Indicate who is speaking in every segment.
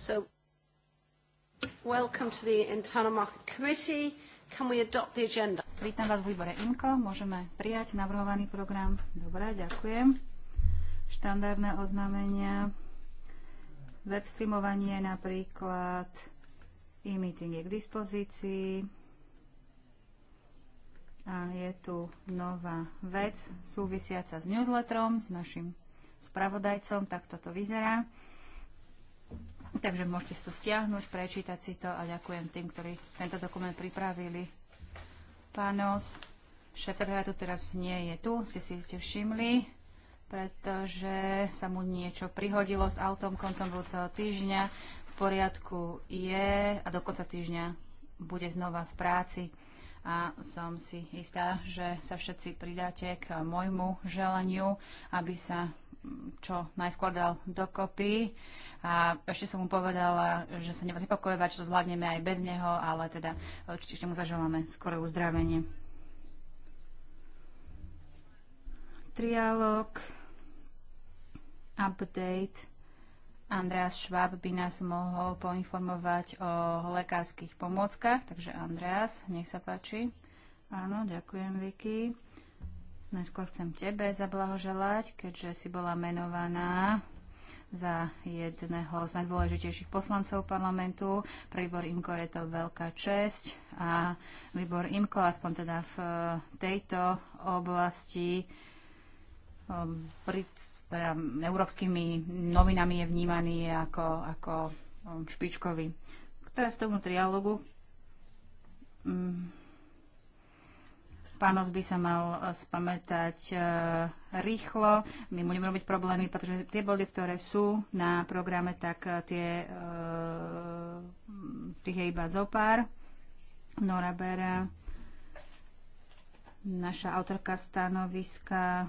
Speaker 1: So, welcome to the Internal Market Committee. Can we adopt the agenda? Vítam vás v výbore IMCO. Môžeme prijať navrhovaný program.
Speaker 2: Dobre, ďakujem. Štandardné oznámenia, web streamovanie napríklad, e-meeting je k dispozícii. A je tu nová vec súvisiaca s newsletterom, s našim spravodajcom, tak toto vyzerá. Takže môžete si to stiahnuť, prečítať si to a ďakujem tým, ktorí tento dokument pripravili. Pános, šéf sekretariatu teraz nie je tu, ste si ste všimli, pretože sa mu niečo prihodilo s autom koncom budúceho týždňa. V poriadku je a do konca týždňa bude znova v práci a som si istá, že sa všetci pridáte k môjmu želaniu, aby sa čo najskôr dal dokopy. A ešte som mu povedala, že sa nevás nepokojovať, že to zvládneme aj bez neho, ale teda určite mu zažívame skoré uzdravenie.
Speaker 3: Trialog,
Speaker 2: update. Andreas Schwab by nás mohol poinformovať o lekárskych pomôckach, takže Andreas, nech sa páči. Áno, ďakujem, Vicky. Najskôr chcem tebe zablahoželať, keďže si bola menovaná za jedného z najdôležitejších poslancov parlamentu. Pre výbor IMKO je to veľká česť a výbor IMKO, aspoň teda v e, tejto oblasti, e, pred teda, európskymi novinami je vnímaný ako, ako e, špičkový. Teraz tomu trialogu. Mm, Pános by sa mal eh, spamätať eh, rýchlo. My budeme robiť problémy, pretože tie body, ktoré sú na programe, tak eh, tie, tých je iba zopár. Nora Bera, naša autorka stanoviska.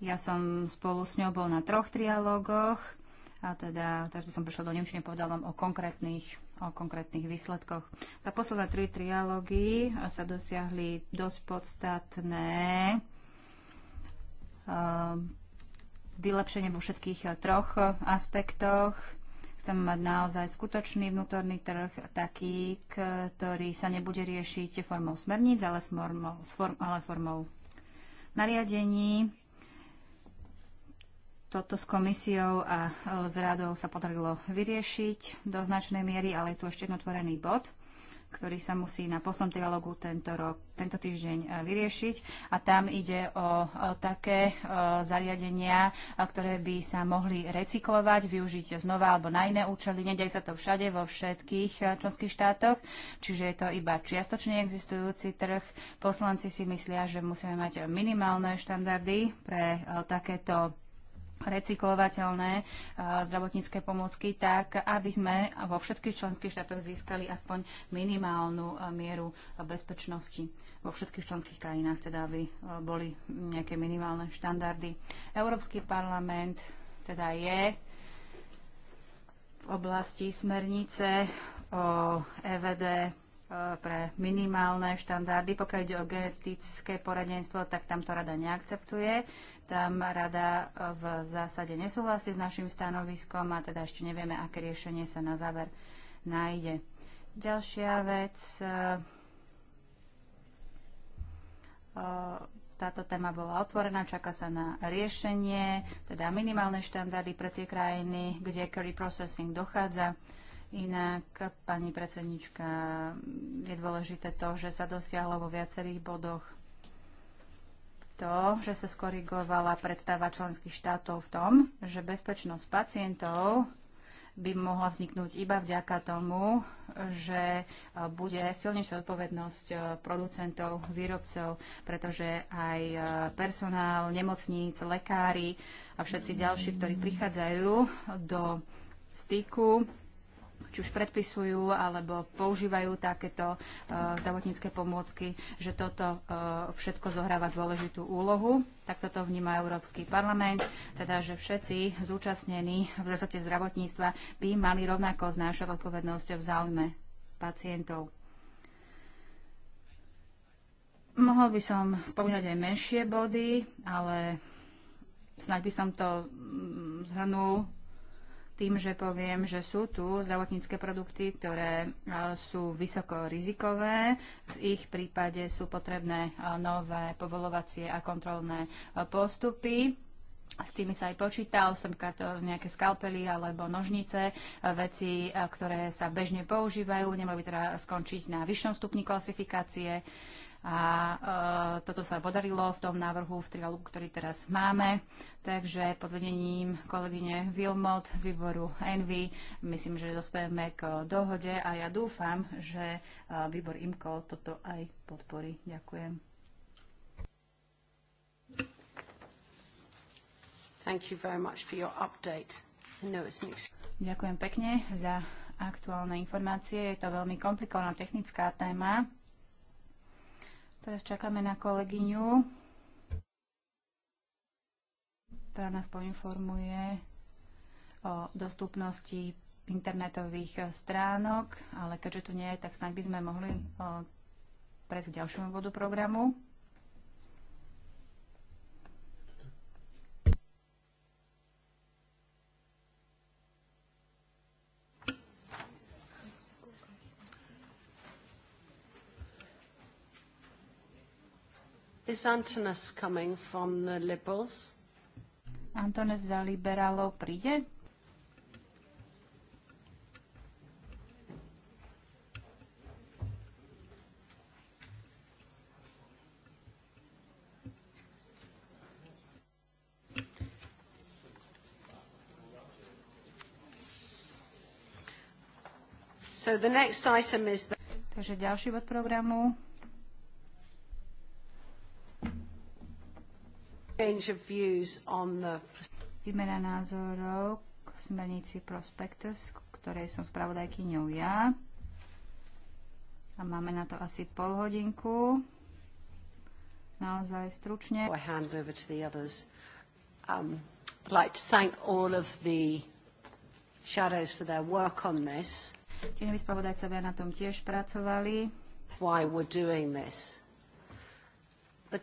Speaker 2: Ja som spolu s ňou bol na troch trialógoch a teda teraz by som prišla do Nemčiny a povedal vám o konkrétnych o konkrétnych výsledkoch. Za posledné tri trialógy sa dosiahli dosť podstatné eh, vylepšenie vo všetkých eh, troch aspektoch. Chcem mať naozaj skutočný vnútorný trh, taký, ktorý sa nebude riešiť formou smerníc, ale, formou, ale formou nariadení toto s komisiou a e, s radou sa podarilo vyriešiť do značnej miery, ale je tu ešte otvorený bod ktorý sa musí na poslom dialogu tento, rok, tento týždeň e, vyriešiť. A tam ide o, o e, také o, zariadenia, ktoré by sa mohli recyklovať, využiť znova alebo na iné účely. Nedej sa to všade, vo všetkých členských štátoch, čiže je to iba čiastočne existujúci trh. Poslanci si myslia, že musíme mať minimálne štandardy pre takéto recyklovateľné eh, zdravotnícke pomocky tak, aby sme vo všetkých členských štátoch získali aspoň minimálnu eh, mieru eh, bezpečnosti. Vo všetkých členských krajinách teda aby boli nejaké minimálne štandardy. Európsky parlament teda je v oblasti smernice o EVD pre minimálne štandardy. Pokiaľ ide o genetické poradenstvo, tak tam to rada neakceptuje. Tam rada e, v zásade nesúhlasí s našim stanoviskom a teda ešte nevieme, aké riešenie sa na záver nájde. Ďalšia vec. E, e, táto téma bola otvorená, čaká sa na riešenie, teda minimálne štandardy pre tie krajiny, kde curry processing dochádza. Inak, pani predsednička, je dôležité to, že sa dosiahlo vo viacerých bodoch to, že sa skorigovala predstava členských štátov v tom, že bezpečnosť pacientov by mohla vzniknúť iba vďaka tomu, že bude silnejšia odpovednosť eh, producentov, výrobcov, pretože aj eh, personál, nemocníc, lekári a všetci ďalší, ktorí prichádzajú do styku či už predpisujú alebo používajú takéto e, zdravotnícke pomôcky, že toto e, všetko zohráva dôležitú úlohu. Tak toto vníma Európsky parlament, teda že všetci zúčastnení v zásade zdravotníctva by mali rovnako znášať odpovednosť v záujme pacientov. Mohol by som spomínať aj menšie body, ale snáď by som to mm, zhrnul tým, že poviem, že sú tu zdravotnícke produkty, ktoré e, sú vysoko rizikové. V ich prípade sú potrebné e, nové povolovacie a kontrolné e, postupy. S tými sa aj počíta, osobka nejaké skalpely alebo nožnice, veci, ktoré sa bežne používajú, nemali by teda skončiť na vyššom stupni klasifikácie a e, toto sa podarilo v tom návrhu v trialogu, ktorý teraz máme. Takže pod vedením kolegyne Wilmot z výboru Envy myslím, že dospejeme k dohode a ja dúfam, že e, výbor IMCO toto aj podporí. Ďakujem.
Speaker 1: Thank you very much for your update. No,
Speaker 2: Ďakujem pekne za aktuálne informácie. Je to veľmi komplikovaná technická téma. Teraz čakáme na kolegyňu, ktorá nás poinformuje o dostupnosti internetových stránok, ale keďže tu nie je, tak snáď by sme mohli eh, prejsť k ďalšiemu bodu programu.
Speaker 1: is Antonis coming from the Liberals?
Speaker 2: Antonis za liberálov
Speaker 1: príde? So the next item is... Takže ďalší bod programu change of views on the... Výmena názorov k
Speaker 2: smernici Prospectus, ktorej som spravodajkyňou ja.
Speaker 1: A máme na to asi pol hodinku. Naozaj stručne. I hand over to the others. Um, I'd like to thank all of the shadows for their work on this. Tieňoví spravodajcovia na tom tiež pracovali. Why we're doing this.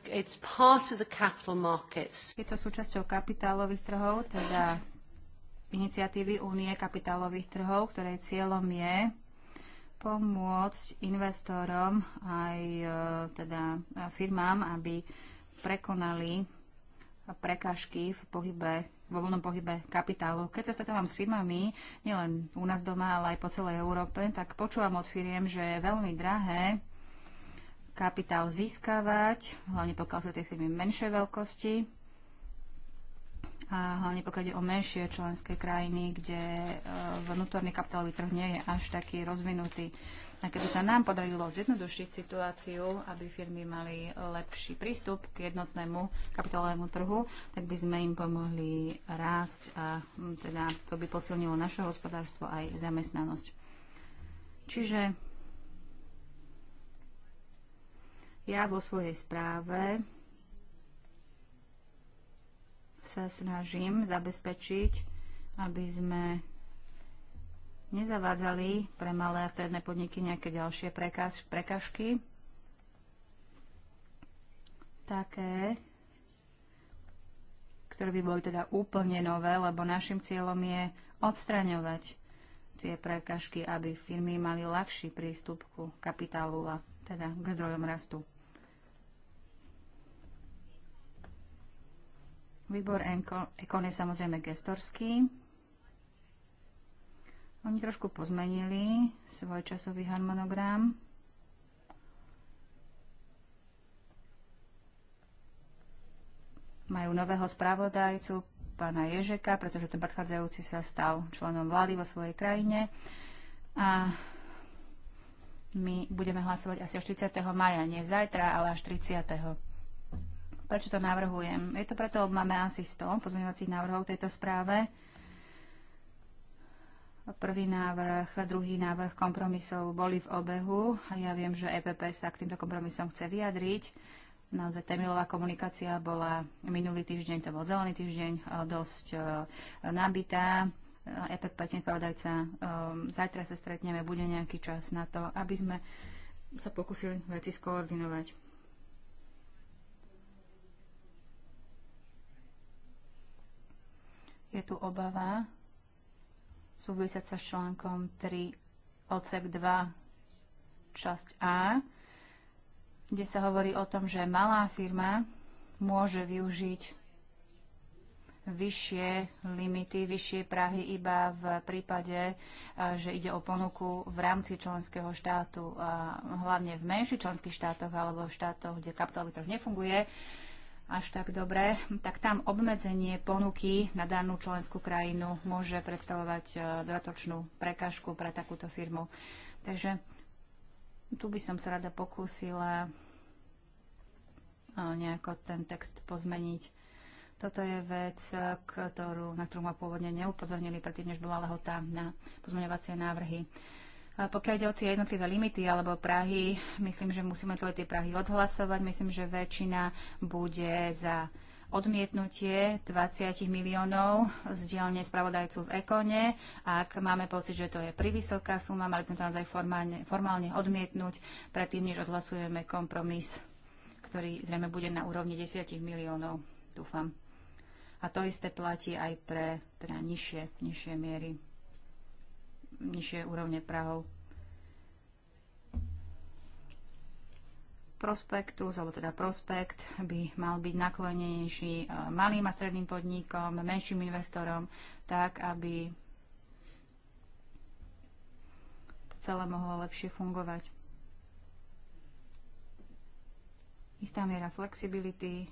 Speaker 1: It's part of the capital markets. Je to súčasťou kapitálových trhov, teda iniciatívy
Speaker 2: Únie kapitálových trhov, ktorej cieľom je pomôcť investorom aj e, teda firmám, aby prekonali prekážky v pohybe, vo voľnom pohybe kapitálu. Keď sa stretávam s firmami, nielen u nás doma, ale aj po celej Európe, tak počúvam od firiem, že je veľmi drahé kapitál získavať, hlavne pokiaľ sú tie firmy menšej veľkosti a hlavne pokiaľ ide o menšie členské krajiny, kde e, vnútorný kapitálový trh nie je až taký rozvinutý. A keby sa nám podarilo zjednodušiť situáciu, aby firmy mali lepší prístup k jednotnému kapitálovému trhu, tak by sme im pomohli rásť a teda to by posilnilo naše hospodárstvo aj zamestnanosť. Čiže Ja vo svojej správe sa snažím zabezpečiť, aby sme nezavádzali pre malé a stredné podniky nejaké ďalšie prekaž, prekažky, také, ktoré by boli teda úplne nové, lebo našim cieľom je odstraňovať tie prekažky, aby firmy mali ľahší prístup ku kapitálu a teda k zdrojom rastu. Výbor Ekon je samozrejme gestorský. Oni trošku pozmenili svoj časový harmonogram. Majú nového spravodajcu, pána Ježeka, pretože ten predchádzajúci sa stal členom vlády vo svojej krajine. A my budeme hlasovať asi až 30. maja, nie zajtra, ale až 30. Prečo to navrhujem? Je to preto, lebo máme asi 100 pozmeňovacích návrhov v tejto správe. Prvý návrh, druhý návrh kompromisov boli v obehu. Ja viem, že EPP sa k týmto kompromisom chce vyjadriť. Naozaj Temilová komunikácia bola minulý týždeň, to bol zelený týždeň, e, dosť e, nabitá. EPP, e nepravodajca, zajtra sa stretneme, bude nejaký čas na to, aby sme sa pokúsili veci skoordinovať. je tu obava súvisiať sa s článkom 3 odsek 2 časť A, kde sa hovorí o tom, že malá firma môže využiť vyššie limity, vyššie prahy iba v prípade, že ide o ponuku v rámci členského štátu, hlavne v menších členských štátoch alebo v štátoch, kde kapitálový trh nefunguje až tak dobre, tak tam obmedzenie ponuky na danú členskú krajinu môže predstavovať e, dodatočnú prekažku pre takúto firmu. Takže tu by som sa rada pokúsila e, nejako ten text pozmeniť. Toto je vec, e, ktorú, na ktorú ma pôvodne neupozornili, predtým než bola lehota na pozmeňovacie návrhy. Pokiaľ ide o tie jednotlivé limity alebo Prahy, myslím, že musíme tu tie Prahy odhlasovať. Myslím, že väčšina bude za odmietnutie 20 miliónov z dielne spravodajcu v Ekone. Ak máme pocit, že to je privysoká suma, mali by sme to naozaj formálne, formálne odmietnúť, predtým, než odhlasujeme kompromis, ktorý zrejme bude na úrovni 10 miliónov, dúfam. A to isté platí aj pre teda nižšie, nižšie miery nižšie úrovne Prahov. prospektus, alebo teda prospekt by mal byť naklonenejší eh, malým a stredným podnikom, menším investorom, tak aby to celé mohlo lepšie fungovať. Istá miera flexibility,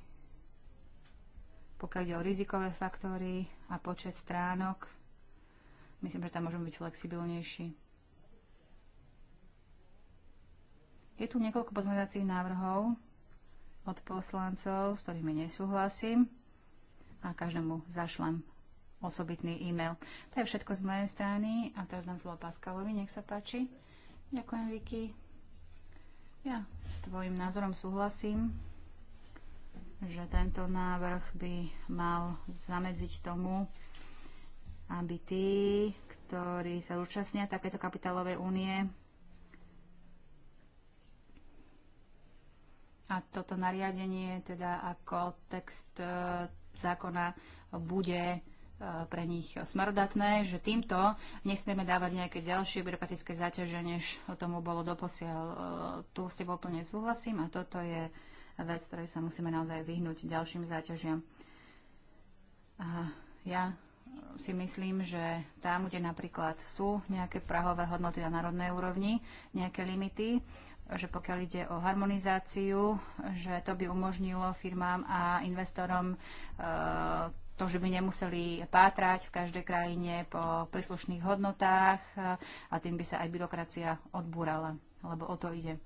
Speaker 2: pokiaľ ide o rizikové faktory a počet stránok Myslím, že tam môžeme byť flexibilnejší. Je tu niekoľko pozmeňovacích návrhov od poslancov, s ktorými nesúhlasím a každému zašlem osobitný e-mail. To je všetko z mojej strany a teraz dám slovo Paskalovi, nech sa páči. Ďakujem, Vicky. Ja s tvojim názorom súhlasím, že tento návrh by mal zamedziť tomu, aby tí, ktorí sa účastnia takéto kapitálovej únie, a toto nariadenie, teda ako text e, zákona bude e, pre nich smerodatné, že týmto nesmieme dávať nejaké ďalšie byrokratické záťaže, než tomu bolo doposiaľ. E, tu s tebou úplne súhlasím a toto je vec, ktorej sa musíme naozaj vyhnúť ďalším záťažiam. Aha, ja si myslím, že tam, kde napríklad sú nejaké prahové hodnoty na národnej úrovni, nejaké limity, že pokiaľ ide o harmonizáciu, že to by umožnilo firmám a investorom e, to, že by nemuseli pátrať v každej krajine po príslušných hodnotách e, a tým by sa aj byrokracia odbúrala, lebo o to ide.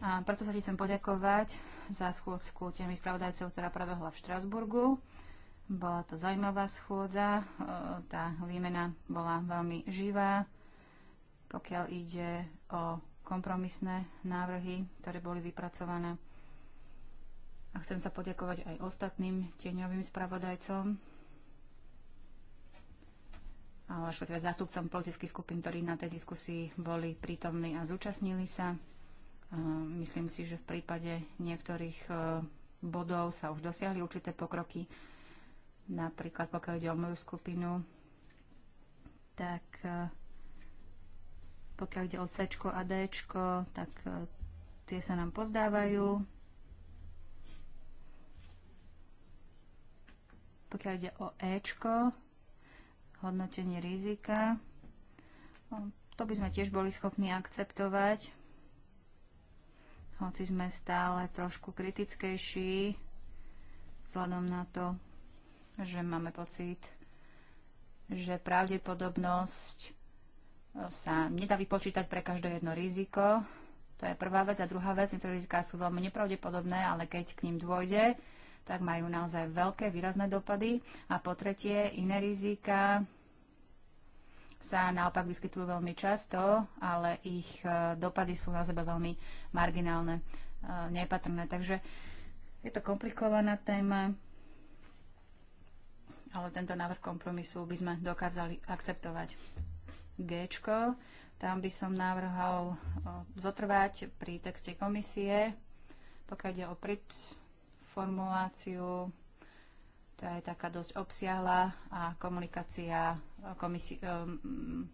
Speaker 2: A preto sa ti chcem poďakovať za schôdzku tými spravodajcov, ktorá prebehla v Štrasburgu. Bola to zaujímavá schôdza, e, tá výmena bola veľmi živá, pokiaľ ide o kompromisné návrhy, ktoré boli vypracované. A chcem sa poďakovať aj ostatným tieňovým spravodajcom, ale teda zástupcom politických skupín, ktorí na tej diskusii boli prítomní a zúčastnili sa. E, myslím si, že v prípade niektorých e, bodov sa už dosiahli určité pokroky. Napríklad, pokiaľ ide o moju skupinu, tak e, pokiaľ ide o C a D, tak e, tie sa nám pozdávajú. Pokiaľ ide o E, hodnotenie rizika, to by sme tiež boli schopní akceptovať, hoci sme stále trošku kritickejší vzhľadom na to, že máme pocit, že pravdepodobnosť e, sa nedá vypočítať pre každé jedno riziko. To je prvá vec. A druhá vec, niektoré riziká sú veľmi nepravdepodobné, ale keď k ním dôjde, tak majú naozaj veľké výrazné dopady. A po tretie, iné rizika sa naopak vyskytujú veľmi často, ale ich e, dopady sú na sebe veľmi marginálne, e, nepatrné. Takže je to komplikovaná téma ale tento návrh kompromisu by sme dokázali akceptovať. G. -čko, tam by som navrhol zotrvať pri texte komisie, pokiaľ ide o PRIPS formuláciu, to je taká dosť obsiahla a komunikácia komisie, um,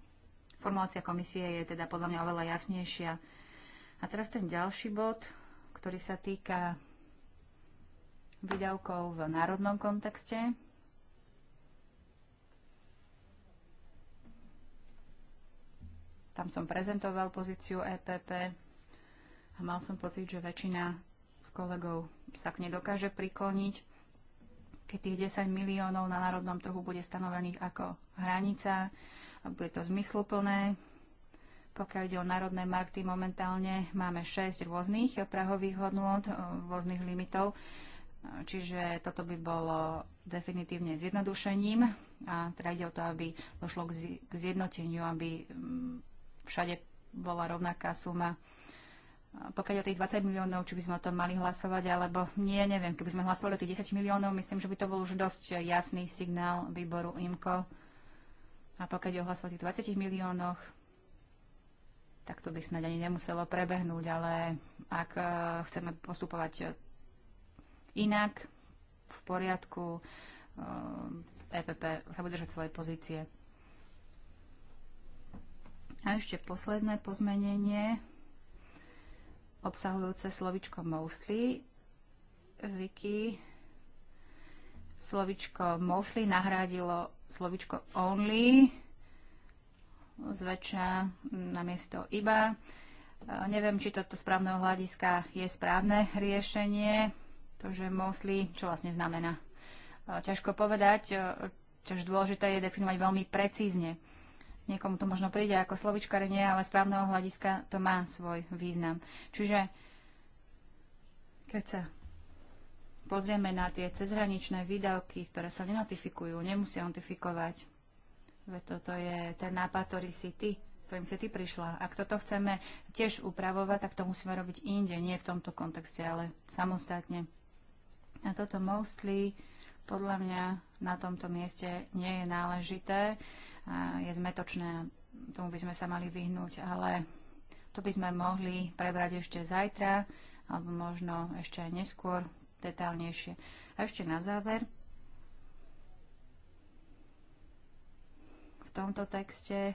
Speaker 2: formulácia komisie je teda podľa mňa oveľa jasnejšia. A teraz ten ďalší bod, ktorý sa týka výdavkov v národnom kontexte. Tam som prezentoval pozíciu EPP a mal som pocit, že väčšina s kolegov sa k nej dokáže prikloniť. Keď tých 10 miliónov na národnom trhu bude stanovených ako hranica a bude to zmysluplné, pokiaľ ide o národné markty, momentálne máme 6 rôznych prahových hodnôt, eh, rôznych limitov, čiže toto by bolo definitívne zjednodušením a teda ide o to, aby došlo k zjednoteniu, aby
Speaker 4: mm,
Speaker 2: všade bola rovnaká suma. Pokiaľ o tých 20 miliónov, či by sme o tom mali hlasovať, alebo nie, neviem. Keby sme hlasovali o tých 10 miliónov, myslím, že by to bol už dosť jasný signál výboru IMKO. A pokiaľ o hlasovať o tých 20 miliónoch, tak to by snáď ani nemuselo prebehnúť, ale ak e, chceme postupovať e, inak, v poriadku, EPP e sa bude držať svoje pozície. A ešte posledné pozmenenie, obsahujúce slovičko mostly. Vicky, slovičko mostly nahradilo slovičko only, zväčša na miesto iba. Neviem, či toto správneho hľadiska je správne riešenie, to, že mostly, čo vlastne znamená. Ťažko povedať, čož dôležité je definovať veľmi precízne. Niekomu to možno príde ako slovičkarenie, ale z právneho hľadiska to má svoj význam. Čiže keď sa pozrieme na tie cezhraničné výdavky, ktoré sa nenotifikujú, nemusia notifikovať, veď toto je ten nápad, ktorý si ty ktorým si ty prišla. Ak toto chceme tiež upravovať, tak to musíme robiť inde, nie v tomto kontexte, ale samostatne. A toto mostly podľa mňa na tomto mieste nie je náležité je zmetočné, tomu by sme sa mali vyhnúť, ale to by sme mohli prebrať ešte zajtra alebo možno ešte aj neskôr detálnejšie. A ešte na záver. V tomto texte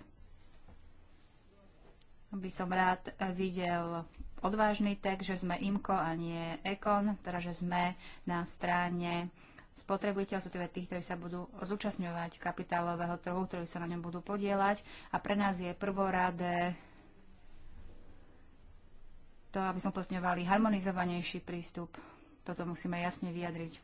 Speaker 2: by som rád videl odvážny text, že sme IMKO a nie EKON, teda že sme na strane spotrebiteľ, sú teda tí, ktorí sa budú zúčastňovať kapitálového trhu, ktorí sa na ňom budú podielať. A pre nás je prvoradé to, aby sme uplatňovali harmonizovanejší prístup. Toto musíme jasne vyjadriť.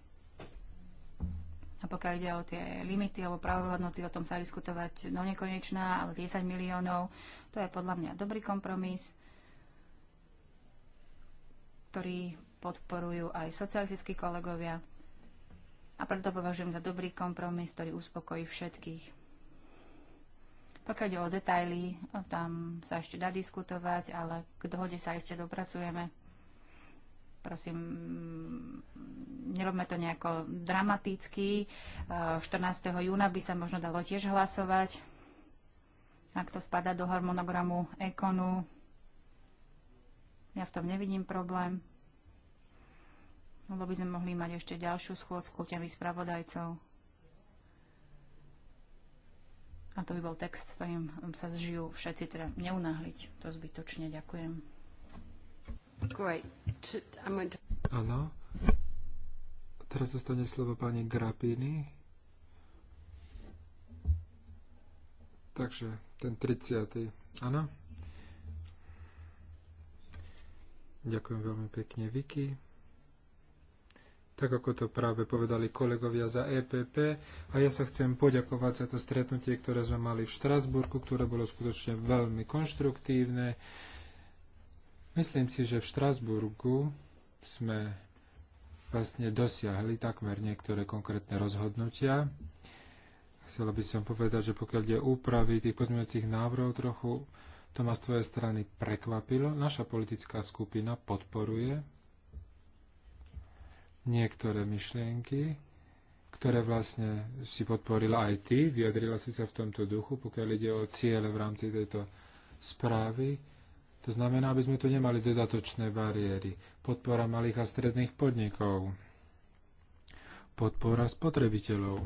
Speaker 2: A pokiaľ ide o tie limity alebo pravové hodnoty, o tom sa diskutovať do nekonečná, ale 10 miliónov, to je podľa mňa dobrý kompromis, ktorý podporujú aj socialistickí kolegovia a preto považujem za dobrý kompromis, ktorý uspokojí všetkých. Pokiaľ ide o detaily, tam sa ešte dá diskutovať, ale k dohode sa ešte dopracujeme. Prosím, nerobme to nejako dramaticky. 14. Eh, júna by sa možno dalo tiež hlasovať, ak to spada do harmonogramu ekonu. Ja v tom nevidím problém lebo by sme mohli mať ešte ďalšiu schôdzku temi spravodajcov. A to by bol text, s ktorým sa zžijú všetci, teda neunahliť to zbytočne.
Speaker 1: Ďakujem.
Speaker 5: Áno. Teraz dostane slovo pani Grapini. Takže ten 30. Áno. Ďakujem veľmi pekne, Vicky tak ako to práve povedali kolegovia za EPP. A ja sa chcem poďakovať za to stretnutie, ktoré sme mali v Štrasburku, ktoré bolo skutočne veľmi konštruktívne. Myslím si, že v Štrasburgu sme vlastne dosiahli takmer niektoré konkrétne rozhodnutia. Chcela by som povedať, že pokiaľ je úpravy tých pozmeňujúcich návrhov trochu to ma z tvojej strany prekvapilo. Naša politická skupina podporuje niektoré myšlienky, ktoré vlastne si podporila aj ty, vyjadrila si sa v tomto duchu, pokiaľ ide o ciele v rámci tejto správy. To znamená, aby sme tu nemali dodatočné bariéry. Podpora malých a stredných podnikov. Podpora spotrebiteľov.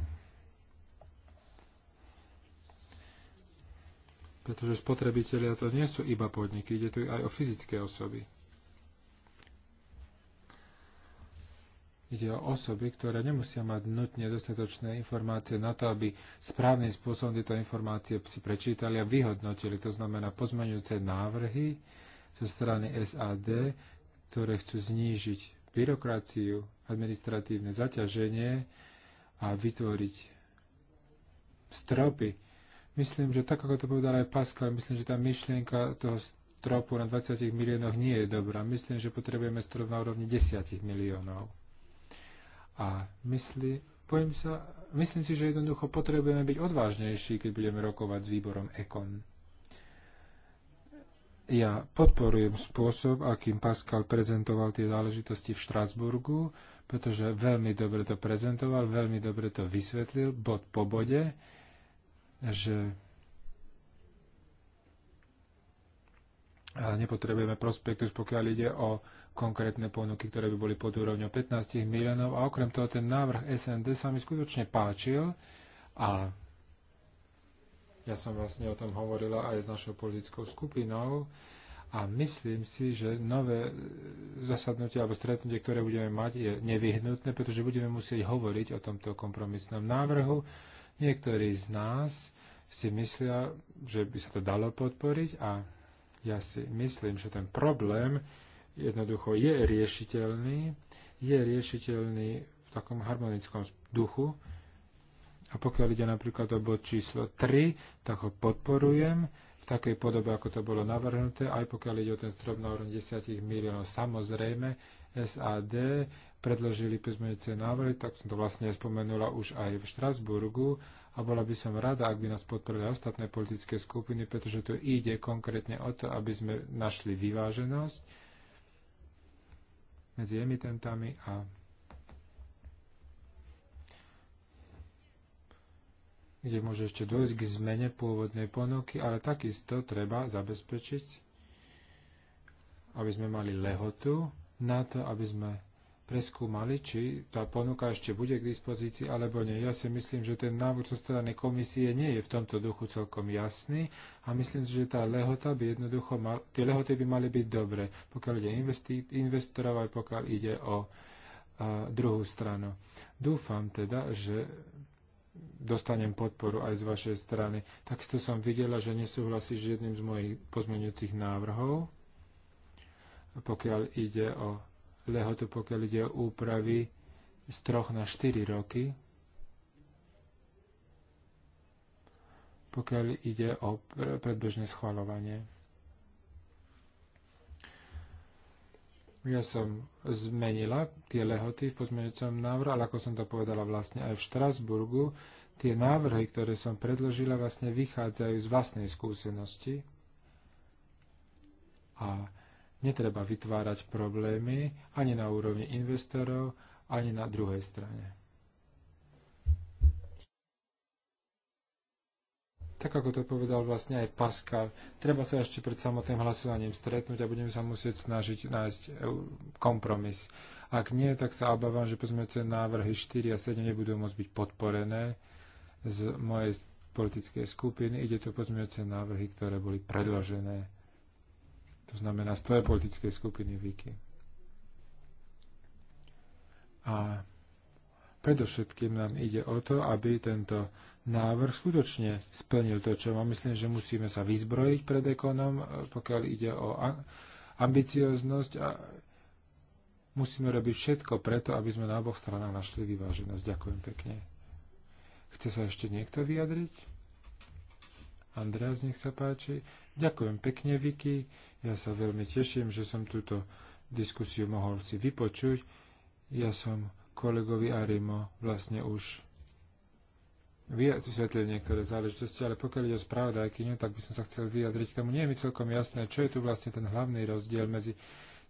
Speaker 5: Pretože spotrebitelia to nie sú iba podniky, ide tu aj o fyzické osoby. Ide o osoby, ktoré nemusia mať nutne dostatočné informácie na to, aby správnym spôsobom tieto informácie si prečítali a vyhodnotili. To znamená pozmeňujúce návrhy zo strany SAD, ktoré chcú znížiť byrokraciu, administratívne zaťaženie a vytvoriť stropy. Myslím, že tak, ako to povedal aj Pascal, myslím, že tá myšlienka toho stropu na 20 miliónoch nie je dobrá. Myslím, že potrebujeme strop na úrovni 10 miliónov. A myslí, bojím sa, myslím si, že jednoducho potrebujeme byť odvážnejší, keď budeme rokovať s výborom EKON. Ja podporujem spôsob, akým Pascal prezentoval tie záležitosti v Štrasburgu, pretože veľmi dobre to prezentoval, veľmi dobre to vysvetlil, bod po bode, že nepotrebujeme prospektus, pokiaľ ide o konkrétne ponuky, ktoré by boli pod úrovňou 15 miliónov. A okrem toho ten návrh SND sa mi skutočne páčil a ja som vlastne o tom hovorila aj s našou politickou skupinou a myslím si, že nové zasadnutie alebo stretnutie, ktoré budeme mať, je nevyhnutné, pretože budeme musieť hovoriť o tomto kompromisnom návrhu. Niektorí z nás si myslia, že by sa to dalo podporiť a ja si myslím, že ten problém jednoducho je riešiteľný, je riešiteľný v takom harmonickom duchu. A pokiaľ ide napríklad o bod číslo 3, tak ho podporujem v takej podobe, ako to bolo navrhnuté, aj pokiaľ ide o ten strop na úrovni 10 miliónov. Samozrejme, SAD predložili pozmeňujúce návrhy, tak som to vlastne spomenula už aj v Štrasburgu a bola by som rada, ak by nás podporili ostatné politické skupiny, pretože tu ide konkrétne o to, aby sme našli vyváženosť medzi emitentami a kde môže ešte dôjsť k zmene pôvodnej ponuky, ale takisto treba zabezpečiť, aby sme mali lehotu na to, aby sme preskúmali, či tá ponuka ešte bude k dispozícii alebo nie. Ja si myslím, že ten návrh zo strany komisie nie je v tomto duchu celkom jasný a myslím si, že tá lehota by jednoducho mal, tie lehoty by mali byť dobré, pokiaľ ide investi- investorov aj pokiaľ ide o a, druhú stranu. Dúfam teda, že dostanem podporu aj z vašej strany. Takisto som videla, že nesúhlasí s jedným z mojich pozmeňujúcich návrhov, pokiaľ ide o lehotu, pokiaľ ide o úpravy z troch na 4 roky, pokiaľ ide o predbežné schvalovanie. Ja som zmenila tie lehoty v pozmeňujúcom návrhu, ale ako som to povedala vlastne aj v Štrasburgu, tie návrhy, ktoré som predložila, vlastne vychádzajú z vlastnej skúsenosti. A netreba vytvárať problémy ani na úrovni investorov, ani na druhej strane. Tak ako to povedal vlastne aj Pascal, treba sa ešte pred samotným hlasovaním stretnúť a budeme sa musieť snažiť nájsť e, kompromis. Ak nie, tak sa obávam, že pozmeňujúce návrhy 4 a 7 nebudú môcť byť podporené z mojej politickej skupiny. Ide tu pozmeňujúce návrhy, ktoré boli predložené. To znamená z tvojej politickej skupiny Viki. A predovšetkým nám ide o to, aby tento návrh skutočne splnil to, čo mám. Myslím, že musíme sa vyzbrojiť pred ekonom, e, pokiaľ ide o ambicioznosť a musíme robiť všetko preto, aby sme na oboch stranách našli vyváženosť. Ďakujem pekne. Chce sa ešte niekto vyjadriť? Andreas, nech sa páči. Ďakujem pekne, Vicky. Ja sa veľmi teším, že som túto diskusiu mohol si vypočuť. Ja som kolegovi Arimo vlastne už vysvetlil niektoré záležitosti, ale pokiaľ ide o spravodajkyňu, tak by som sa chcel vyjadriť k tomu. Nie je mi celkom jasné, čo je tu vlastne ten hlavný rozdiel medzi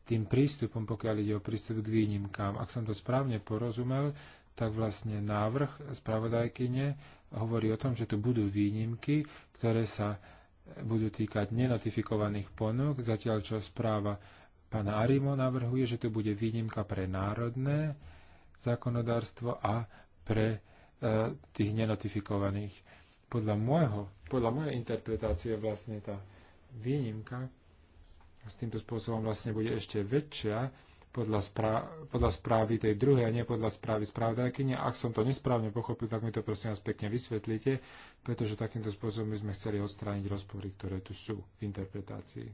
Speaker 5: tým prístupom, pokiaľ ide o prístup k výnimkám. Ak som to správne porozumel, tak vlastne návrh spravodajkyne hovorí o tom, že tu budú výnimky, ktoré sa budú týkať nenotifikovaných ponúk, zatiaľ čo správa pána Arimo navrhuje, že to bude výnimka pre národné zákonodárstvo a pre e, tých nenotifikovaných. Podľa, môjho, podľa mojej interpretácie vlastne tá výnimka s týmto spôsobom vlastne bude ešte väčšia, podľa, správ, podľa správy tej druhej a nie podľa správy správdajkyne. Ak som to nesprávne pochopil, tak mi to prosím vás pekne vysvetlite, pretože takýmto spôsobom by sme chceli odstrániť rozpory, ktoré tu sú v interpretácii.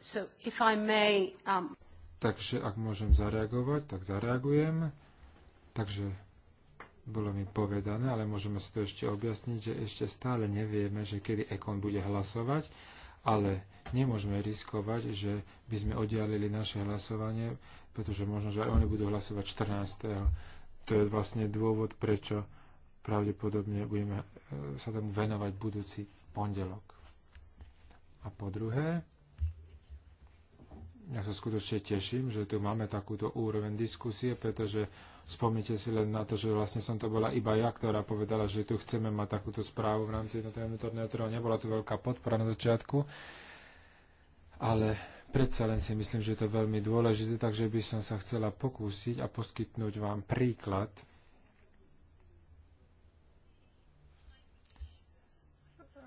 Speaker 1: So if I may, um...
Speaker 5: Takže ak môžem zareagovať, tak zareagujem. Takže bolo mi povedané, ale môžeme si to ešte objasniť, že ešte stále nevieme, že kedy Ekon bude hlasovať ale nemôžeme riskovať, že by sme oddialili naše hlasovanie, pretože možno, že aj oni budú hlasovať 14. To je vlastne dôvod, prečo pravdepodobne budeme e, sa tomu venovať budúci pondelok. A po druhé, ja sa skutočne teším, že tu máme takúto úroveň diskusie, pretože Spomnite si len na to, že vlastne som to bola iba ja, ktorá povedala, že tu chceme mať takúto správu v rámci jednotného vnútorného trhu. Nebola tu veľká podpora na začiatku, ale predsa len si myslím, že je to veľmi dôležité, takže by som sa chcela pokúsiť a poskytnúť vám príklad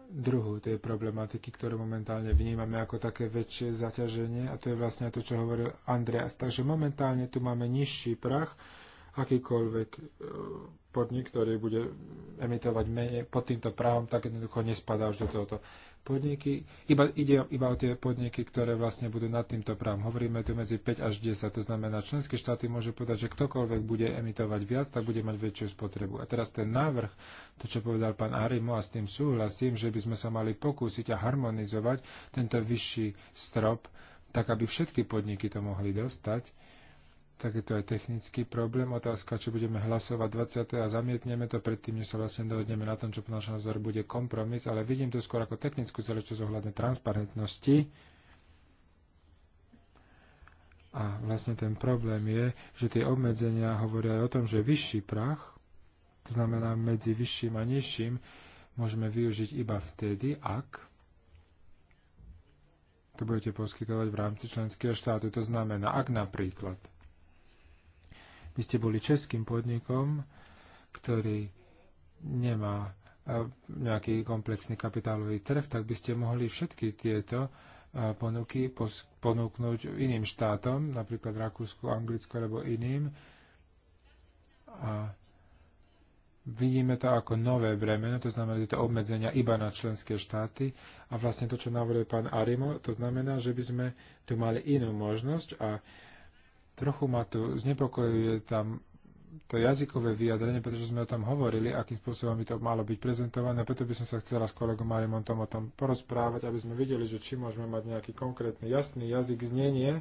Speaker 5: druhú tej problematiky, ktorú momentálne vnímame ako také väčšie zaťaženie a to je vlastne to, čo hovoril Andreas. Takže momentálne tu máme nižší prach, akýkoľvek e, podnik, ktorý bude emitovať menej pod týmto právom, tak jednoducho nespadá už do tohoto podniky. Iba, ide iba o tie podniky, ktoré vlastne budú nad týmto právom. Hovoríme tu medzi 5 až 10. To znamená, členské štáty môžu povedať, že ktokoľvek bude emitovať viac, tak bude mať väčšiu spotrebu. A teraz ten návrh, to čo povedal pán Arimo, a s tým súhlasím, že by sme sa mali pokúsiť a harmonizovať tento vyšší strop, tak aby všetky podniky to mohli dostať tak je to aj technický problém. Otázka, či budeme hlasovať 20. a zamietneme to predtým, než sa vlastne dohodneme na tom, čo po našom vzoru bude kompromis, ale vidím to skôr ako technickú záležitosť ohľadne transparentnosti. A vlastne ten problém je, že tie obmedzenia hovoria aj o tom, že vyšší prach, to znamená medzi vyšším a nižším, môžeme využiť iba vtedy, ak to budete poskytovať v rámci členského štátu. To znamená, ak napríklad by ste boli českým podnikom, ktorý nemá e, nejaký komplexný kapitálový trh, tak by ste mohli všetky tieto e, ponuky ponúknuť iným štátom, napríklad Rakúsku, Anglicku alebo iným. A vidíme to ako nové bremeno, to znamená to obmedzenia iba na členské štáty a vlastne to, čo navrhuje pán Arimo, to znamená, že by sme tu mali inú možnosť a Trochu ma tu znepokojuje tam to jazykové vyjadrenie, pretože sme o tom hovorili, akým spôsobom by to malo byť prezentované, preto by som sa chcela s kolegom Marimontom o tom porozprávať, aby sme videli, že či môžeme mať nejaký konkrétny, jasný jazyk znenie,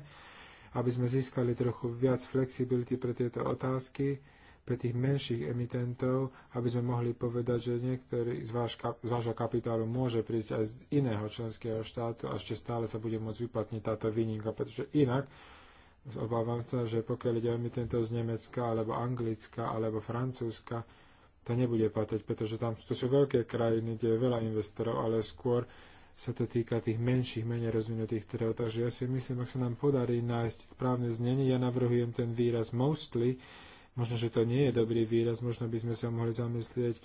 Speaker 5: aby sme získali trochu viac flexibility pre tieto otázky, pre tých menších emitentov, aby sme mohli povedať, že niektorý z, váš, z vášho kapitálu môže prísť aj z iného členského štátu a ešte stále sa bude môcť vyplatniť táto výnimka, pretože inak obávam sa, že pokiaľ ide o z Nemecka, alebo Anglicka, alebo Francúzska, to nebude patriť, pretože tam to sú veľké krajiny, kde je veľa investorov, ale skôr sa to týka tých menších, menej rozvinutých trhov. Takže ja si myslím, ak sa nám podarí nájsť správne znenie, ja navrhujem ten výraz mostly, možno, že to nie je dobrý výraz, možno by sme sa mohli zamyslieť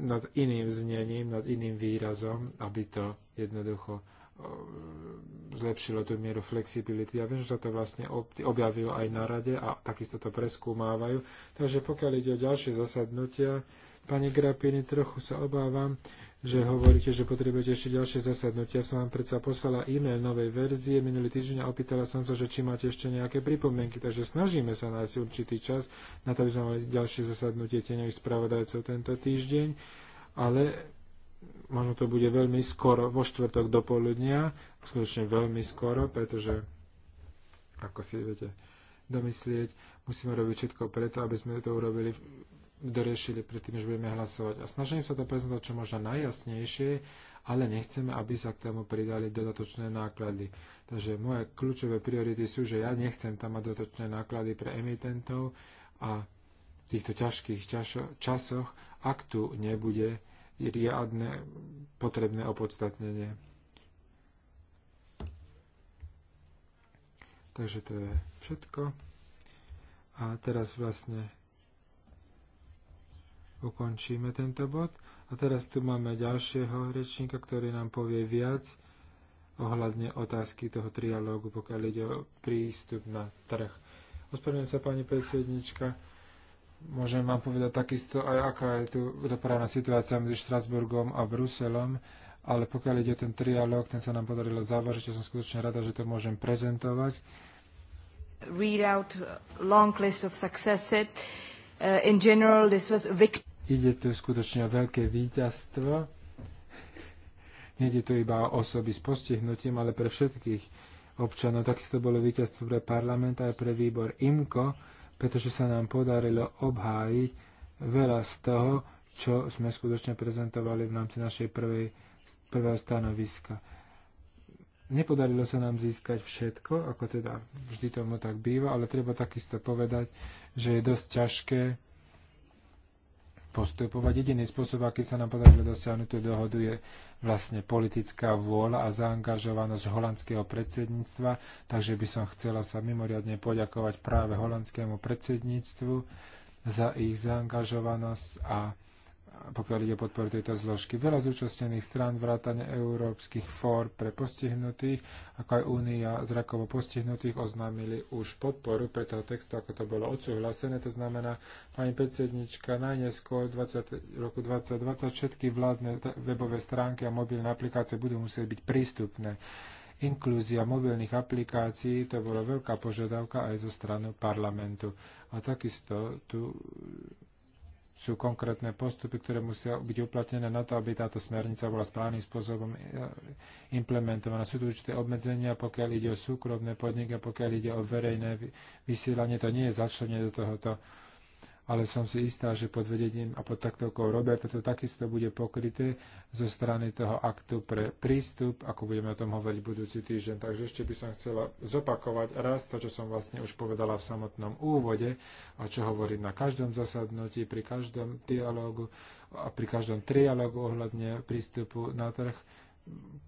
Speaker 5: nad iným znením, nad iným výrazom, aby to jednoducho E, zlepšilo tú mieru flexibility. Ja viem, že sa to vlastne objavilo aj na rade a takisto to preskúmávajú. Takže pokiaľ ide o ďalšie zasadnutia, pani Grapini, trochu sa obávam, že hovoríte, že potrebujete ešte ďalšie zasadnutia. Ja som vám predsa poslala e-mail novej verzie minulý týždeň a opýtala som sa, že či máte ešte nejaké pripomienky. Takže snažíme sa nájsť určitý čas na to, aby sme mali ďalšie zasadnutie tieňových spravodajcov tento týždeň. Ale možno to bude veľmi skoro, vo štvrtok do poludnia, skutočne veľmi skoro, pretože, ako si viete domyslieť, musíme robiť všetko preto, aby sme to urobili, doriešili predtým, než budeme hlasovať. A snažím sa to prezentovať čo možno najjasnejšie, ale nechceme, aby sa k tomu pridali dodatočné náklady. Takže moje kľúčové priority sú, že ja nechcem tam mať dodatočné náklady pre emitentov a v týchto ťažkých časoch, ak tu nebude riadne potrebné opodstatnenie. Takže to je všetko. A teraz vlastne ukončíme tento bod. A teraz tu máme ďalšieho rečníka, ktorý nám povie viac ohľadne otázky toho trialógu, pokiaľ ide o prístup na trh. Ospravedlňujem sa, pani predsednička, Môžem vám povedať takisto aj, aká je tu dopravná situácia medzi Štrasburgom a Bruselom, ale pokiaľ ide ten trialog, ten sa nám podarilo závažiť, ja som skutočne rada, že to môžem prezentovať.
Speaker 3: Read out long list of successes. Uh, in general, this was a victory.
Speaker 5: Ide tu skutočne o veľké víťazstvo. Nejde tu iba o osoby s postihnutím, ale pre všetkých občanov. Takisto to bolo víťazstvo pre parlament aj pre výbor IMCO pretože sa nám podarilo obhájiť veľa z toho, čo sme skutočne prezentovali v rámci našej prvej, prvého stanoviska. Nepodarilo sa nám získať všetko, ako teda vždy tomu tak býva, ale treba takisto povedať, že je dosť ťažké postupovať. Jediný spôsob, aký sa nám podarilo dosiahnuť tú dohodu, je vlastne politická vôľa a zaangažovanosť holandského predsedníctva, takže by som chcela sa mimoriadne poďakovať práve holandskému predsedníctvu za ich zaangažovanosť a pokiaľ ide o podporu tejto zložky. Veľa zúčastnených strán vrátane európskych fór pre postihnutých, ako aj Únia zrakovo postihnutých, oznámili už podporu pre toho textu, ako to bolo odsúhlasené. To znamená, pani predsednička, najneskôr 20, roku 2020 všetky vládne webové stránky a mobilné aplikácie budú musieť byť prístupné. Inklúzia mobilných aplikácií, to bola veľká požiadavka aj zo strany parlamentu. A takisto tu sú konkrétne postupy, ktoré musia byť uplatnené na to, aby táto smernica bola správnym spôsobom e, implementovaná. Sú tu určité obmedzenia, pokiaľ ide o súkromné podniky a pokiaľ ide o verejné vysielanie. To nie je začlenie do tohoto ale som si istá, že pod vedením a pod taktovkou Roberta to takisto bude pokryté zo strany toho aktu pre prístup, ako budeme o tom hovoriť budúci týždeň. Takže ešte by som chcela zopakovať raz to, čo som vlastne už povedala v samotnom úvode a čo hovorím na každom zasadnutí, pri každom dialogu a pri každom trialogu ohľadne prístupu na trh,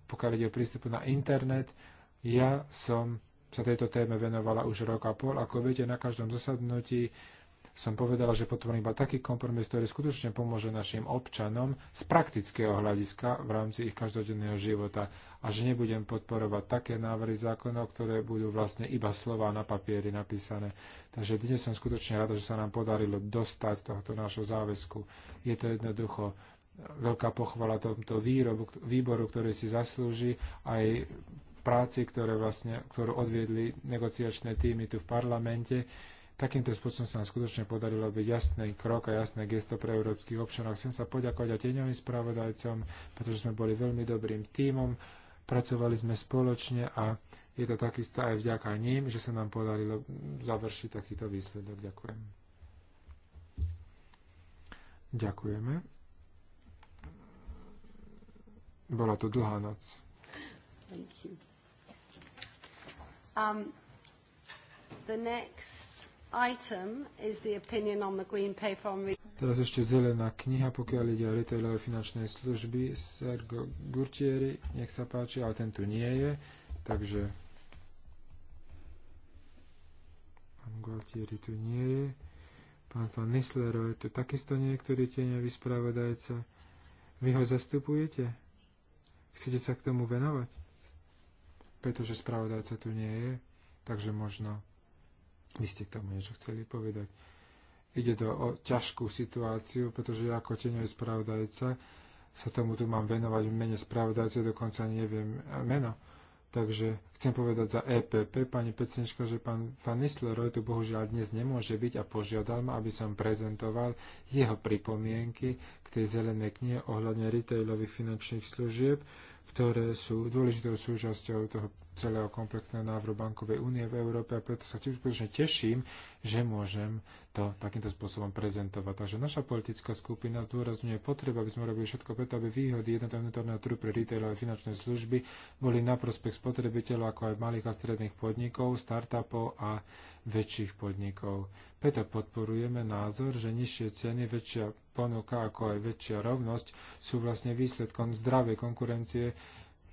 Speaker 5: pokiaľ ide o prístupu na internet. Ja som sa tejto téme venovala už rok a pol. Ako viete, na každom zasadnutí som povedal, že potom iba taký kompromis, ktorý skutočne pomôže našim občanom z praktického hľadiska v rámci ich každodenného života a že nebudem podporovať také návrhy zákonov, ktoré budú vlastne iba slova na papieri napísané. Takže dnes som skutočne rád, že sa nám podarilo dostať tohto nášho záväzku. Je to jednoducho veľká pochvala tomto výrobu, výboru, ktorý si zaslúži aj práci, ktoré vlastne, ktorú odviedli negociačné týmy tu v parlamente Takýmto spôsobom sa nám skutočne podarilo byť jasný krok a jasné gesto pre európskych občanov. Chcem sa poďakovať aj tieňovým spravodajcom, pretože sme boli veľmi dobrým tímom, pracovali sme spoločne a je to takisto aj vďaka ním, že sa nám podarilo završiť takýto výsledok. Ďakujem. Ďakujeme. Bola to dlhá noc.
Speaker 1: Thank you. Um, the next
Speaker 5: Teraz ešte zelená kniha, pokiaľ ide o retailové finančnej služby. Sergo Gurtieri, nech sa páči, ale ten tu nie je, takže pán Gurtieri tu nie je. Pán pán Nislero je tu takisto niektorý tieňový spravodajca. Vy ho zastupujete? Chcete sa k tomu venovať? Pretože spravodajca tu nie je, takže možno vy ste k tomu niečo chceli povedať. Ide to o ťažkú situáciu, pretože ja ako teňový spravodajca sa tomu tu mám venovať v mene spravodajca, dokonca neviem meno. Takže chcem povedať za EPP, pani Pecnička, že pán Van tu bohužiaľ dnes nemôže byť a požiadal ma, aby som prezentoval jeho pripomienky k tej zelenej knihe ohľadne retailových finančných služieb, ktoré sú dôležitou súčasťou toho celého komplexného návru Bankovej únie v Európe a preto sa tiež skutočne teším, že môžem to takýmto spôsobom prezentovať. Takže naša politická skupina zdôrazňuje potrebu, aby sme robili všetko preto, aby výhody jednotného vnútorného trhu pre retailové finančné služby boli na prospech spotrebiteľov, ako aj malých a stredných podnikov, startupov a väčších podnikov. Preto podporujeme názor, že nižšie ceny, väčšia ponuka ako aj väčšia rovnosť sú vlastne výsledkom zdravej konkurencie,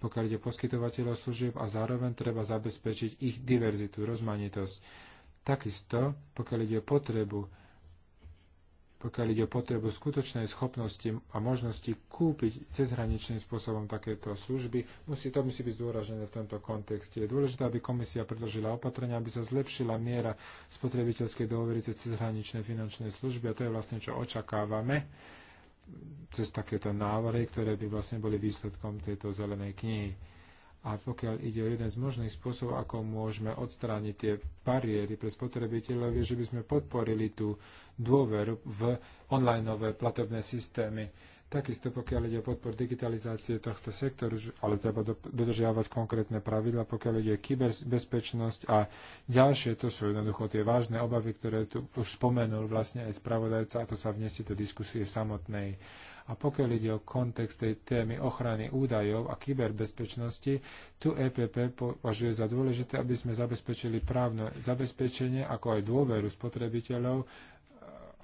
Speaker 5: pokiaľ ide poskytovateľov služieb a zároveň treba zabezpečiť ich diverzitu, rozmanitosť. Takisto, pokiaľ ide o potrebu pokiaľ ide o potrebu skutočnej schopnosti a možnosti kúpiť cezhraničným spôsobom takéto služby, musí, to musí byť zdôražené v tomto kontexte. Je dôležité, aby komisia predložila opatrenia, aby sa zlepšila miera spotrebiteľskej dôvery cez cezhraničné finančné služby a to je vlastne, čo očakávame cez takéto návrhy, ktoré by vlastne boli výsledkom tejto zelenej knihy. A pokiaľ ide o jeden z možných spôsobov, ako môžeme odstrániť tie bariéry pre spotrebiteľov, je, že by sme podporili tú dôveru v onlineové platobné systémy. Takisto pokiaľ ide o podpor digitalizácie tohto sektoru, ale treba dodržiavať konkrétne pravidla, pokiaľ ide o kyberbezpečnosť a ďalšie, to sú jednoducho tie vážne obavy, ktoré tu už spomenul vlastne aj spravodajca a to sa vniesie do diskusie samotnej. A pokiaľ ide o kontext tej témy ochrany údajov a kyberbezpečnosti, tu EPP považuje za dôležité, aby sme zabezpečili právne zabezpečenie, ako aj dôveru spotrebiteľov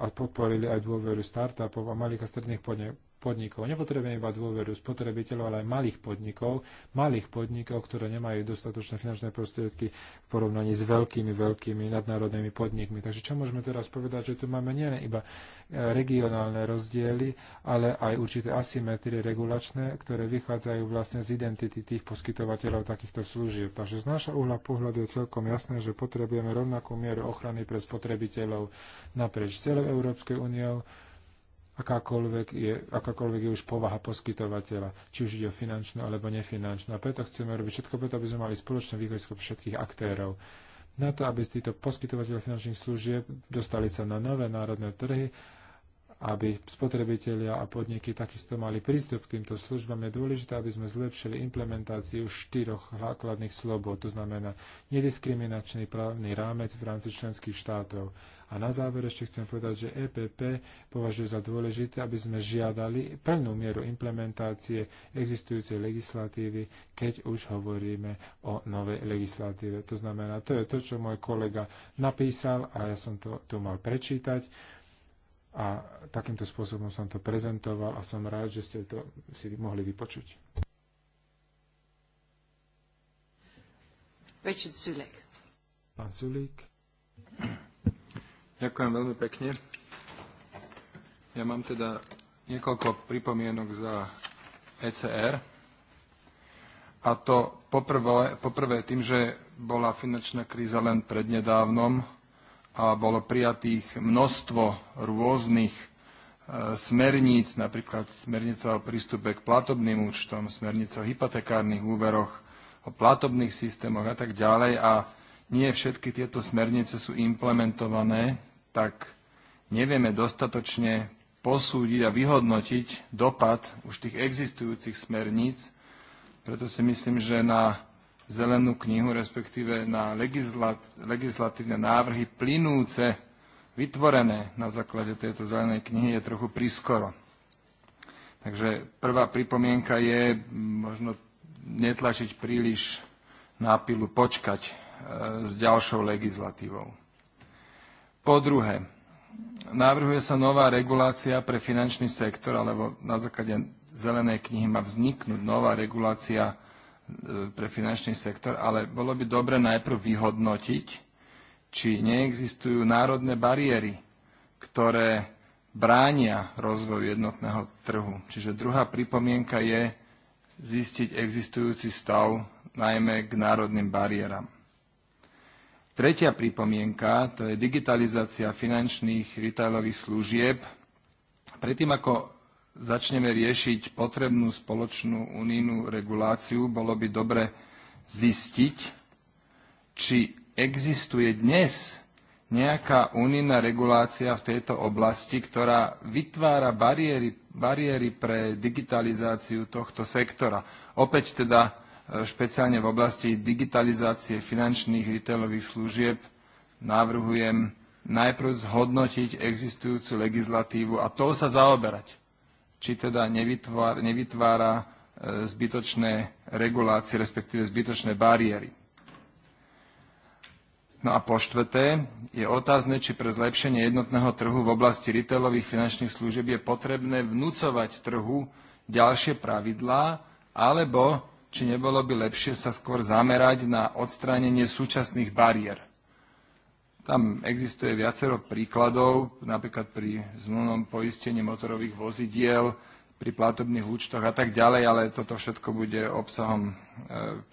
Speaker 5: a podporili aj dôveru startupov a malých a stredných podnikov podnikov. Nepotrebujeme iba dôveru spotrebiteľov, ale aj malých podnikov, malých podnikov, ktoré nemajú dostatočné finančné prostriedky v porovnaní s veľkými, veľkými nadnárodnými podnikmi. Takže čo môžeme teraz povedať, že tu máme nielen iba e, regionálne rozdiely, ale aj určité asymetrie regulačné, ktoré vychádzajú vlastne z identity tých poskytovateľov takýchto služieb. Takže z nášho uhla pohľadu je celkom jasné, že potrebujeme rovnakú mieru ochrany pre spotrebiteľov naprieč celou Európskej úniou, akákoľvek je, akákoľvek je už povaha poskytovateľa, či už ide o finančnú alebo nefinančnú. A preto chceme robiť všetko preto, aby sme mali spoločné východisko všetkých aktérov. Na to, aby títo poskytovateľe finančných služieb dostali sa na nové národné trhy, aby spotrebitelia a podniky takisto mali prístup k týmto službám, je dôležité, aby sme zlepšili implementáciu štyroch základných slobod, to znamená nediskriminačný právny rámec v rámci členských štátov, a na záver ešte chcem povedať, že EPP považuje za dôležité, aby sme žiadali plnú mieru implementácie existujúcej legislatívy, keď už hovoríme o novej legislatíve. To znamená, to je to, čo môj kolega napísal a ja som to tu mal prečítať. A takýmto spôsobom som to prezentoval a som rád, že ste to si mohli vypočuť.
Speaker 1: Richard Sulik.
Speaker 5: Pán Sulik.
Speaker 6: Ďakujem veľmi pekne. Ja mám teda niekoľko pripomienok za ECR. A to poprvé, poprvé tým, že bola finančná kríza len prednedávnom a bolo prijatých množstvo rôznych e, smerníc, napríklad smernica o prístupe k platobným účtom, smernica o hypotekárnych úveroch, o platobných systémoch a tak ďalej. A nie všetky tieto smernice sú implementované tak nevieme dostatočne posúdiť a vyhodnotiť dopad už tých existujúcich smerníc. Preto si myslím, že na zelenú knihu, respektíve na legislat legislatívne návrhy plynúce, vytvorené na základe tejto zelenej knihy, je trochu prískoro. Takže prvá pripomienka je možno netlačiť príliš na pilu, počkať e, s ďalšou legislatívou. Po druhé, návrhuje sa nová regulácia pre finančný sektor, alebo na základe zelenej knihy má vzniknúť nová regulácia e, pre finančný sektor, ale bolo by dobre najprv vyhodnotiť, či neexistujú národné bariéry, ktoré bránia rozvoju jednotného trhu. Čiže druhá pripomienka je zistiť existujúci stav najmä k národným bariéram. Tretia pripomienka, to je digitalizácia finančných retailových služieb. Predtým, ako začneme riešiť potrebnú spoločnú unijnú reguláciu, bolo by dobre zistiť, či existuje dnes nejaká unijná regulácia v tejto oblasti, ktorá vytvára bariéry, bariéry pre digitalizáciu tohto sektora. Opäť teda E, špeciálne v oblasti digitalizácie finančných retailových služieb navrhujem najprv zhodnotiť existujúcu legislatívu a tou sa zaoberať, či teda nevytvára, nevytvára e, zbytočné regulácie, respektíve zbytočné bariéry. No a po štvrté, je otázne, či pre zlepšenie jednotného trhu v oblasti retailových finančných služieb je potrebné vnúcovať trhu ďalšie pravidlá, alebo či nebolo by lepšie sa skôr zamerať na odstránenie súčasných bariér. Tam existuje viacero príkladov, napríklad pri zmluvnom poistení motorových vozidiel, pri platobných účtoch a tak ďalej, ale toto všetko bude obsahom e,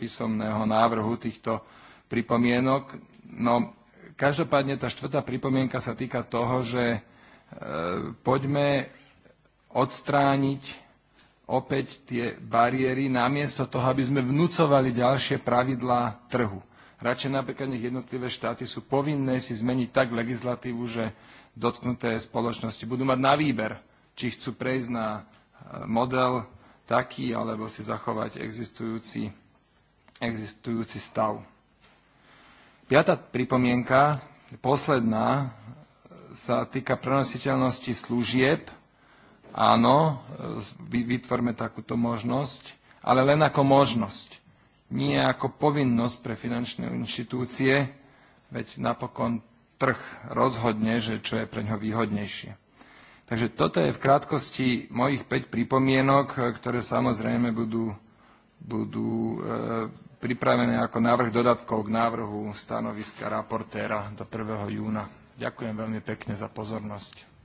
Speaker 6: písomného návrhu týchto pripomienok. No, každopádne tá štvrtá pripomienka sa týka toho, že e, poďme odstrániť opäť tie bariéry namiesto toho, aby sme vnúcovali ďalšie pravidlá trhu. Radšej napríklad nech jednotlivé štáty sú povinné si zmeniť tak legislatívu, že dotknuté spoločnosti budú mať na výber, či chcú prejsť na e, model taký, alebo si zachovať existujúci, existujúci stav. Piatá pripomienka, posledná, e, sa týka prenositeľnosti služieb Áno, vytvorme takúto možnosť, ale len ako možnosť. Nie ako povinnosť pre finančné inštitúcie, veď napokon trh rozhodne, že čo je pre ňo výhodnejšie. Takže toto je v krátkosti mojich 5 pripomienok, e, ktoré samozrejme budú, budú e, pripravené ako návrh dodatkov k návrhu stanoviska raportéra do 1. júna. Ďakujem veľmi pekne za pozornosť.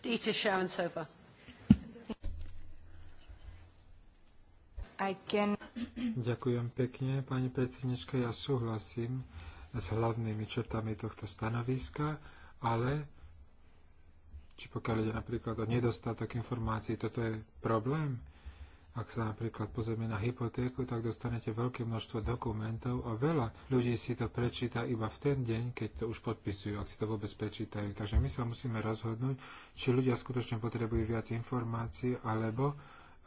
Speaker 1: Ďakujem
Speaker 5: pekne, pani predsednička. Ja súhlasím s hlavnými črtami tohto stanoviska, ale či pokiaľ ide napríklad o nedostatok informácií, toto je problém, ak sa napríklad pozrieme na hypotéku, tak dostanete veľké množstvo dokumentov a veľa ľudí si to prečíta iba v ten deň, keď to už podpisujú, ak si to vôbec prečítajú. Takže my sa musíme rozhodnúť, či ľudia skutočne potrebujú viac informácií alebo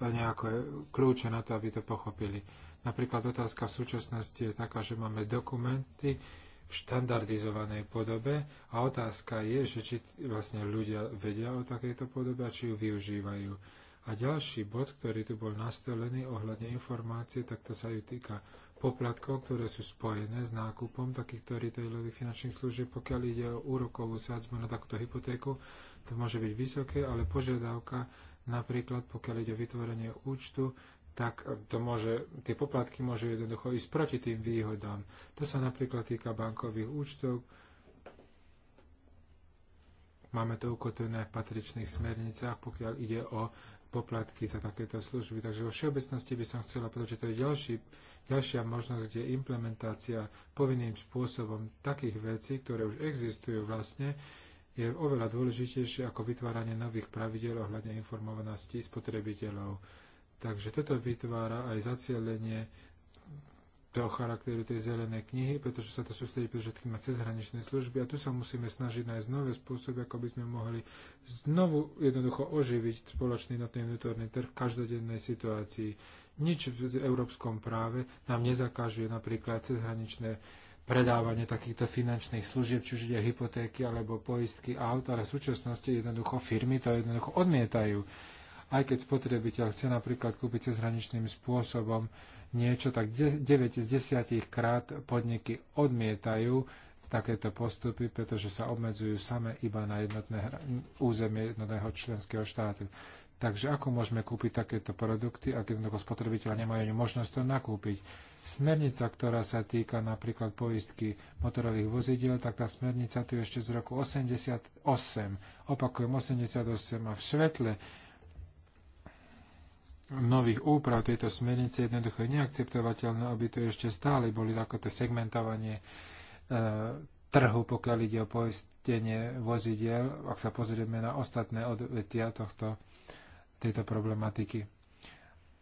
Speaker 5: nejaké kľúče na to, aby to pochopili. Napríklad otázka v súčasnosti je taká, že máme dokumenty v štandardizovanej podobe a otázka je, že či vlastne ľudia vedia o takejto podobe a či ju využívajú. A ďalší bod, ktorý tu bol nastolený ohľadne informácie, tak to sa ju týka poplatkov, ktoré sú spojené s nákupom takýchto retailových finančných služieb. Pokiaľ ide o úrokovú sadzbu na takúto hypotéku, to môže byť vysoké, ale požiadavka napríklad, pokiaľ ide o vytvorenie účtu, tak to môže, tie poplatky môžu jednoducho ísť proti tým výhodám. To sa napríklad týka bankových účtov. Máme to ukotvené v patričných smernicách, pokiaľ ide o poplatky za takéto služby. Takže vo všeobecnosti by som chcela povedať, že to je ďalší, ďalšia možnosť, kde implementácia povinným spôsobom takých vecí, ktoré už existujú vlastne, je oveľa dôležitejšie ako vytváranie nových pravidel ohľadne informovanosti spotrebiteľov. Takže toto vytvára aj zacielenie toho charakteru tej zelenej knihy, pretože sa to sústredí predovšetkým na cezhraničné služby a tu sa musíme snažiť nájsť nové spôsoby, ako by sme mohli znovu jednoducho oživiť spoločný jednotný vnútorný trh v každodennej situácii. Nič v európskom práve nám nezakážuje napríklad cezhraničné predávanie takýchto finančných služieb, či už ide hypotéky alebo poistky aut, ale v súčasnosti jednoducho firmy to jednoducho odmietajú. Aj keď spotrebiteľ chce napríklad kúpiť cezhraničným spôsobom niečo, tak 9 z 10 krát podniky odmietajú takéto postupy, pretože sa obmedzujú same iba na jednotné územie jednotného členského štátu. Takže ako môžeme kúpiť takéto produkty, ak jednoducho spotrebiteľa nemajú ani možnosť to nakúpiť? Smernica, ktorá sa týka napríklad poistky motorových vozidiel, tak tá smernica tu ešte z roku 88, opakujem 88 a v svetle nových úprav tejto smernice jednoducho je neakceptovateľné, aby tu ešte stále boli takéto segmentovanie e, trhu, pokiaľ ide o poistenie vozidiel, ak sa pozrieme na ostatné odvetia tohto, tejto problematiky.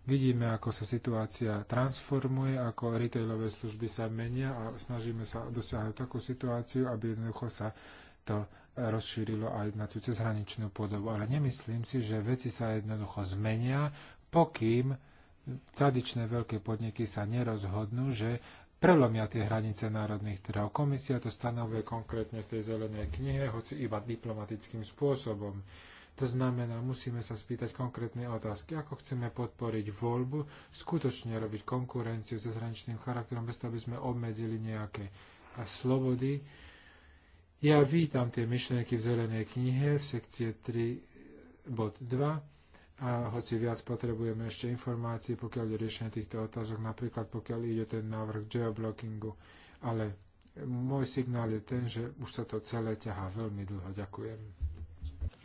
Speaker 5: Vidíme, ako sa situácia transformuje, ako retailové služby sa menia a snažíme sa dosiahnuť takú situáciu, aby jednoducho sa to rozšírilo aj na tú cezhraničnú podobu. Ale nemyslím si, že veci sa jednoducho zmenia, pokým tradičné veľké podniky sa nerozhodnú, že prelomia tie hranice národných trhov. Komisia to stanovuje konkrétne v tej zelenej knihe, hoci iba diplomatickým spôsobom. To znamená, musíme sa spýtať konkrétne otázky, ako chceme podporiť voľbu, skutočne robiť konkurenciu so zhraničným charakterom, bez toho, aby sme obmedzili nejaké slobody. Ja vítam tie myšlienky v zelenej knihe v sekcie 3 bod 2 a hoci viac potrebujeme ešte informácií, pokiaľ je riešenie týchto otázok, napríklad pokiaľ ide ten návrh geoblockingu. Ale môj signál je ten, že už sa to celé ťahá veľmi dlho. Ďakujem.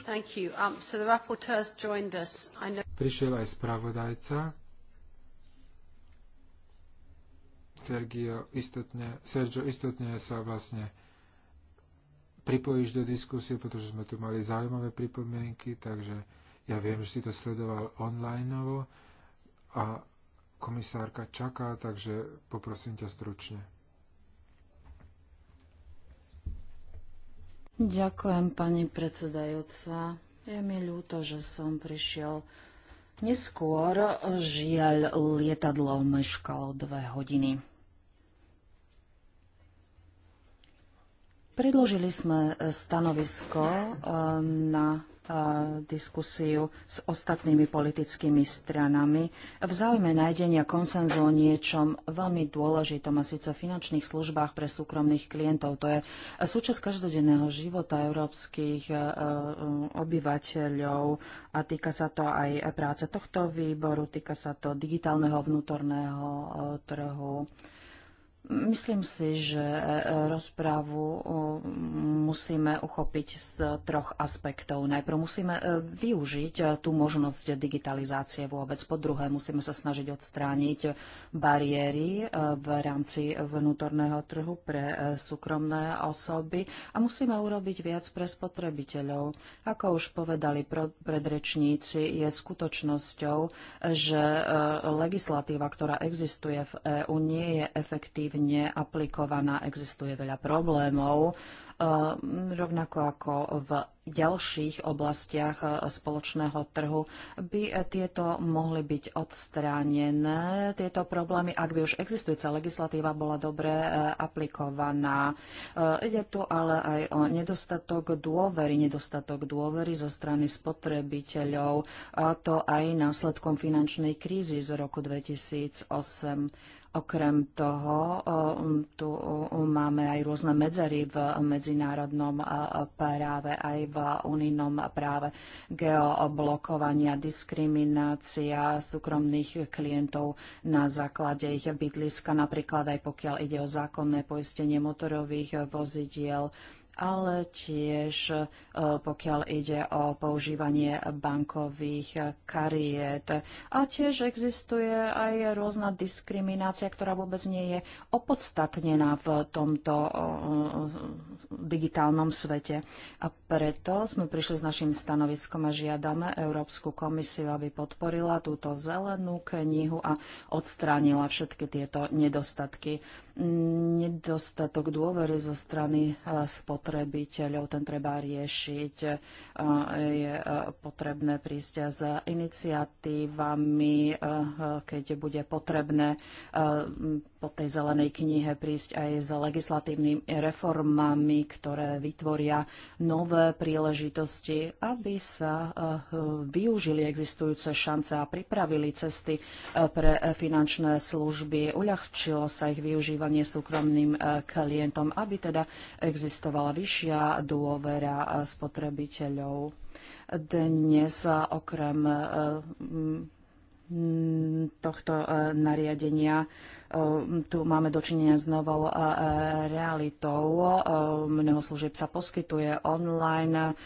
Speaker 1: Thank you. Um, so the rapporteurs joined us. I know...
Speaker 5: Prišiel aj spravodajca. Sergio, istotne, Sergio, istotne sa vlastne pripojíš do diskusie, pretože sme tu mali zaujímavé pripomienky, takže ja viem, že si to sledoval online a komisárka čaká, takže poprosím ťa stručne.
Speaker 3: Ďakujem, pani predsedajúca. Je mi ľúto, že som prišiel neskôr. Žiaľ, lietadlo meškalo dve hodiny. Predložili sme stanovisko eh, na Eh, diskusiu s ostatnými politickými stranami v záujme nájdenia konsenzu o niečom veľmi dôležitom a síce finančných službách pre súkromných klientov. To je súčasť každodenného života európskych eh, eh, obyvateľov a týka sa to aj práce tohto výboru, týka sa to digitálneho vnútorného trhu. Myslím si, že e, e, rozprávu musíme uchopiť z troch aspektov. Najprv musíme e, využiť tú možnosť digitalizácie vôbec. Po druhé, musíme sa snažiť odstrániť bariéry v rámci vnútorného trhu pre súkromné osoby a musíme urobiť viac pre spotrebiteľov. Ako už povedali predrečníci, je skutočnosťou, že legislatíva, ktorá existuje v EÚ, nie je efektívna efektívne aplikovaná, existuje veľa problémov, e, rovnako ako v ďalších oblastiach e, spoločného trhu, by tieto mohli byť odstránené. Tieto problémy, ak by už existujúca legislatíva bola dobre e, aplikovaná. Ide tu ale aj o nedostatok dôvery, nedostatok dôvery zo strany spotrebiteľov, a to aj následkom finančnej krízy z roku 2008. Okrem toho tu máme aj rôzne medzery v medzinárodnom práve, aj v unijnom práve geoblokovania, diskriminácia súkromných klientov na základe ich bydliska, napríklad aj pokiaľ ide o zákonné poistenie motorových vozidiel ale tiež e, pokiaľ ide o používanie bankových kariet. A tiež existuje aj rôzna diskriminácia, ktorá vôbec nie je opodstatnená v tomto e, e, digitálnom svete. A preto sme prišli s našim stanoviskom a žiadame Európsku komisiu, aby podporila túto zelenú knihu a odstránila všetky tieto nedostatky nedostatok dôvery zo strany spotrebiteľov, ten treba riešiť. Je potrebné prísť s iniciatívami, keď bude potrebné po tej zelenej knihe prísť aj s legislatívnymi reformami, ktoré vytvoria nové príležitosti, aby sa využili existujúce šance a pripravili cesty pre finančné služby. Uľahčilo sa ich využívať poskytovanie súkromným e, klientom, aby teda existovala vyššia dôvera e, spotrebiteľov. Dnes e, okrem Mm, tohto e, nariadenia. E, tu máme dočinenia s novou e, realitou. Mnoho služieb sa poskytuje online,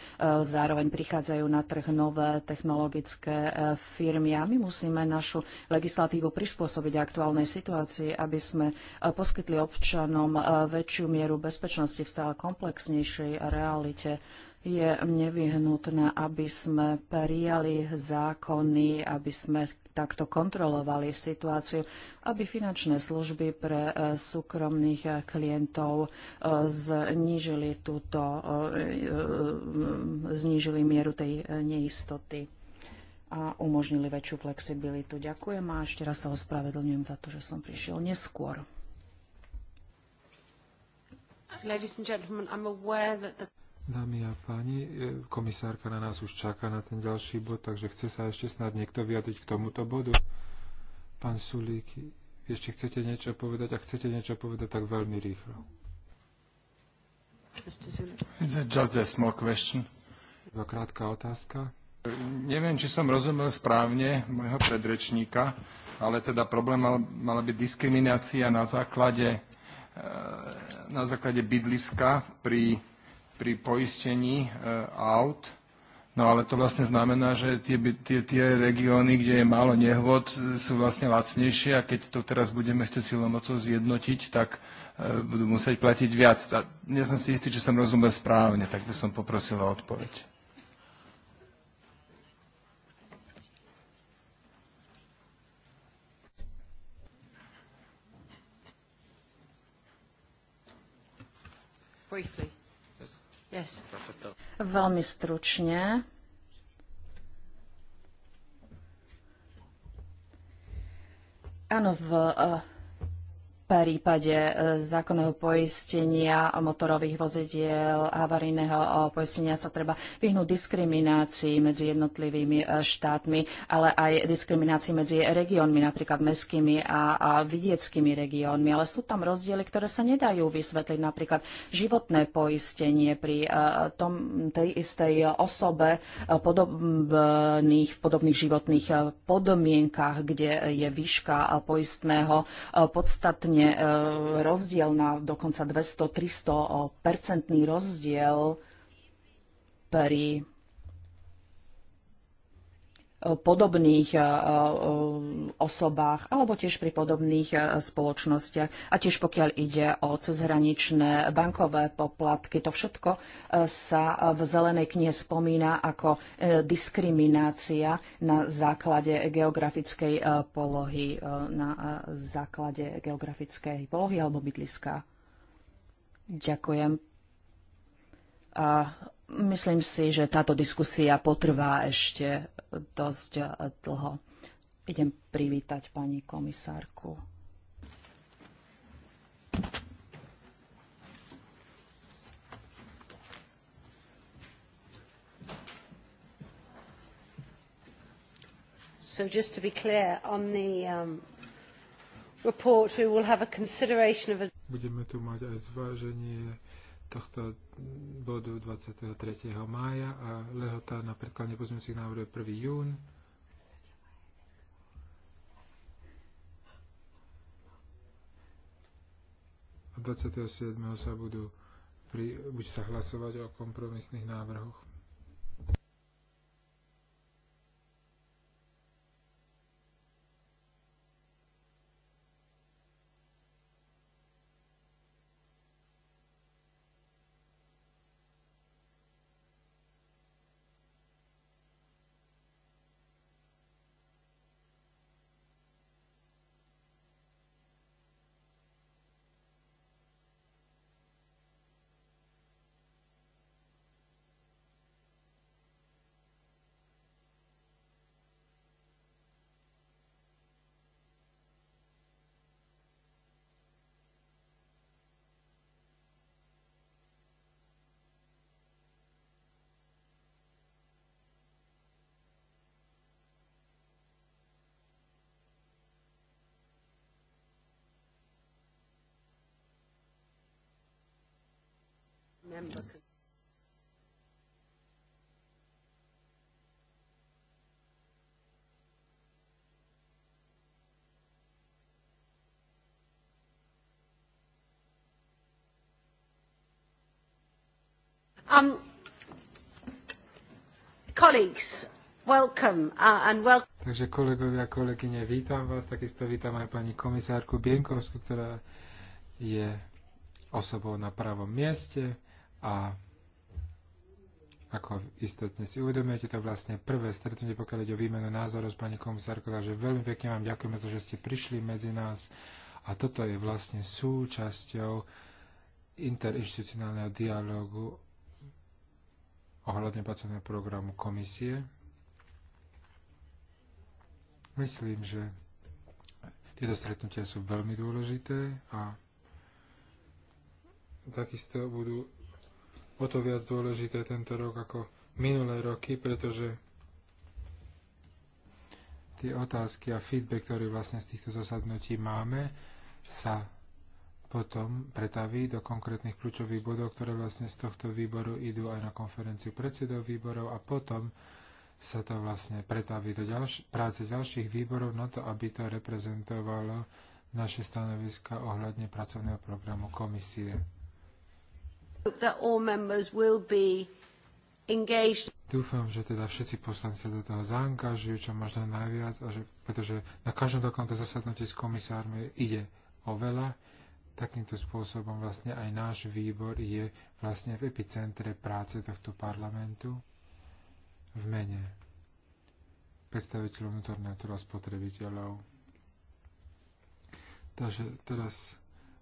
Speaker 3: zároveň prichádzajú na trh nové technologické firmy a my musíme našu legislatívu prispôsobiť aktuálnej situácii, aby sme poskytli občanom väčšiu mieru bezpečnosti v stále komplexnejšej realite je nevyhnutné, aby sme prijali zákony, aby sme takto kontrolovali situáciu, aby finančné služby pre e, súkromných e, klientov e, znížili, túto, znížili mieru tej neistoty a umožnili väčšiu flexibilitu. Ďakujem a ešte raz sa ospravedlňujem za to, že som prišiel neskôr.
Speaker 1: Ladies and gentlemen, I'm aware that the
Speaker 5: Dámy a páni, e, komisárka na nás už čaká na ten ďalší bod, takže chce sa ešte snad niekto vyjadriť k tomuto bodu. Pán Sulík, ešte chcete niečo povedať? A chcete niečo povedať, tak veľmi rýchlo.
Speaker 6: Iba krátka otázka. Neviem, či som rozumel správne môjho predrečníka, ale teda problém mal, mala byť diskriminácia na základe, e, na základe bydliska pri pri poistení e, aut, no ale to vlastne znamená, že tie, tie, tie regióny, kde je málo nehôd, e, sú vlastne lacnejšie a keď to teraz budeme chcieť silou mocou zjednotiť, tak e, budú musieť platiť viac. A nie som si istý, či som rozumel správne, tak by som poprosil o odpoveď.
Speaker 1: Briefly. Yes.
Speaker 3: Veľmi stručne. Áno, v eh, prípade e, zákonného poistenia motorových vozidiel, havarijného e, poistenia sa treba vyhnúť diskriminácii medzi jednotlivými e, štátmi, ale aj diskriminácii medzi regiónmi, napríklad mestskými a, a vidieckými regiónmi. Ale sú tam rozdiely, ktoré sa nedajú vysvetliť, napríklad životné poistenie pri tom, tej istej osobe podobných, v podobných životných podmienkach, kde je výška poistného podstatne pomerne e, rozdiel na dokonca 200-300 percentný rozdiel pri podobných osobách alebo tiež pri podobných spoločnostiach. A tiež pokiaľ ide o cezhraničné bankové poplatky, to všetko sa v Zelenej knihe spomína ako e, diskriminácia na základe geografickej e, polohy, e, na základe geografickej polohy alebo bydliska. Ďakujem. A Myslím si, že táto diskusia potrvá ešte dosť dlho. Idem privítať pani komisárku.
Speaker 1: So just to be clear, on the um,
Speaker 5: report we will have a consideration of a... Budeme tu mať aj zváženie uh, tohto bodu 23. mája a lehota na predkladne pozmeňujúcich návrhov je 1. jún. A 27. sa budú pri, buď sa hlasovať o kompromisných návrhoch.
Speaker 1: member Um, colleagues, welcome uh, and welcome.
Speaker 5: Takže kolegovia, kolegyne, vítam vás, takisto vítam aj pani komisárku Bienkovsku, ktorá je osobou na pravom mieste. A ako istotne si uvedomujete, to vlastne prvé stretnutie, pokiaľ ide o výmenu názorov s pani komisárkou, takže veľmi pekne vám ďakujeme za to, že ste prišli medzi nás a toto je vlastne súčasťou interinstitucionálneho dialogu ohľadne pracovného programu komisie. Myslím, že tieto stretnutia sú veľmi dôležité a takisto budú o to viac dôležité tento rok ako minulé roky, pretože tie otázky a feedback, ktorý vlastne z týchto zasadnutí máme, sa potom pretaví do konkrétnych kľúčových bodov, ktoré vlastne z tohto výboru idú aj na konferenciu predsedov výborov a potom sa to vlastne pretaví do ďalš- práce ďalších výborov na to, aby to reprezentovalo naše stanoviska ohľadne pracovného programu komisie. Dúfam, že teda všetci poslanci sa do toho zaangažujú, čo možno najviac, a že, pretože na každom takomto zasadnutí s komisármi ide o veľa. Takýmto spôsobom vlastne aj náš výbor je vlastne v epicentre práce tohto parlamentu v mene predstaviteľov vnútorného trhu spotrebiteľov. Takže teraz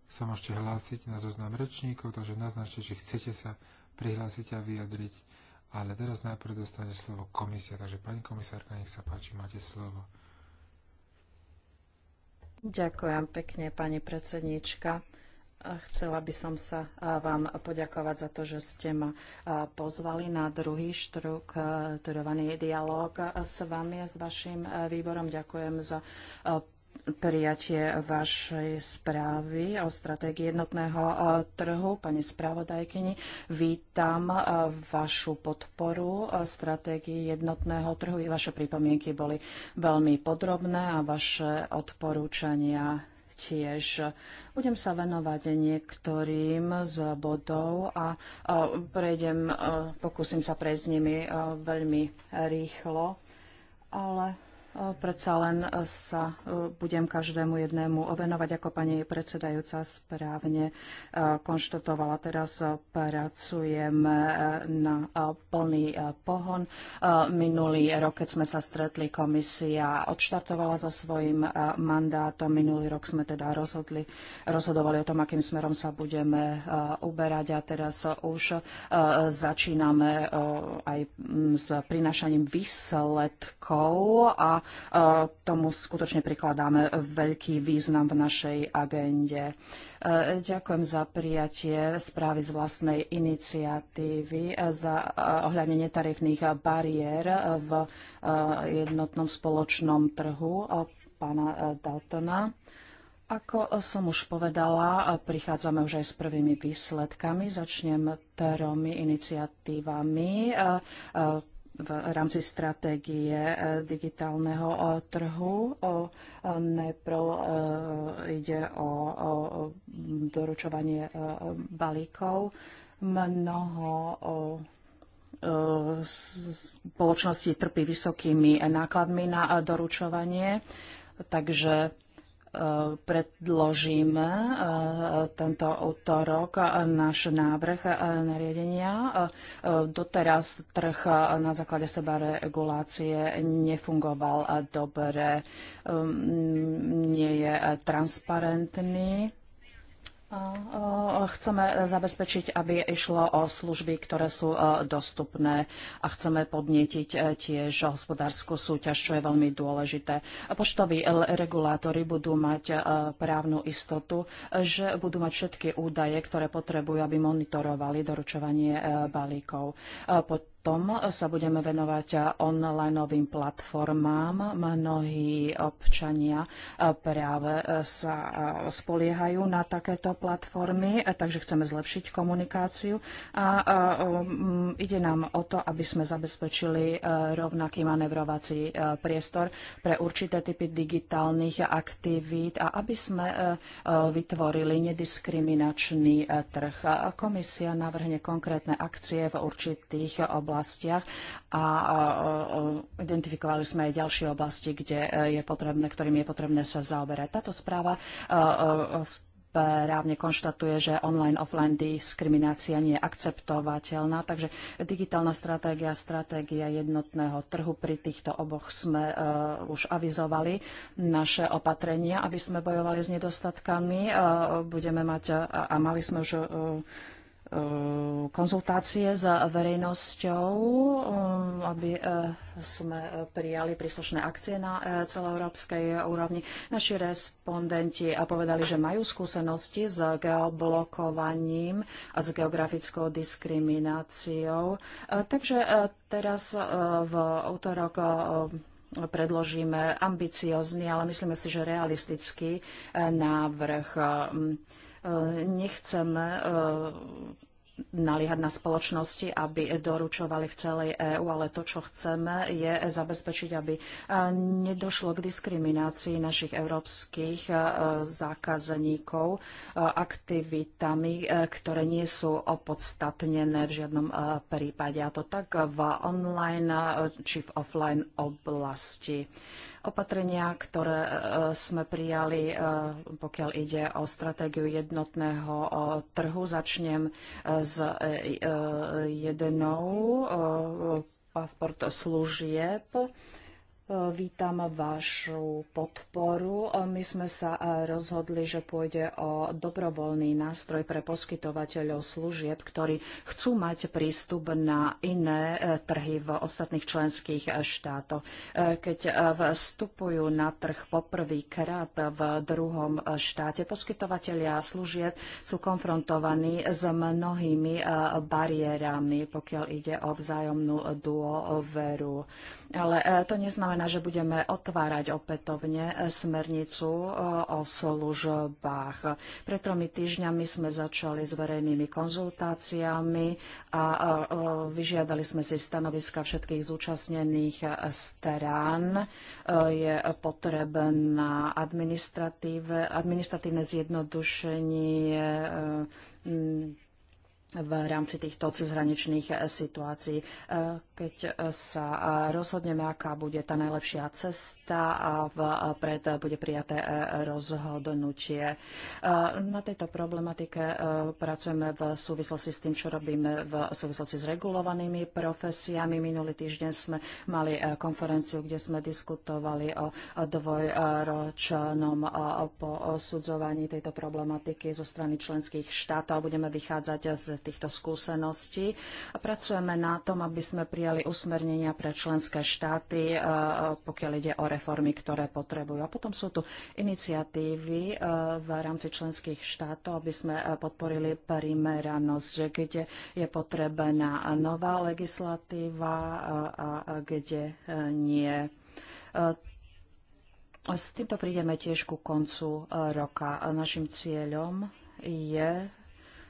Speaker 5: sa môžete hlásiť na zoznam rečníkov, takže naznačte, či chcete sa prihlásiť a vyjadriť. Ale teraz najprv dostane slovo komisia, takže pani komisárka, nech sa páči, máte slovo.
Speaker 3: Ďakujem pekne, pani predsednička. Chcela by som sa vám poďakovať za to, že ste ma pozvali na druhý štrukturovaný dialog s vami a s vašim výborom. Ďakujem za prijatie vašej správy o stratégii jednotného e, trhu. Pani spravodajkyni, vítam e, vašu podporu e, stratégii jednotného trhu. Vaše pripomienky boli veľmi podrobné a vaše odporúčania tiež. Budem sa venovať niektorým z bodov a prejdem, pokúsim sa prejsť s nimi veľmi rýchlo, ale Predsa len sa e, budem každému jednému venovať, ako pani predsedajúca správne e, konštatovala. Teraz e, pracujem na plný pohon. Minulý rok, keď sme sa stretli, komisia odštartovala so svojím mandátom. Minulý rok sme teda rozhodli, rozhodovali o tom, akým smerom sa budeme uberať a teraz už začíname aj s prinašaním výsledkov a E, tomu skutočne prikladáme veľký význam v našej agende. E, ďakujem za prijatie správy z vlastnej iniciatívy e, za ohľadne netarifných bariér v jednotnom spoločnom trhu pána Daltona. Ako som už povedala, prichádzame už aj s prvými výsledkami. Začnem tromi iniciatívami v rámci stratégie eh, digitálneho eh, trhu. Eh, najprv ide o doručovanie balíkov. Mnoho spoločnosti trpí vysokými nákladmi na doručovanie, takže predložíme eh, tento útorok náš návrh eh, nariadenia. Eh, doteraz trh na základe seba regulácie nefungoval dobre, ehm, nie je transparentný Chceme zabezpečiť, aby išlo o služby, ktoré sú dostupné a chceme podnietiť e, tiež hospodárskú súťaž, čo je veľmi dôležité. Poštoví regulátory budú mať e, právnu istotu, že budú mať všetky údaje, ktoré potrebujú, aby monitorovali doručovanie e, balíkov potom sa budeme venovať onlineovým platformám. Mnohí občania práve sa spoliehajú na takéto platformy, takže chceme zlepšiť komunikáciu a um, ide nám o to, aby sme zabezpečili e, rovnaký manevrovací e, priestor pre určité typy digitálnych aktivít a aby sme e, vytvorili nediskriminačný trh. Komisia navrhne konkrétne akcie v určitých oblastiach oblastiach a identifikovali sme aj ďalšie oblasti, kde e, je potrebné, ktorým je potrebné sa zaoberať. Táto správa e, e, právne konštatuje, že online-offline diskriminácia nie je akceptovateľná, takže digitálna stratégia, stratégia jednotného trhu, pri týchto oboch sme uh, už avizovali naše opatrenia, aby sme bojovali s nedostatkami. Uh, budeme mať, uh, a mali sme už E, konzultácie s verejnosťou, e, aby e, sme prijali príslušné akcie na celoeurópskej úrovni. Naši respondenti povedali, že majú skúsenosti s geoblokovaním a s geografickou diskrimináciou. Takže teraz v útorok predložíme ambiciózny, ale myslíme si, že realistický návrh E, nechceme naliehať na spoločnosti, aby doručovali v celej EÚ, ale to, čo chceme, je zabezpečiť, aby e, nedošlo k diskriminácii našich európskych e, zákazníkov aktivitami, ktoré nie sú opodstatnené v žiadnom prípade, a to tak v online či v offline oblasti. Opatrenia, ktoré e, sme prijali, e, pokiaľ ide o stratégiu jednotného trhu, začnem e, s jednou pasport služieb Vítam vašu podporu. My sme sa e, rozhodli, že pôjde o dobrovoľný nástroj pre poskytovateľov služieb, ktorí chcú mať prístup na iné e, trhy v ostatných členských e, štátoch. Keď vstupujú na trh poprvýkrát v druhom štáte, poskytovateľia služieb sú konfrontovaní s mnohými bariérami, pokiaľ ide o vzájomnú dôveru ale e, to neznamená, že budeme otvárať opätovne e, smernicu e, o službách. Pred tromi týždňami sme začali s verejnými konzultáciami a vyžiadali sme si stanoviska všetkých zúčastnených strán. Je potrebná administratívne zjednodušenie v rámci týchto cezhraničných situácií keď e, sa e, rozhodneme, aká bude tá najlepšia cesta a e, pred bude prijaté rozhodnutie. Na tejto problematike pracujeme v súvislosti s tým, čo robíme v súvislosti s regulovanými profesiami. Minulý týždeň sme mali konferenciu, kde sme diskutovali o dvojročnom posudzovaní tejto problematiky zo strany členských štátov. Budeme vychádzať z týchto skúseností. Pracujeme na tom, aby sme prijali prijali usmernenia pre členské štáty, e, e, pokiaľ ide o reformy, ktoré potrebujú. A potom sú tu iniciatívy e, v rámci členských štátov, aby sme podporili primeranosť, že kde je potrebná nová legislatíva a kde nie. S týmto prídeme tiež ku koncu roka. Našim cieľom je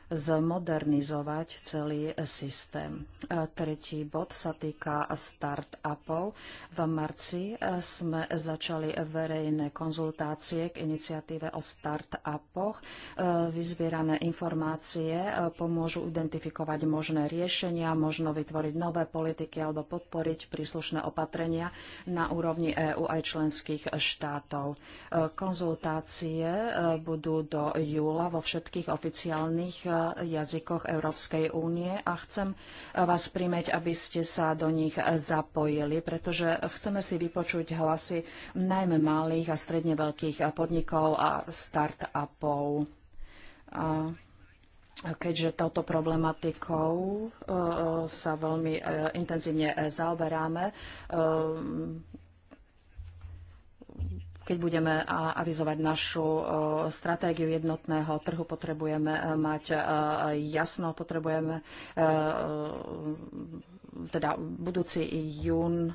Speaker 3: zmodernizovať celý systém. E, tretí bod sa týka start-upov. V marci e, sme začali verejné konzultácie k iniciatíve o start-upoch. E, vyzbierané informácie pomôžu identifikovať možné riešenia, možno vytvoriť nové politiky alebo podporiť príslušné opatrenia na úrovni EÚ aj členských štátov. Konzultácie budú do júla vo všetkých oficiálnych jazykoch Európskej únie a chcem vás primeť, aby ste sa do nich zapojili, pretože chceme si vypočuť hlasy najmä malých a stredne veľkých podnikov a start-upov. A keďže touto problematikou e, e, sa veľmi e, intenzívne zaoberáme, keď budeme avizovať našu e, stratégiu jednotného trhu, potrebujeme e, mať e, jasno, potrebujeme teda budúci jún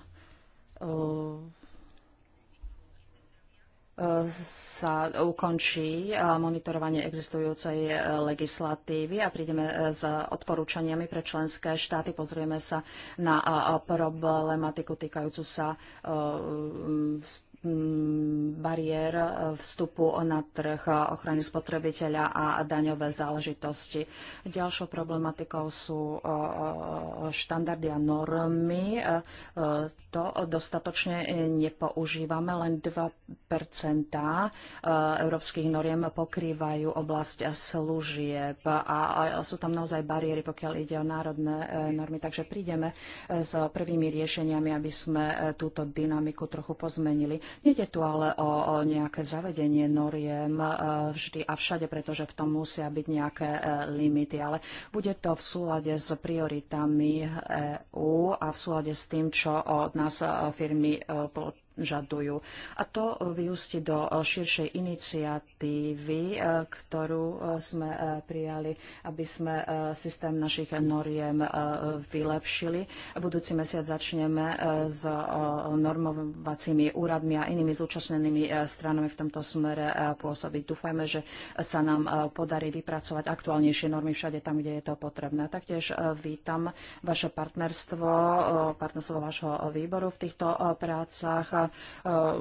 Speaker 3: sa ukončí monitorovanie existujúcej legislatívy a prídeme s odporúčaniami pre členské štáty. Pozrieme sa na problematiku týkajúcu sa bariér eh, vstupu na trh eh, ochrany spotrebiteľa a daňové záležitosti. Ďalšou problematikou sú eh, štandardy a normy. To dostatočne nepoužívame, len 2 európskych noriem pokrývajú oblasť služieb a sú tam naozaj bariéry, pokiaľ ide o národné normy. Takže prídeme s prvými riešeniami, aby sme túto dynamiku trochu pozmenili. Nede tu ale o, o nejaké zavedenie noriem e, vždy a všade, pretože v tom musia byť nejaké e, limity, ale bude to v súlade s prioritami EÚ a v súlade s tým, čo od nás e, firmy žadujú. A to vyústi do širšej iniciatívy, e, ktorú e, sme e, prijali, aby sme systém našich noriem vylepšili. Budúci mesiac začneme s normovacími úradmi a inými zúčastnenými stranami v tomto smere pôsobiť. Dúfajme, že sa nám podarí vypracovať aktuálnejšie normy všade tam, kde je to potrebné. Taktiež vítam vaše partnerstvo, partnerstvo vašho výboru v týchto prácach E,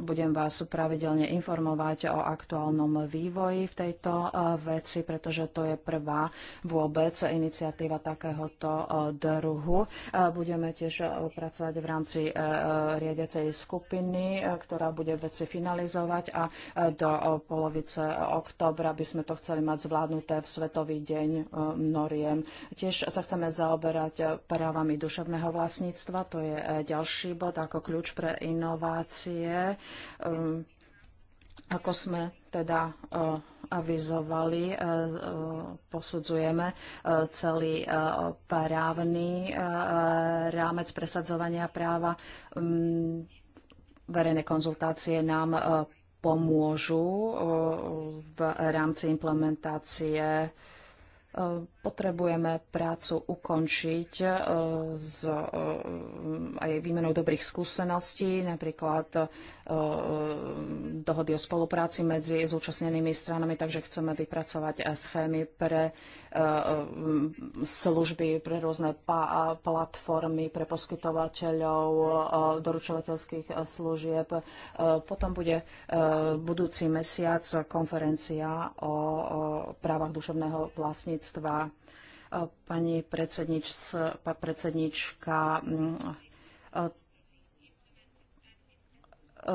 Speaker 3: budem vás pravidelne informovať o aktuálnom vývoji v tejto e, veci, pretože to je prvá vôbec iniciatíva takéhoto e, druhu. Budeme tiež pracovať v rámci riadiacej skupiny, ktorá bude veci finalizovať a do polovice októbra by sme to chceli mať zvládnuté v Svetový deň noriem. Tiež sa chceme zaoberať právami duševného vlastníctva, to je ďalší bod ako kľúč pre inovácie situácie, um, ako sme teda uh, avizovali, uh, uh, posudzujeme celý právny rámec presadzovania práva. Um, verejné konzultácie nám pomôžu v rámci implementácie potrebujeme prácu ukončiť s e, e, aj výmenou dobrých skúseností, napríklad e, dohody o spolupráci medzi zúčastnenými stranami, takže chceme vypracovať schémy pre E, e, služby, pre rôzne platformy, pre poskytovateľov e, doručovateľských služieb. Potom bude budúci mesiac konferencia o právach duševného vlastníctva. Pani predsednička, Eh,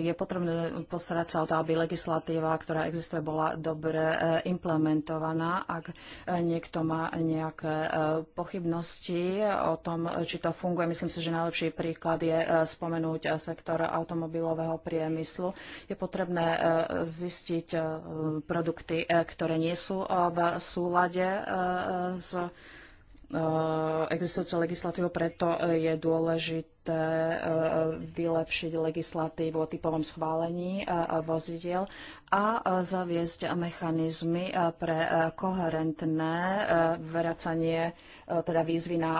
Speaker 3: je potrebné postarať sa o to, aby legislatíva, ktorá existuje, bola dobre eh, implementovaná. Ak eh, niekto má nejaké pochybnosti o tom, či to funguje, myslím si, že najlepší príklad je spomenúť sektor automobilového priemyslu. Je potrebné zistiť produkty, ktoré nie sú v súlade s existujúcou legislatívou, preto je dôležité dôležité e, e, vylepšiť legislatívu o typovom schválení e, vozidiel a zaviesť mechanizmy pre koherentné vracanie, teda výzvy na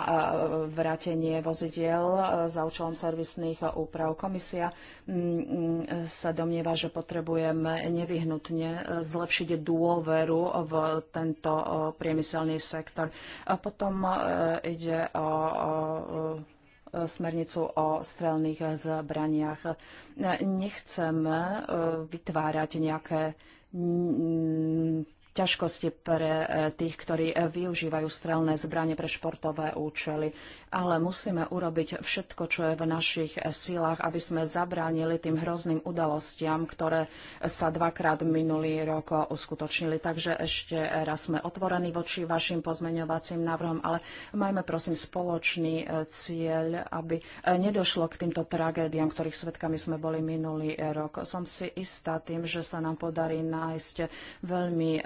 Speaker 3: vrátenie vozidiel za účelom servisných úprav. Komisia mm, mm, sa domnieva, že potrebujeme nevyhnutne zlepšiť dôveru v tento priemyselný sektor. A potom ide o smernicu o strelných zbraniach. Nechceme eh, vytvárať nejaké ťažkosti pre e, tých, ktorí e, využívajú strelné zbranie pre športové účely. Ale musíme urobiť všetko, čo je v našich e, silách, aby sme zabránili tým hrozným udalostiam, ktoré sa dvakrát minulý rok uskutočnili. Takže ešte raz sme otvorení voči vašim pozmeňovacím návrhom, ale majme prosím spoločný cieľ, aby nedošlo k týmto tragédiám, ktorých svetkami sme boli minulý rok. Som si istá tým, že sa nám podarí nájsť veľmi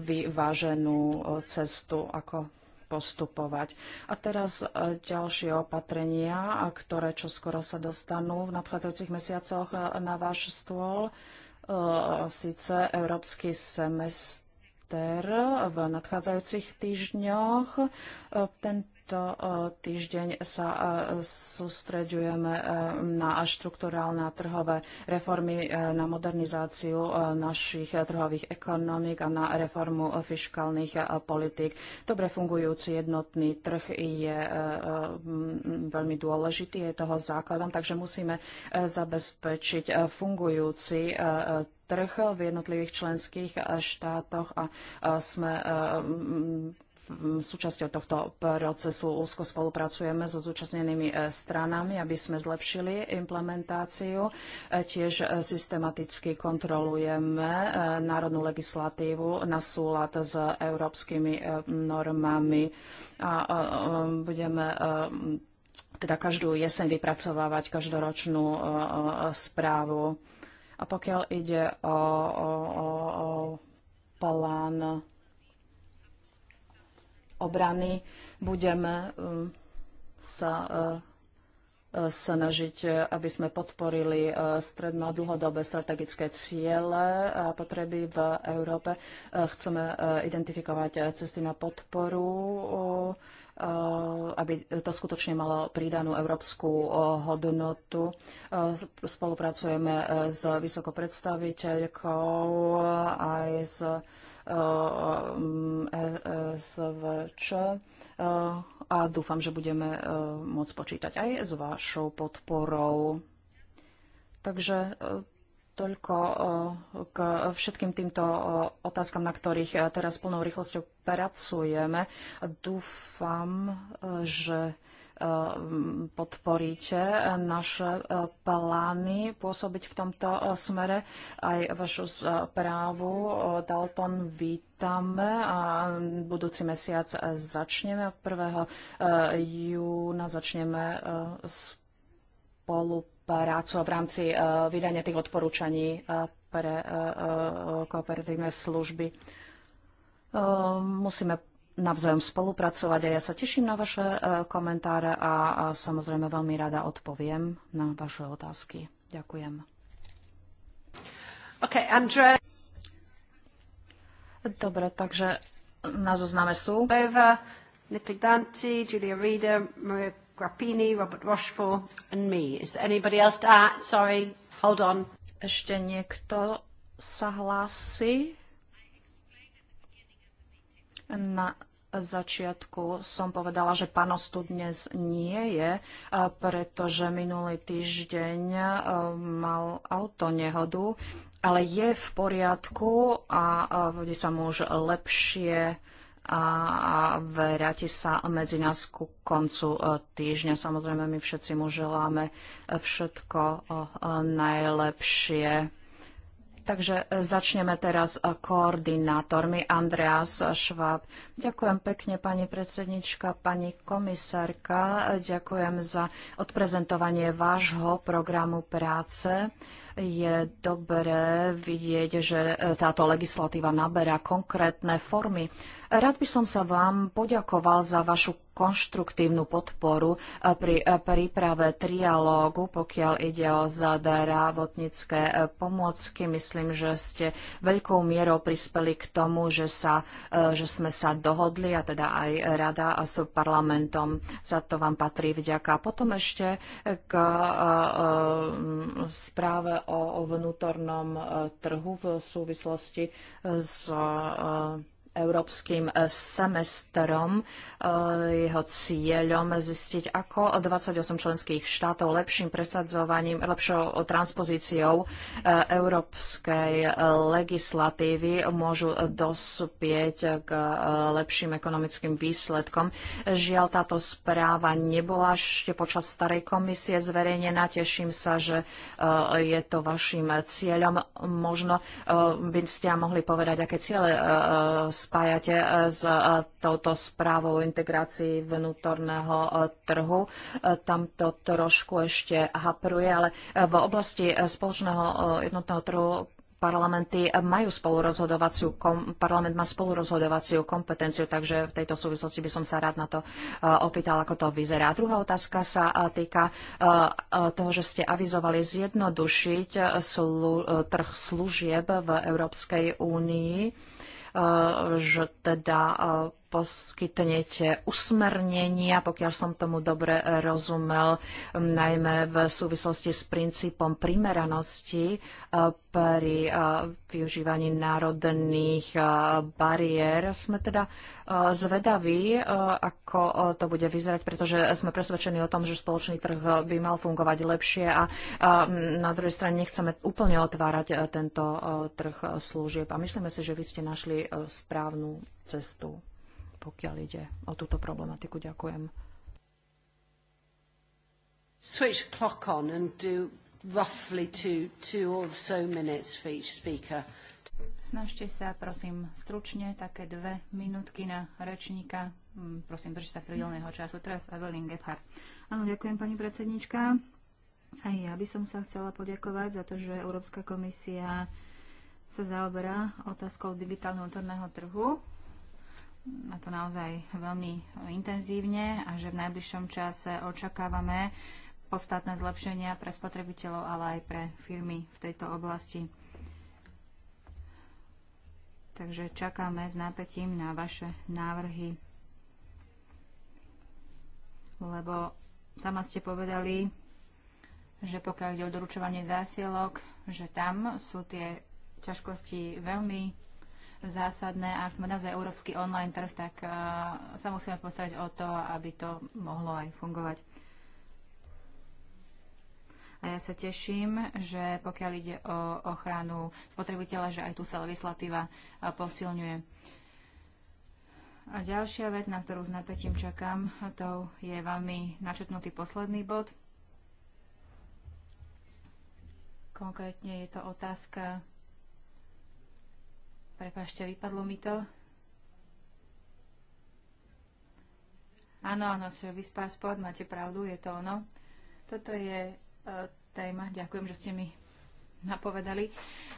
Speaker 3: vyváženú e, cestu, ako postupovať. A teraz e, ďalšie opatrenia, ktoré skoro sa dostanú v nadchádzajúcich mesiacoch e, na váš stôl. Sice Európsky semestr v nadchádzajúcich týždňoch. Ten tento e, týždeň sa e, sústreďujeme e, na štruktúrálne a trhové reformy, na modernizáciu našich trhových ekonomík a na reformu fiskálnych politík. Dobre fungujúci jednotný trh je veľmi dôležitý, je toho základom, takže musíme zabezpečiť fungujúci trh v jednotlivých členských štátoch a sme súčasťou tohto procesu úzko spolupracujeme so zúčastnenými e, stranami, aby sme zlepšili implementáciu. E, tiež e, systematicky kontrolujeme národnú legislatívu na súlad s európskymi normami a budeme teda každú jeseň vypracovávať každoročnú správu. A pokiaľ ide o, o, o plán obrany budeme um, sa uh, uh, snažiť, aby sme podporili uh, stredno- dlhodobé strategické ciele a potreby v Európe. Chceme identifikovať cesty na podporu, aby to skutočne malo pridanú európsku hodnotu. Spolupracujeme s vysokopredstaviteľkou aj s E, e, SVČ a dúfam, že budeme e, môcť počítať aj s vašou podporou. Takže toľko k všetkým týmto otázkam, na ktorých teraz plnou rýchlosťou pracujeme. Dúfam, že Eh, podporíte naše eh, plány pôsobiť v tomto eh, smere. Aj vašu správu Dalton vítame a budúci mesiac začneme. 1. júna začneme spoluprácu v rámci vydania tých odporúčaní pre kooperatívne služby. Musíme navzájom spolupracovať a ja sa teším na vaše e, komentáre a, samozrejme veľmi rada odpoviem na vaše otázky. Ďakujem. Okay, Andre. Dobre, takže na zozname sú Beva,
Speaker 1: Nipidanti, Julia Rieder, Maria Grappini, Robert Rochefort and me. Is there
Speaker 3: anybody else? Ah, sorry, hold on. Ešte niekto sa hlási? Na začiatku som povedala, že panos tu dnes nie je, e, pretože minulý týždeň e, mal auto nehodu, ale je v poriadku a vodi e, sa mu už lepšie a vráti sa medzi nás ku koncu týždňa. Samozrejme, my všetci mu želáme všetko najlepšie. Takže e, začneme teraz e, koordinátormi. Andreas Schwab. Ďakujem pekne, pani predsednička, pani komisárka. E, ďakujem za odprezentovanie vášho programu práce. Je dobré vidieť, že e, táto legislatíva naberá konkrétne formy. Rád by som sa vám poďakoval za vašu konštruktívnu podporu e, pri e, príprave trialógu, pokiaľ ide o zdravotnícke pomôcky. Myslím, že ste veľkou mierou prispeli k tomu, že, sa, že sme sa dohodli a teda aj rada a s parlamentom. Za to vám patrí vďaka. Potom ešte k správe o vnútornom e, trhu v súvislosti s e, európskym e, semestrom. E, jeho cieľom zistiť, ako 28 členských štátov lepším presadzovaním, lepšou transpozíciou e, európskej legislatívy môžu dospieť k lepším ekonomickým výsledkom. Žiaľ, táto správa nebola ešte počas starej komisie zverejnená. Teším sa, že je to vašim cieľom. Možno by ste mohli povedať, aké ciele spájate e, s e, touto správou o integrácii vnútorného e, trhu. Tam to trošku ešte hapruje, ale v oblasti spoločného jednotného trhu parlamenty majú spolurozhodovaciu, kom, parlament má spolurozhodovaciu kompetenciu, takže v tejto súvislosti by som sa rád na to opýtal, ako to vyzerá. A druhá otázka sa týka toho, že ste avizovali zjednodušiť slu, trh služieb v Európskej únii že teda poskytnete usmernenia, pokiaľ som tomu dobre rozumel, najmä v súvislosti s princípom primeranosti eh, pri eh, využívaní národných eh, bariér. Sme teda zvedaví, ako to bude vyzerať, pretože sme presvedčení o tom, že spoločný trh by mal fungovať lepšie a na druhej strane nechceme úplne otvárať tento trh služieb. A myslíme si, že vy ste našli správnu cestu pokiaľ ide o túto problematiku. Ďakujem.
Speaker 1: Switch clock on and do roughly two, two or so minutes for each speaker.
Speaker 2: Snažte sa, prosím, stručne, také dve minútky na rečníka. Mm, prosím, držte sa pridelného času. Teraz Evelyn Gebhardt. Áno, ďakujem, pani predsednička. Aj ja by som sa chcela poďakovať za to, že Európska komisia sa zaoberá otázkou digitálneho útorného trhu na to naozaj veľmi intenzívne a že v najbližšom čase očakávame podstatné zlepšenia pre spotrebiteľov, ale aj pre firmy v tejto oblasti. Takže čakáme s napätím na vaše návrhy, lebo sama ste povedali, že pokiaľ ide o doručovanie zásielok, že tam sú tie ťažkosti veľmi zásadné a ak sme naozaj európsky online trh, tak eh, sa musíme postarať o to, aby to mohlo aj fungovať. A ja sa teším, že pokiaľ ide o ochranu spotrebiteľa, že aj tu sa legislatíva eh, posilňuje. A ďalšia vec, na ktorú s napätím čakám, to je vami načetnutý posledný bod. Konkrétne je to otázka Prepašte, vypadlo mi to. Áno, áno, service passport, máte pravdu, je to ono. Toto je e, téma, ďakujem, že ste mi napovedali.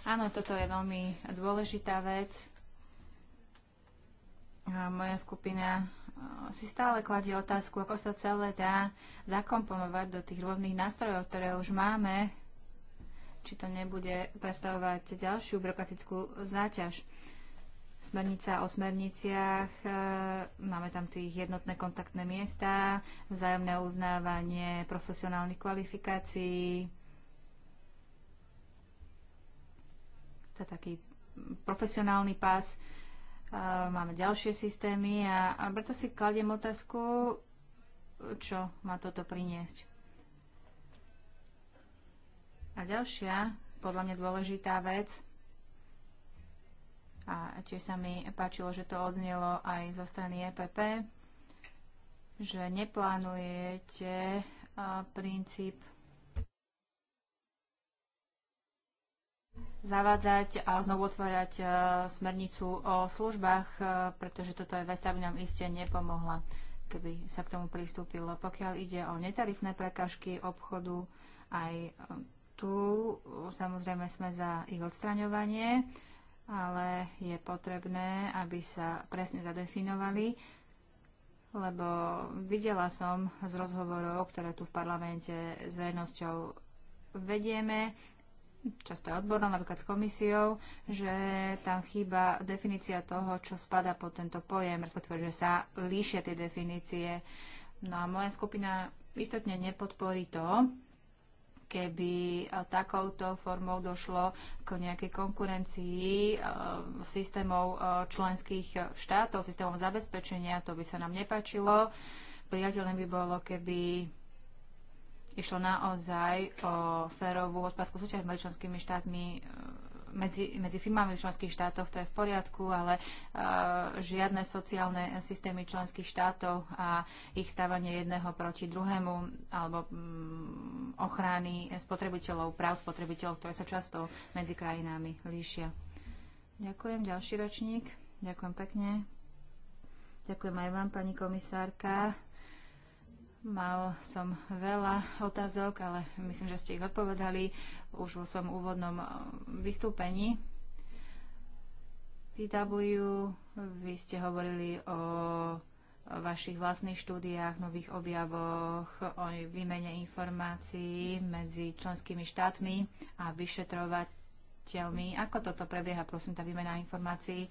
Speaker 2: Áno, toto je veľmi dôležitá vec. A moja skupina e, si stále kladie otázku, ako sa celé dá zakomponovať do tých rôznych nástrojov, ktoré už máme či to nebude predstavovať ďalšiu byrokratickú záťaž. Smernica o smerniciach, e, máme tam tých jednotné kontaktné miesta, vzájomné uznávanie profesionálnych kvalifikácií, to je taký profesionálny pás, e, máme ďalšie systémy a, a preto si kladiem otázku, čo má toto priniesť. A ďalšia, podľa mňa dôležitá vec, a tiež sa mi páčilo, že to odznelo aj zo strany EPP, že neplánujete princíp zavádzať a znovu otvárať smernicu o službách, pretože toto je vec, aby nám iste nepomohla, keby sa k tomu pristúpilo. Pokiaľ ide o netarifné prekažky obchodu, aj tu samozrejme sme za ich odstraňovanie, ale je potrebné, aby sa presne zadefinovali, lebo videla som z rozhovorov, ktoré tu v parlamente s verejnosťou vedieme, často odborná, napríklad s komisiou, že tam chýba definícia toho, čo spada pod tento pojem, respektíve, že sa líšia tie definície. No a moja skupina istotne nepodporí to, keby eh, takouto formou došlo k nejakej konkurencii eh, systémov eh, členských štátov, systémom zabezpečenia, to by sa nám nepačilo. Priateľné by bolo, keby išlo naozaj o férovú hospodárskú súťaž medzi členskými štátmi medzi, medzi firmami v členských štátoch, to je v poriadku, ale uh, žiadne sociálne systémy členských štátov a ich stávanie jedného proti druhému alebo um, ochrany spotrebiteľov, práv spotrebiteľov, ktoré sa často medzi krajinami líšia. Ďakujem, ďalší ročník. Ďakujem pekne. Ďakujem aj vám, pani komisárka. Mal som veľa otázok, ale myslím, že ste ich odpovedali už vo svojom úvodnom eh, vystúpení. TW, vy ste hovorili o vašich vlastných štúdiách, nových objavoch, o výmene informácií medzi členskými štátmi a vyšetrovateľmi. Ako toto prebieha, prosím, tá výmena informácií?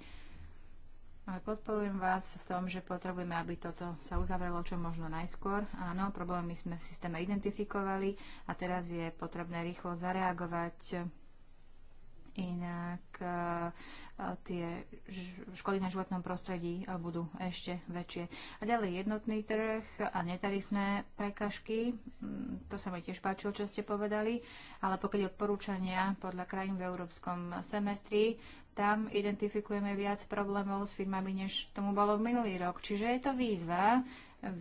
Speaker 2: Ale podporujem vás v tom, že potrebujeme, aby toto sa uzavrelo čo možno najskôr. Áno, problémy sme v systéme identifikovali a teraz je potrebné rýchlo zareagovať inak e, e, tie škody na životnom prostredí e, budú ešte väčšie. A ďalej jednotný trh a netarifné prekažky, to sa mi tiež páčilo, čo ste povedali, ale pokiaľ odporúčania podľa krajín v európskom semestri, tam identifikujeme viac problémov s firmami, než tomu bolo v minulý rok. Čiže je to výzva,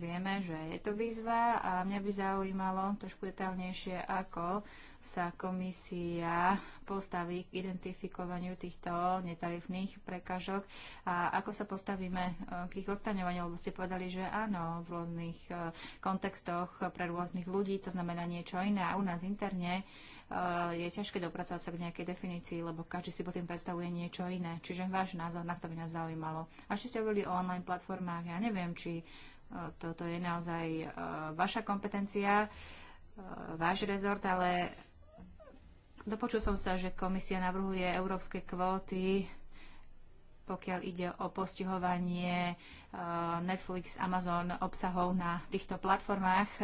Speaker 2: vieme, že je to výzva a mňa by zaujímalo trošku detálnejšie, ako sa komisia postaví k identifikovaniu týchto netarifných prekážok a ako sa postavíme e, k ich odstaňovaniu, lebo ste povedali, že áno, v rôznych e, kontextoch pre rôznych ľudí to znamená niečo iné a u nás interne e, je ťažké dopracovať sa k nejakej definícii, lebo každý si potom predstavuje niečo iné. Čiže váš názor, na to by nás zaujímalo. A či ste hovorili o online platformách, ja neviem, či toto je naozaj vaša kompetencia, váš rezort, ale Dopočul som sa, že komisia navrhuje európske kvóty, pokiaľ ide o postihovanie e, Netflix, Amazon obsahov na týchto platformách, e,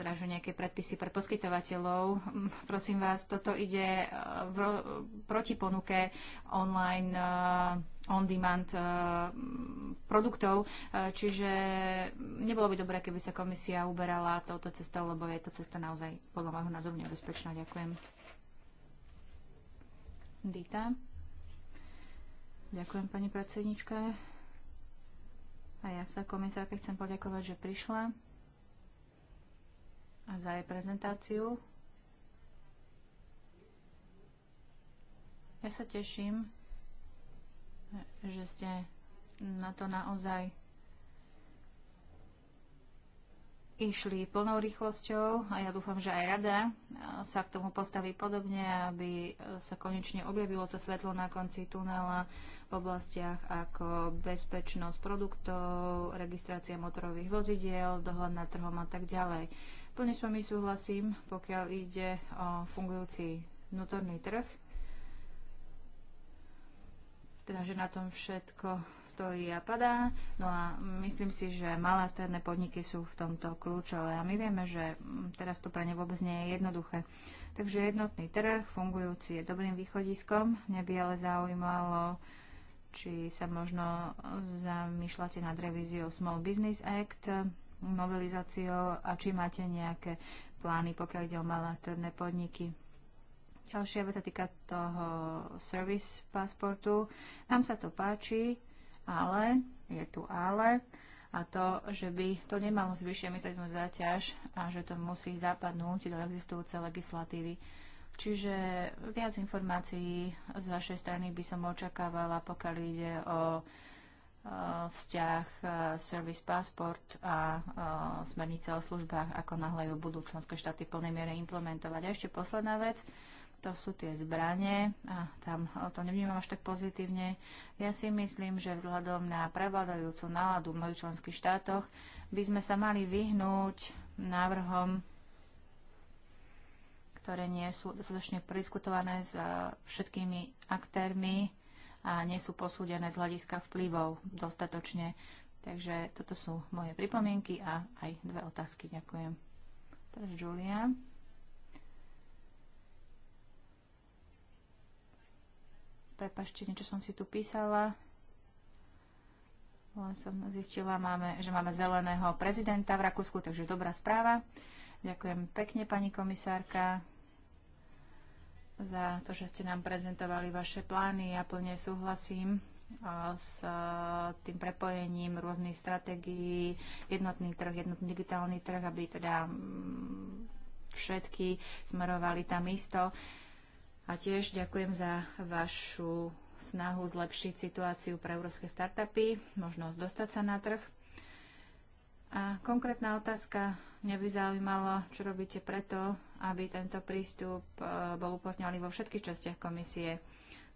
Speaker 2: teda že nejaké predpisy pre poskytovateľov. Mm, prosím vás, toto ide e, v, proti ponuke online on-demand produktov, čiže nebolo by dobré, keby sa komisia uberala touto cestou, lebo je to cesta naozaj podľa môjho názoru nebezpečná. Ďakujem. Dita. Ďakujem, pani predsednička. A ja sa komisárke chcem poďakovať, že prišla a za jej prezentáciu. Ja sa teším, že ste na to naozaj išli plnou rýchlosťou a ja dúfam, že aj rada sa k tomu postaví podobne, aby e, sa konečne objavilo to svetlo na konci tunela v oblastiach ako bezpečnosť produktov, registrácia motorových vozidiel, dohľad na trhom a tak ďalej. Plne s vami súhlasím, pokiaľ ide o fungujúci vnútorný trh teda že na tom všetko stojí a padá. No a myslím si, že malé a stredné podniky sú v tomto kľúčové a my vieme, že mm, teraz to pre ne vôbec nie je jednoduché. Takže jednotný trh, fungujúci, je dobrým východiskom. Mňa by ale zaujímalo, či sa možno zamýšľate nad revíziou Small Business Act, novelizáciou a či máte nejaké plány, pokiaľ ide o malé a stredné podniky. Ďalšia vec sa týka toho service pasportu. Nám sa to páči, ale, je tu ale, a to, že by to nemalo zvyšia myslieť záťaž a že to musí zapadnúť do existujúcej legislatívy. Čiže viac informácií z vašej strany by som očakávala, pokiaľ ide o e, vzťah e, Service Passport a e, smernice o službách, ako náhle ju budú členské štáty plnej miere implementovať. A ešte posledná vec, to sú tie zbranie a tam to nevnímam až tak pozitívne. Ja si myslím, že vzhľadom na prevladajúcu náladu v mnohých členských štátoch by sme sa mali vyhnúť návrhom, ktoré nie sú dostatočne prediskutované s e, všetkými aktérmi a nie sú posúdené z hľadiska vplyvov dostatočne. Takže toto sú moje pripomienky a aj dve otázky. Ďakujem. Teraz Julia. Prepašte, niečo som si tu písala. Len som zistila, máme, že máme zeleného prezidenta v Rakúsku, takže dobrá správa. Ďakujem pekne, pani komisárka, za to, že ste nám prezentovali vaše plány. Ja plne súhlasím s e, tým prepojením rôznych stratégií, jednotný trh, jednotný digitálny trh, aby teda mm, všetky smerovali tam isto. Uh, a tiež ďakujem za vašu snahu zlepšiť situáciu pre európske startupy, možnosť dostať sa na trh. A konkrétna otázka, mňa by zaujímalo, čo robíte preto, aby tento prístup e, bol uplatňovaný vo všetkých častiach komisie.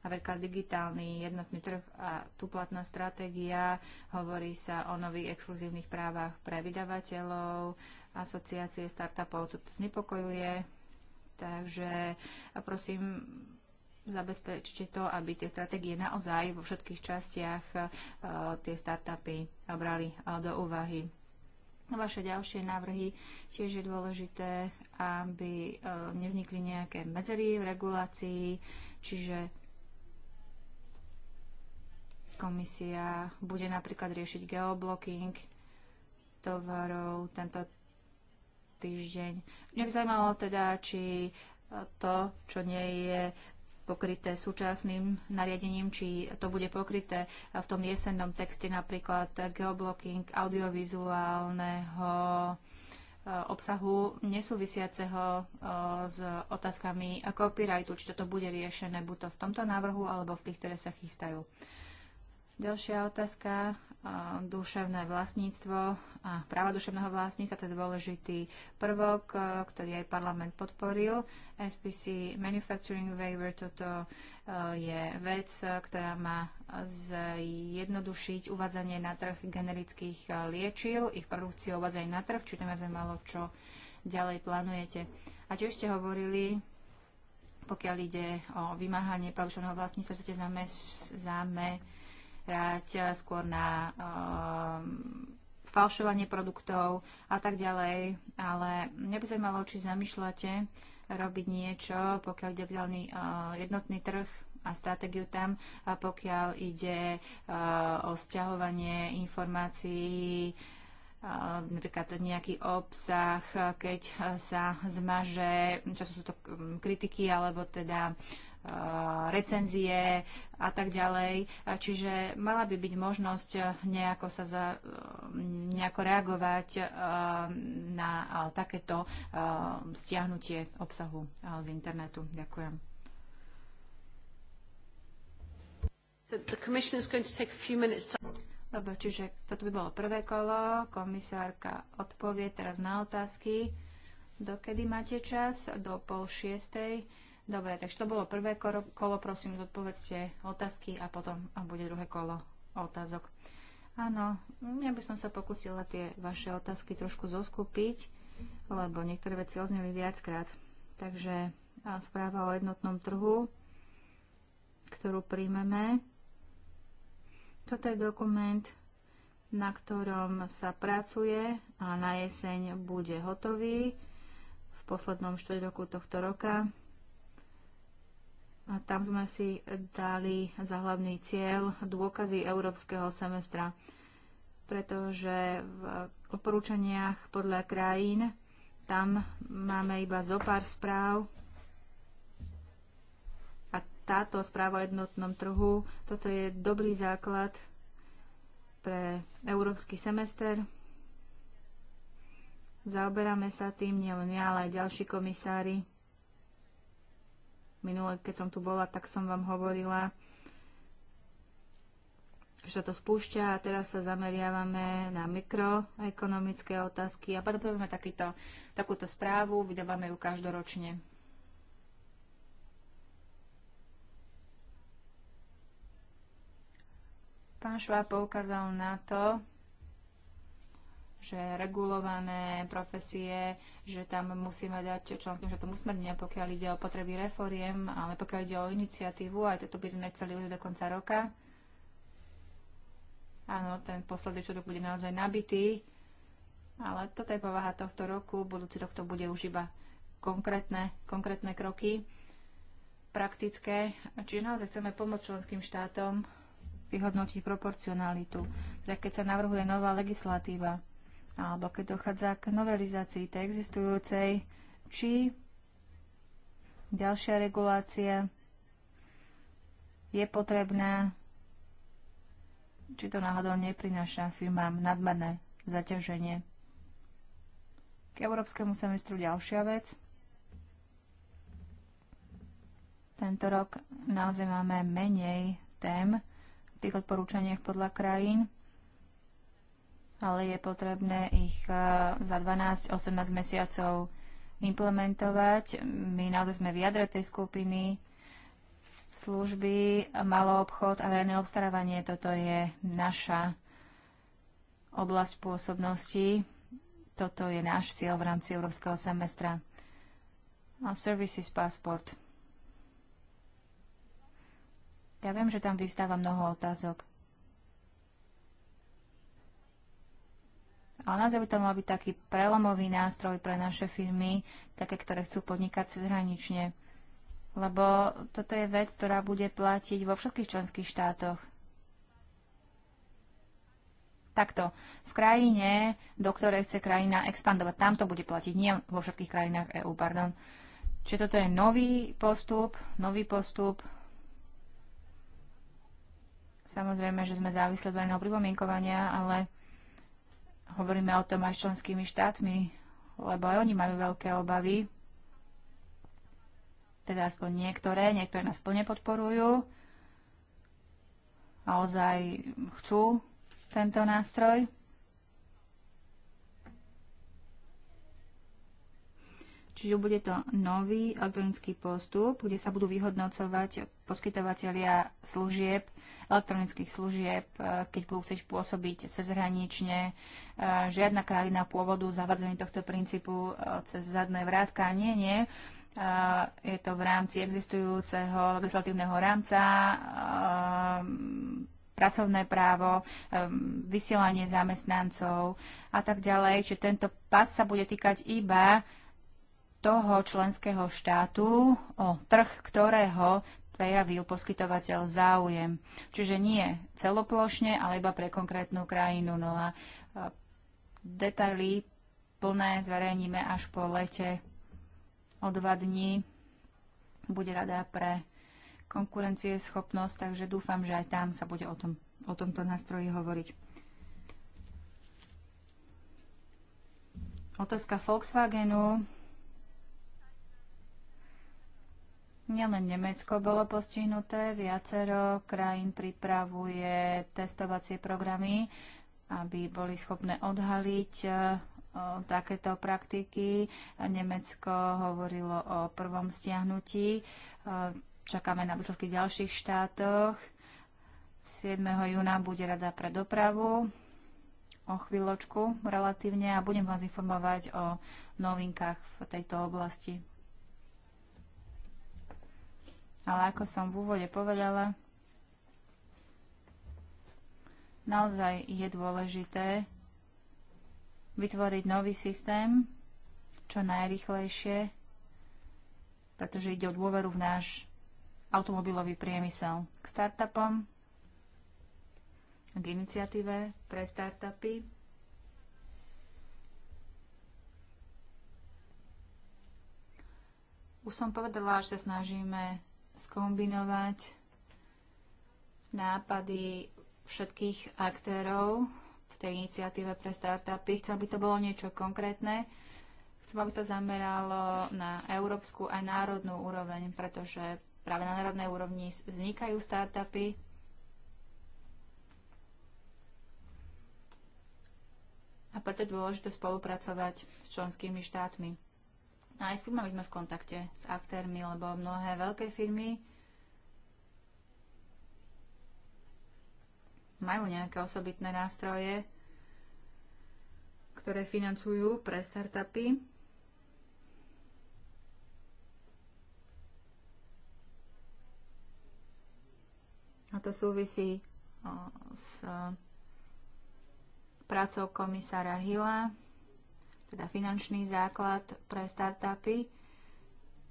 Speaker 2: Napríklad digitálny jednotný trh a tu platná stratégia, hovorí sa o nových exkluzívnych právach pre vydavateľov, asociácie startupov, to znepokojuje Takže prosím, zabezpečte to, aby tie stratégie naozaj vo všetkých častiach e, tie startupy brali e, do úvahy. No, vaše ďalšie návrhy tiež je dôležité, aby e, nevznikli nejaké medzery v regulácii, čiže komisia bude napríklad riešiť geoblocking tovarov. Tento týždeň. Mňa by zaujímalo teda, či eh, to, čo nie je pokryté súčasným nariadením, či to bude pokryté eh, v tom jesennom texte napríklad geoblocking audiovizuálneho eh, obsahu nesúvisiaceho s otázkami copyrightu, či toto bude riešené buď to v tomto návrhu alebo v tých, ktoré sa chystajú. Ďalšia otázka duševné vlastníctvo a práva duševného vlastníctva, to je dôležitý prvok, e, ktorý aj parlament podporil. SPC Manufacturing Waiver, toto e, je vec, e, ktorá má zjednodušiť uvádzanie na trh generických liečiv, ich produkciu uvádzanie na trh, či to je malo čo ďalej plánujete. A tiež ste hovorili, pokiaľ ide o vymáhanie práv duševného vlastníctva, že ste zame, zame hrať eh, skôr na uh, falšovanie produktov a tak ďalej. Ale mňa by malo, či zamýšľate robiť niečo, pokiaľ ide uh, jednotný trh a stratégiu tam, a pokiaľ ide uh, o sťahovanie informácií, napríklad nejaký obsah, keď sa zmaže, často sú to hm, kritiky alebo teda uh, Eh, recenzie a tak ďalej. Čiže mala by byť možnosť nejako, sa za, eh, nejako reagovať eh, na takéto stiahnutie obsahu z internetu. Ďakujem. So the is going to take a few minutes to... Dobre, čiže toto by bolo prvé kolo. Komisárka odpovie teraz na otázky. Dokedy máte čas? Do pol šiestej. Dobre, takže to bolo prvé kolo, prosím, zodpovedzte otázky a potom bude druhé kolo otázok. Áno, ja by som sa pokusila tie vaše otázky trošku zoskupiť, lebo niektoré veci ozneli viackrát. Takže správa o jednotnom trhu, ktorú príjmeme. Toto je dokument, na ktorom sa pracuje a na jeseň bude hotový v poslednom štvrť roku tohto roka. Tam sme si dali za hlavný cieľ dôkazy európskeho semestra, pretože v odporúčaniach podľa krajín tam máme iba zo pár správ a táto správa o jednotnom trhu, toto je dobrý základ pre európsky semester. Zaoberáme sa tým nielen ja, ale aj ďalší komisári. Minule, keď som tu bola, tak som vám hovorila, že to spúšťa a teraz sa zameriavame na mikroekonomické otázky a potrebujeme takýto, takúto správu, vydávame ju každoročne. Pán Šváb poukázal na to, že regulované profesie, že tam musíme dať členským štátom usmernenia, pokiaľ ide o potreby reforiem, ale pokiaľ ide o iniciatívu, aj toto by sme chceli už do konca roka. Áno, ten posledný čudok bude naozaj nabitý, ale toto je povaha tohto roku, budúci rok to bude už iba konkrétne, konkrétne kroky, praktické. Čiže naozaj chceme pomôcť členským štátom vyhodnotiť proporcionalitu, teda keď sa navrhuje nová legislatíva alebo keď dochádza k novelizácii tej existujúcej, či ďalšia regulácia je potrebná, či to náhodou neprináša firmám nadmerné zaťaženie. K európskemu semestru ďalšia vec. Tento rok naozaj máme menej tém v tých odporúčaniach podľa krajín ale je potrebné ich e, za 12-18 mesiacov implementovať. My naozaj sme v jadre tej skupiny služby, malo obchod a verejné obstarávanie. Toto je naša oblasť pôsobnosti. Toto je náš cieľ v rámci európskeho semestra. A services passport. Ja viem, že tam vystáva mnoho otázok. Ale naozaj by to mal byť taký prelomový nástroj pre naše firmy, také, ktoré chcú podnikať cezhranične. Lebo toto je vec, ktorá bude platiť vo všetkých členských štátoch. Takto. V krajine, do ktorej chce krajina expandovať, tam to bude platiť, nie vo všetkých krajinách EÚ, pardon. Čiže toto je nový postup, nový postup. Samozrejme, že sme závisli veľmi od pripomienkovania, ale Hovoríme o tom aj s členskými štátmi, lebo aj oni majú veľké obavy. Teda aspoň niektoré, niektoré nás plne podporujú. Naozaj chcú tento nástroj. Čiže bude to nový elektronický postup, kde sa budú vyhodnocovať poskytovateľia služieb, elektronických služieb, e, keď budú chcieť pôsobiť cezhranične. E, žiadna krajina pôvodu zavadzenie tohto princípu e, cez zadné vrátka. Nie, nie. Je to v rámci existujúceho legislatívneho rámca pracovné právo, vysielanie zamestnancov a tak ďalej. Čiže tento pas sa bude týkať iba toho členského štátu, o trh ktorého prejavil poskytovateľ záujem. Čiže nie celoplošne, ale iba pre konkrétnu krajinu. No a detaily plné zverejníme až po lete o dva dní. Bude rada pre schopnosť, takže dúfam, že aj tam sa bude o, tom, o tomto nástroji hovoriť. Otázka Volkswagenu Nielen Nemecko bolo postihnuté, viacero krajín pripravuje testovacie programy, aby boli schopné odhaliť e, takéto praktiky. Nemecko hovorilo o prvom stiahnutí. E, čakáme na výsledky v ďalších štátoch. 7. júna bude rada pre dopravu o chvíľočku relatívne a budem vás informovať o novinkách v tejto oblasti. Ale ako som v úvode povedala, naozaj je dôležité vytvoriť nový systém čo najrychlejšie, pretože ide o dôveru v náš automobilový priemysel. K startupom, k iniciatíve pre startupy. Už som povedala, že sa snažíme skombinovať nápady všetkých aktérov v tej iniciatíve pre startupy. Chcem, aby to bolo niečo konkrétne. Chcem, aby sa zameralo na európsku aj národnú úroveň, pretože práve na národnej úrovni vznikajú startupy, a preto je dôležité spolupracovať s členskými štátmi. No aj s firmami sme v kontakte, s aktérmi, lebo mnohé veľké firmy majú nejaké osobitné nástroje, ktoré financujú pre startupy. A to súvisí o, s e, prácou komisára Hilla teda finančný základ pre startupy.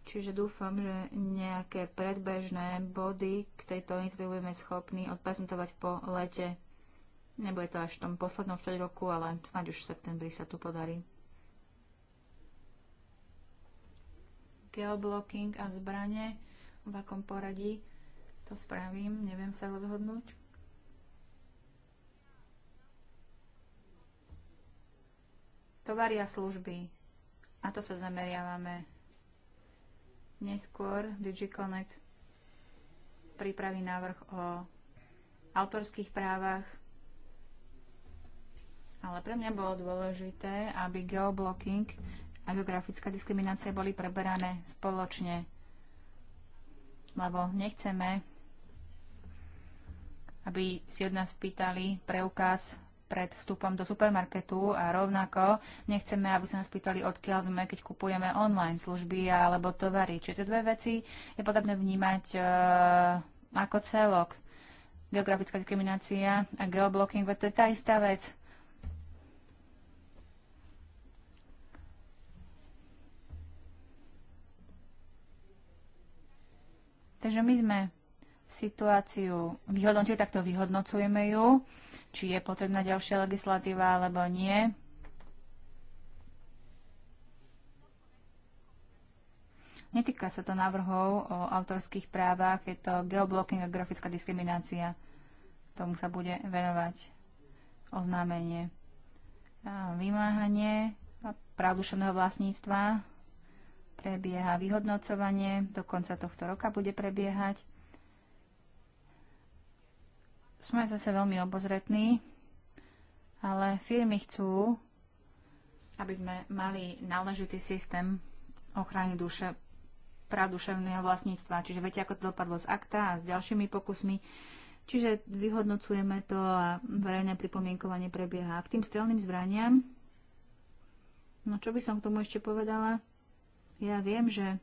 Speaker 2: Čiže dúfam, že nejaké predbežné body k tejto iniciatíve budeme schopní odprezentovať po lete. Nebude to až v tom poslednom štvrť roku, ale snáď už v septembri sa tu podarí. Geoblocking a zbranie, v akom poradí to spravím, neviem sa rozhodnúť. tovary a služby. Na to sa zameriavame. Neskôr DigiConnect pripraví návrh o autorských právach, ale pre mňa bolo dôležité, aby geoblocking a geografická diskriminácia boli preberané spoločne, lebo nechceme, aby si od nás pýtali preukaz pred vstupom do supermarketu a rovnako nechceme, aby sa nás pýtali, odkiaľ sme, keď kupujeme online služby alebo tovary. Čiže tie dve veci je potrebné vnímať uh, ako celok. Geografická diskriminácia a geoblocking, to je tá istá vec. Takže my sme situáciu vyhodnotil, tak to vyhodnocujeme ju, či je potrebná ďalšia legislatíva alebo nie. Netýka sa to návrhov o autorských právach, je to geoblocking a grafická diskriminácia. Tomu sa bude venovať oznámenie. A vymáhanie právdušeného vlastníctva prebieha vyhodnocovanie, do konca tohto roka bude prebiehať sme zase veľmi obozretní, ale firmy chcú, aby sme mali náležitý systém ochrany duše, práv duševného vlastníctva. Čiže viete, ako to dopadlo z akta a s ďalšími pokusmi. Čiže vyhodnocujeme to a verejné pripomienkovanie prebieha. A k tým strelným zbraniam, no čo by som k tomu ešte povedala? Ja viem, že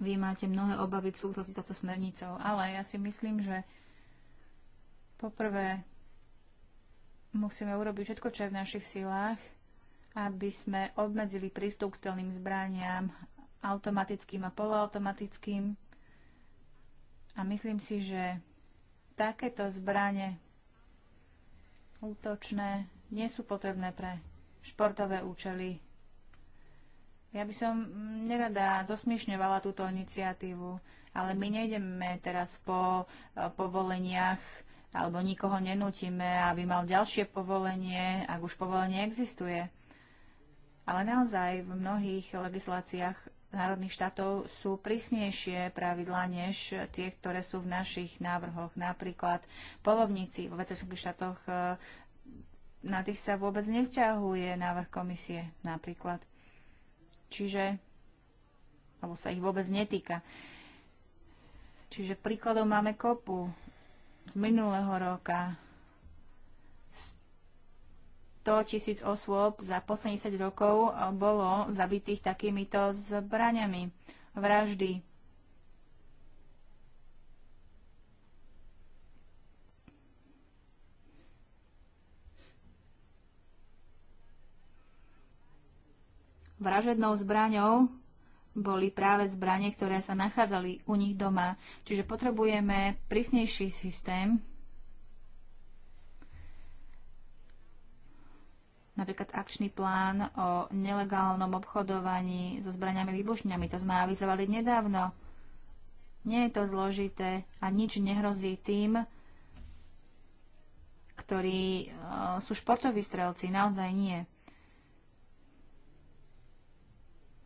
Speaker 2: vy máte mnohé obavy v súvislosti s touto smernicou, ale ja si myslím, že poprvé musíme urobiť všetko, čo je v našich silách, aby sme obmedzili prístup k stelným zbraniam automatickým a poloautomatickým. A myslím si, že takéto zbranie útočné nie sú potrebné pre športové účely ja by som mm, nerada zosmiešňovala túto iniciatívu, ale my nejdeme teraz po e, povoleniach alebo nikoho nenútime, aby mal ďalšie povolenie, ak už povolenie existuje. Ale naozaj v mnohých legisláciách národných štátov sú prísnejšie pravidlá než tie, ktoré sú v našich návrhoch. Napríklad polovníci vo vecerských štátoch e, na tých sa vôbec nevzťahuje návrh komisie napríklad. Čiže, alebo sa ich vôbec netýka. Čiže príkladov máme kopu z minulého roka. 100 tisíc osôb za posledných 10 rokov bolo zabitých takýmito zbraniami. Vraždy, vražednou zbraňou boli práve zbranie, ktoré sa nachádzali u nich doma. Čiže potrebujeme prísnejší systém. Napríklad akčný plán o nelegálnom obchodovaní so zbraniami výbušňami. To sme avizovali nedávno. Nie je to zložité a nič nehrozí tým, ktorí e, sú športoví strelci. Naozaj nie.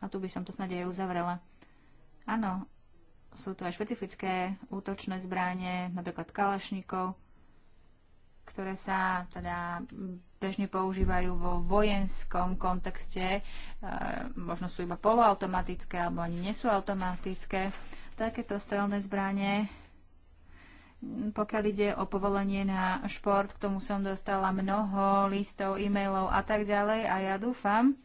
Speaker 2: A tu by som to snáď aj uzavrela. Áno, sú tu aj špecifické útočné zbranie, napríklad kalašníkov, ktoré sa teda bežne používajú vo vojenskom kontexte. E, možno sú iba poloautomatické, alebo ani nie sú automatické. Takéto strelné zbranie, pokiaľ ide o povolenie na šport, k tomu som dostala mnoho listov, e-mailov a tak ďalej a ja dúfam,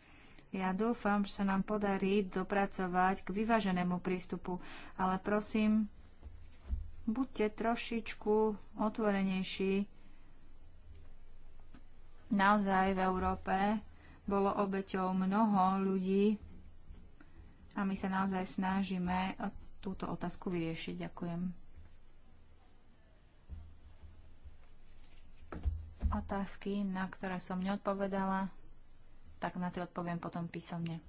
Speaker 2: ja dúfam, že sa nám podarí dopracovať k vyváženému prístupu, ale prosím, buďte trošičku otvorenejší. Naozaj v Európe bolo obeťou mnoho ľudí a my sa naozaj snažíme túto otázku vyriešiť. Ďakujem. Otázky, na ktoré som neodpovedala tak na tie odpoviem potom písomne.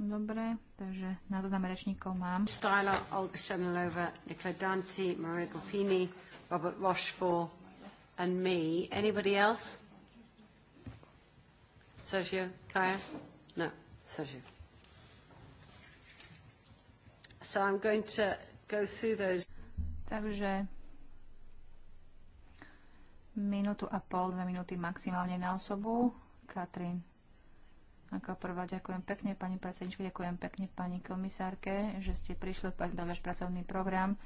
Speaker 1: Dobre, takže na zoznam rečníkov mám. Stajla, Olga Senilova, Nikola Danti, Maria Goffini, Robert Rochefort and me. Anybody else? Sergio, Kaya? No, Sergio. So I'm going to go through those. Takže
Speaker 2: minútu a pol, dve minúty maximálne na osobu. Katrin. Ako prvá ďakujem pekne pani predsedničke, ďakujem pekne pani komisárke, že ste prišli na váš pracovný program.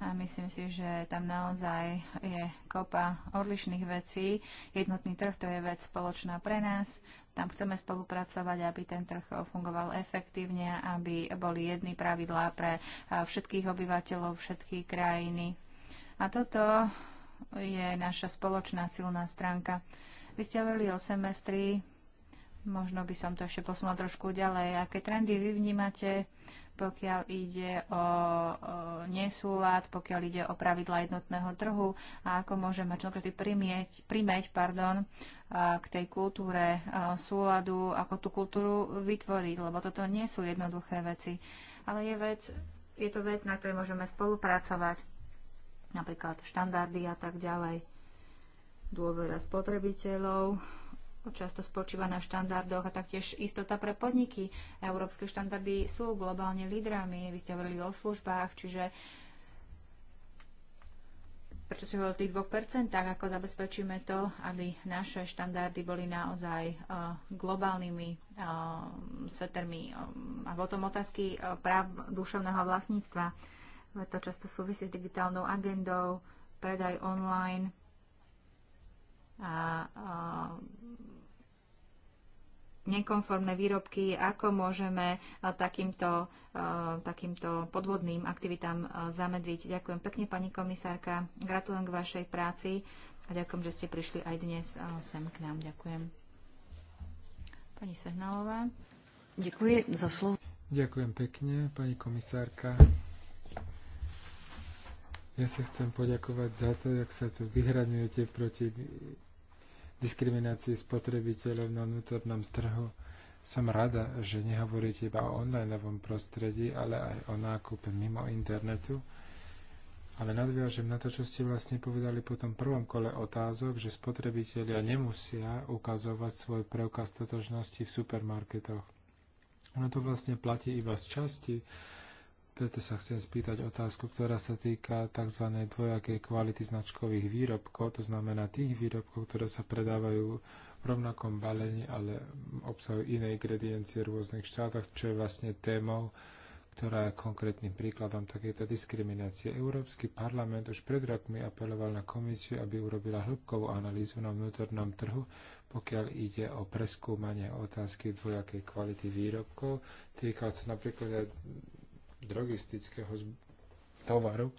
Speaker 2: A myslím si, že tam naozaj je kopa odlišných vecí. Jednotný trh to je vec spoločná pre nás. Tam chceme spolupracovať, aby ten trh fungoval efektívne, aby boli jedny pravidlá pre všetkých obyvateľov, všetky krajiny. A toto je naša spoločná silná stránka. Vy ste hovorili o semestri, možno by som to ešte posunula trošku ďalej. Aké trendy vy vnímate, pokiaľ ide o, o nesúlad, pokiaľ ide o pravidla jednotného trhu a ako môžeme členkrety primieť, primieť pardon, k tej kultúre súladu, ako tú kultúru vytvoriť, lebo toto nie sú jednoduché veci. Ale je, vec, je to vec, na ktorej môžeme spolupracovať, napríklad štandardy a tak ďalej. Dôvera spotrebiteľov často spočíva na štandardoch a taktiež istota pre podniky. Európske štandardy sú globálne lídrami. Vy ste hovorili o službách, čiže prečo si hovorili o tých 2%, ako zabezpečíme to, aby naše štandardy boli naozaj uh, globálnymi uh, setermi. Um, a potom otázky uh, práv duševného vlastníctva. To často súvisí s digitálnou agendou, predaj online a, a nekonformné výrobky, ako môžeme takýmto, takýmto podvodným aktivitám zamedziť. Ďakujem pekne, pani komisárka. Gratulujem k vašej práci a ďakujem, že ste prišli aj dnes sem k nám. Ďakujem. Pani Sehnalová.
Speaker 3: Ďakujem za slovo.
Speaker 5: Ďakujem pekne, pani komisárka. Ja sa chcem poďakovať za to, jak sa tu vyhraňujete proti diskriminácii spotrebiteľov na vnútornom trhu. Som rada, že nehovoríte iba o onlineovom prostredí, ale aj o nákupe mimo internetu. Ale nadviažem na to, čo ste vlastne povedali po tom prvom kole otázok, že spotrebitelia nemusia ukazovať svoj preukaz totožnosti v supermarketoch. Ono to vlastne platí iba z časti, preto sa chcem spýtať otázku, ktorá sa týka tzv. dvojakej kvality značkových výrobkov, to znamená tých výrobkov, ktoré sa predávajú v rovnakom balení, ale obsahujú iné ingrediencie v rôznych štátoch, čo je vlastne témou, ktorá je konkrétnym príkladom takejto diskriminácie. Európsky parlament už pred rokmi apeloval na komisiu, aby urobila hĺbkovú analýzu na vnútornom trhu, pokiaľ ide o preskúmanie otázky dvojakej kvality výrobkov. Týka sa napríklad aj drogistického tovaru.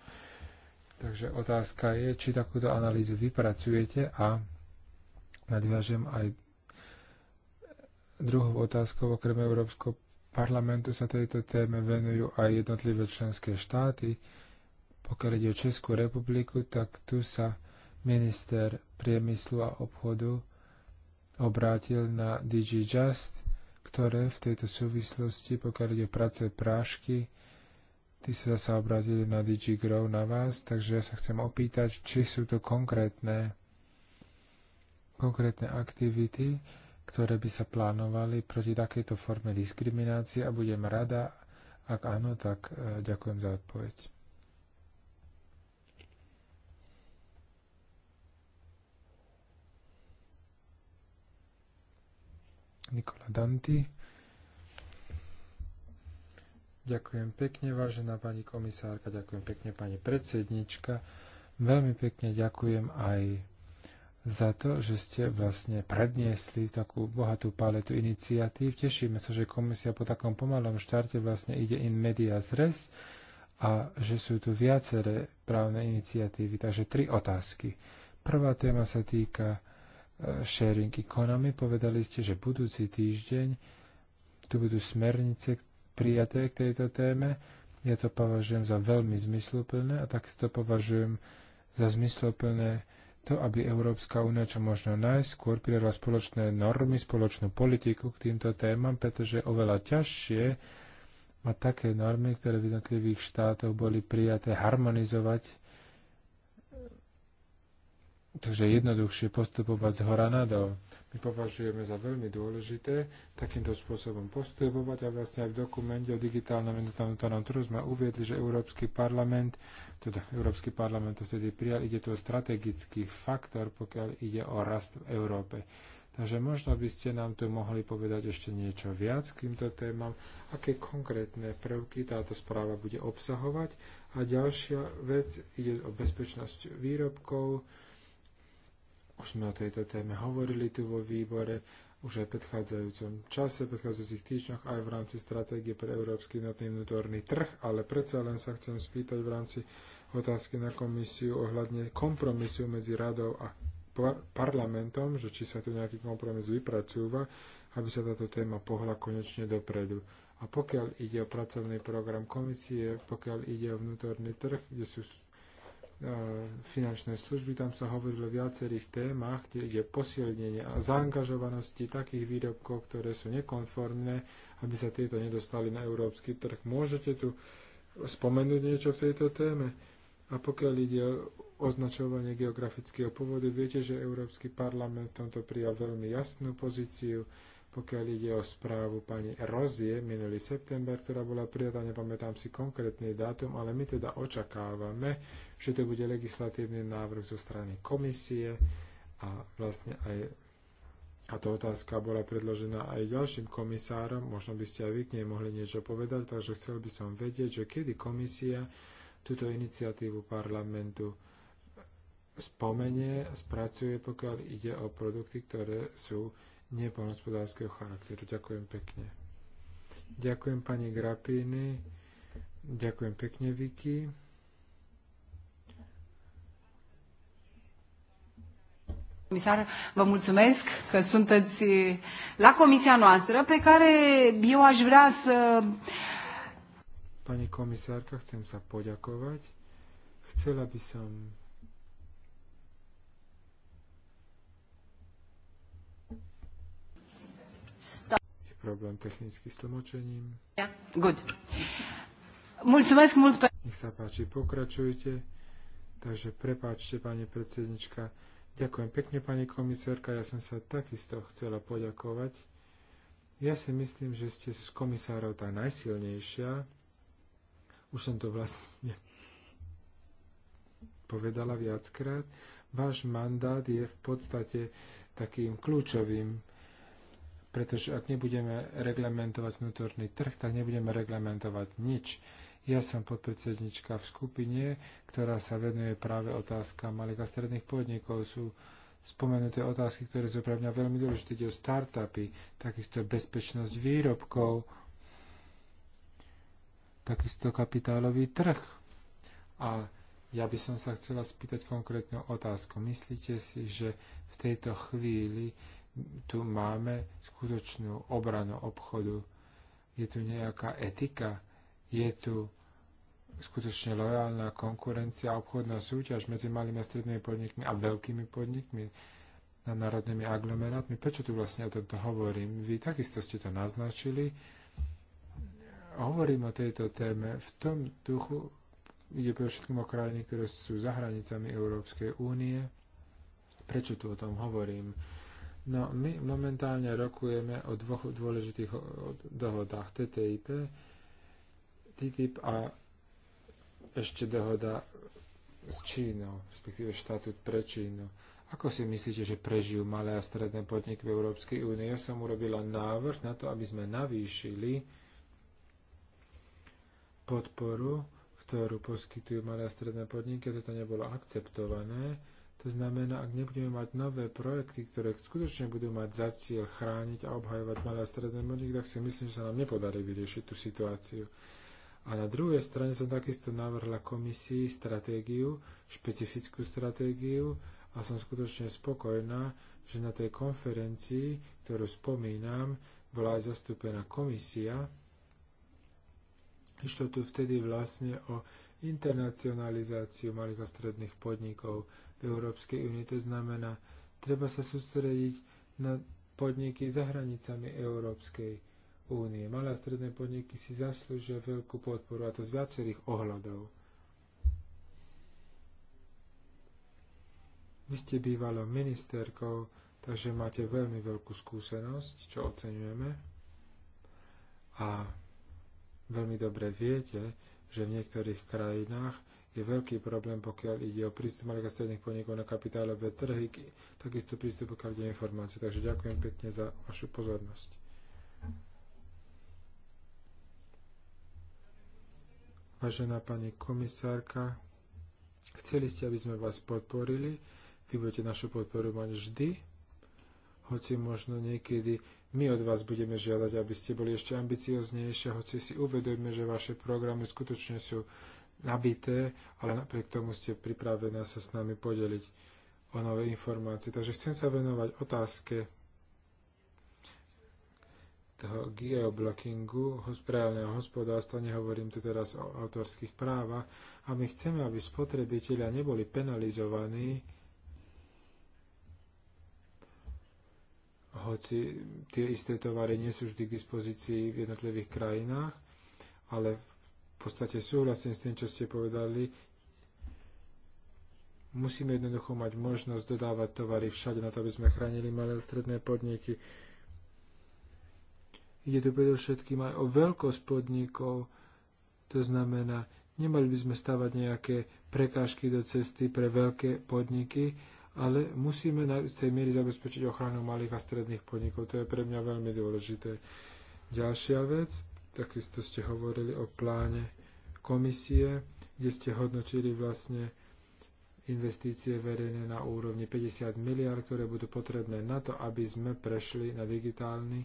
Speaker 5: Takže otázka je, či takúto analýzu vypracujete a nadviažem aj druhou otázkou, okrem Európskeho parlamentu sa tejto téme venujú aj jednotlivé členské štáty. Pokiaľ ide o Českú republiku, tak tu sa minister priemyslu a obchodu obrátil na DG Just, ktoré v tejto súvislosti, pokiaľ ide o práce prášky, Ty sa zase obratili na DigiGrow na vás, takže ja sa chcem opýtať, či sú to konkrétne, konkrétne aktivity, ktoré by sa plánovali proti takejto forme diskriminácie a budem rada, ak áno, tak e, ďakujem za odpoveď. Nikola Danti. Ďakujem pekne, vážená pani komisárka, ďakujem pekne, pani predsednička. Veľmi pekne ďakujem aj za to, že ste vlastne predniesli takú bohatú paletu iniciatív. Tešíme sa, že komisia po takom pomalom štarte vlastne ide in media res a že sú tu viaceré právne iniciatívy. Takže tri otázky. Prvá téma sa týka e, sharing economy. Povedali ste, že budúci týždeň tu budú smernice, prijaté k tejto téme. Ja to považujem za veľmi zmysluplné a to považujem za zmysluplné to, aby Európska únia čo možno najskôr prijala spoločné normy, spoločnú politiku k týmto témam, pretože oveľa ťažšie mať také normy, ktoré v jednotlivých štátoch boli prijaté, harmonizovať Takže jednoduchšie postupovať z hora dol. My považujeme za veľmi dôležité takýmto spôsobom postupovať a vlastne aj v dokumente o digitálnom jednotnom vnútornom trhu sme uviedli, že Európsky parlament, teda Európsky parlament to vtedy prijal, ide to o strategický faktor, pokiaľ ide o rast v Európe. Takže možno by ste nám tu mohli povedať ešte niečo viac k týmto témam, aké konkrétne prvky táto správa bude obsahovať. A ďalšia vec ide o bezpečnosť výrobkov, už sme o tejto téme hovorili tu vo výbore, už aj v predchádzajúcom čase, v predchádzajúcich týždňoch, aj v rámci stratégie pre európsky jednotný vnútorný trh, ale predsa len sa chcem spýtať v rámci otázky na komisiu ohľadne kompromisu medzi radou a parlamentom, že či sa tu nejaký kompromis vypracúva, aby sa táto téma pohla konečne dopredu. A pokiaľ ide o pracovný program komisie, pokiaľ ide o vnútorný trh, kde sú finančné služby, tam sa hovorilo o viacerých témach, kde ide posilnenie a zaangažovanosti takých výrobkov, ktoré sú nekonformné, aby sa tieto nedostali na európsky trh. Môžete tu spomenúť niečo v tejto téme? A pokiaľ ide o označovanie geografického pôvodu, viete, že Európsky parlament v tomto prijal veľmi jasnú pozíciu pokiaľ ide o správu pani Rozie minulý september, ktorá bola prijatá, nepamätám si konkrétny dátum, ale my teda očakávame, že to bude legislatívny návrh zo strany komisie a vlastne aj a to otázka bola predložená aj ďalším komisárom, možno by ste aj vy k nej mohli niečo povedať, takže chcel by som vedieť, že kedy komisia túto iniciatívu parlamentu spomenie, spracuje, pokiaľ ide o produkty, ktoré sú nepolnospodárskeho charakteru. Ďakujem pekne. Ďakujem pani Grapíny. Ďakujem pekne, Viki.
Speaker 2: Comisar, vă mulțumesc că sunteți la comisia noastră pe care eu aș vrea să...
Speaker 5: Pani komisárka, chcem sa poďakovať. Chcela by som problém technicky s tlmočením.
Speaker 1: good. Mulțumesc mult pe...
Speaker 5: Nech sa páči, pokračujte. Takže prepáčte, pani predsednička. Ďakujem pekne, pani komisárka. Ja som sa takisto chcela poďakovať. Ja si myslím, že ste z komisárov tá najsilnejšia. Už som to vlastne povedala viackrát. Váš mandát je v podstate takým kľúčovým pretože ak nebudeme reglementovať vnútorný trh, tak nebudeme reglementovať nič. Ja som podpredsednička v skupine, ktorá sa venuje práve otázka malých a stredných podnikov. Sú spomenuté otázky, ktoré sú pre mňa veľmi dôležité. Ide o startupy, takisto bezpečnosť výrobkov, takisto kapitálový trh. A ja by som sa chcela spýtať konkrétnu otázku. Myslíte si, že v tejto chvíli tu máme skutočnú obranu obchodu. Je tu nejaká etika, je tu skutočne lojálna konkurencia obchodná súťaž medzi malými a strednými podnikmi a veľkými podnikmi a národnými aglomerátmi. Prečo tu vlastne o tomto hovorím? Vy takisto ste to naznačili. Hovorím o tejto téme v tom duchu, ide pre všetkým o krajiny, ktoré sú za hranicami Európskej únie. Prečo tu o tom hovorím? No my momentálne rokujeme o dvoch dôležitých dohodách TTIP, TTIP a ešte dohoda s Čínou, respektíve štatút pre Čínu. Ako si myslíte, že prežijú malé a stredné podniky v Európskej únie? Ja som urobila návrh na to, aby sme navýšili podporu, ktorú poskytujú malé a stredné podniky. Toto nebolo akceptované to znamená, ak nebudeme mať nové projekty, ktoré skutočne budú mať za cieľ chrániť a obhajovať malé a stredné podniky, tak si myslím, že sa nám nepodarí vyriešiť tú situáciu. A na druhej strane som takisto navrhla komisii stratégiu, špecifickú stratégiu a som skutočne spokojná, že na tej konferencii, ktorú spomínam, bola aj zastúpená komisia. Išlo tu vtedy vlastne o internacionalizáciu malých a stredných podnikov, v Európskej únie. To znamená, treba sa sústrediť na podniky za hranicami Európskej únie. Malé a stredné podniky si zaslúžia veľkú podporu, a to z viacerých ohľadov. Vy ste bývalou ministerkou, takže máte veľmi veľkú skúsenosť, čo oceňujeme. A veľmi dobre viete, že v niektorých krajinách je veľký problém, pokiaľ ide o prístup malých a stredných podnikov na kapitálové trhy, takisto prístup pokiaľ ide informácie. Takže ďakujem pekne za vašu pozornosť. Vážená pani komisárka, chceli ste, aby sme vás podporili. Vy budete našu podporu mať vždy, hoci možno niekedy my od vás budeme žiadať, aby ste boli ešte ambicioznejšie, hoci si uvedujeme, že vaše programy skutočne sú nabité, ale napriek tomu ste pripravená sa s nami podeliť o nové informácie. Takže chcem sa venovať otázke toho geoblockingu, správneho hospodárstva, nehovorím tu teraz o autorských právach, a my chceme, aby spotrebitelia neboli penalizovaní, hoci tie isté tovary nie sú vždy k dispozícii v jednotlivých krajinách, ale v v podstate súhlasím s tým, čo ste povedali. Musíme jednoducho mať možnosť dodávať tovary všade na to, aby sme chránili malé a stredné podniky. Ide to predovšetkým aj o veľkosť podnikov, to znamená, nemali by sme stavať nejaké prekážky do cesty pre veľké podniky, ale musíme na tej miery zabezpečiť ochranu malých a stredných podnikov. To je pre mňa veľmi dôležité. Ďalšia vec – Takisto ste hovorili o pláne komisie, kde ste hodnotili vlastne investície verejné na úrovni 50 miliard, ktoré budú potrebné na to, aby sme prešli na digitálny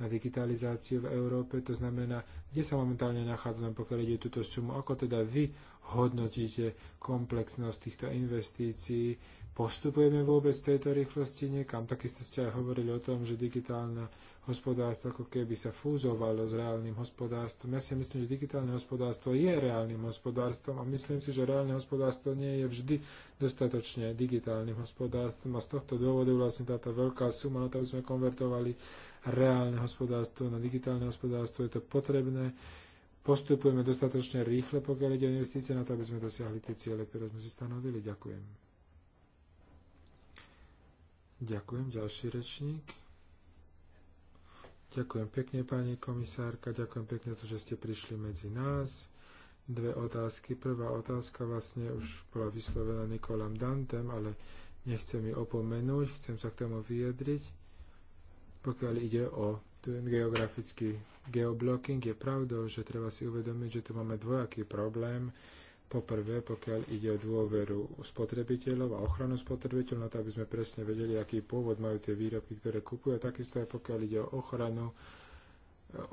Speaker 5: na digitalizáciu v Európe, to znamená, kde sa momentálne nachádzame, pokiaľ ide túto sumu, ako teda vy hodnotíte komplexnosť týchto investícií, postupujeme vôbec v tejto rýchlosti niekam, takisto ste aj hovorili o tom, že digitálna hospodárstvo ako keby sa fúzovalo s reálnym hospodárstvom. Ja si myslím, že digitálne hospodárstvo je reálnym hospodárstvom a myslím si, že reálne hospodárstvo nie je vždy dostatočne digitálnym hospodárstvom a z tohto dôvodu vlastne táto veľká suma, na to sme konvertovali reálne hospodárstvo na digitálne hospodárstvo, je to potrebné. Postupujeme dostatočne rýchle, pokiaľ ide o investície, na to, aby sme dosiahli tie ciele, ktoré sme si stanovili. Ďakujem. Ďakujem. Ďalší rečník. Ďakujem pekne, pani komisárka, ďakujem pekne to, že ste prišli medzi nás. Dve otázky. Prvá otázka vlastne už bola vyslovená Nikolám Dantem, ale nechcem ju opomenúť, chcem sa k tomu vyjadriť. Pokiaľ ide o ten geografický geoblocking, je pravdou, že treba si uvedomiť, že tu máme dvojaký problém Poprvé, pokiaľ ide o dôveru spotrebiteľov a ochranu spotrebiteľov, na to, aby sme presne vedeli, aký pôvod majú tie výrobky, ktoré kupujú. A takisto aj pokiaľ ide o ochranu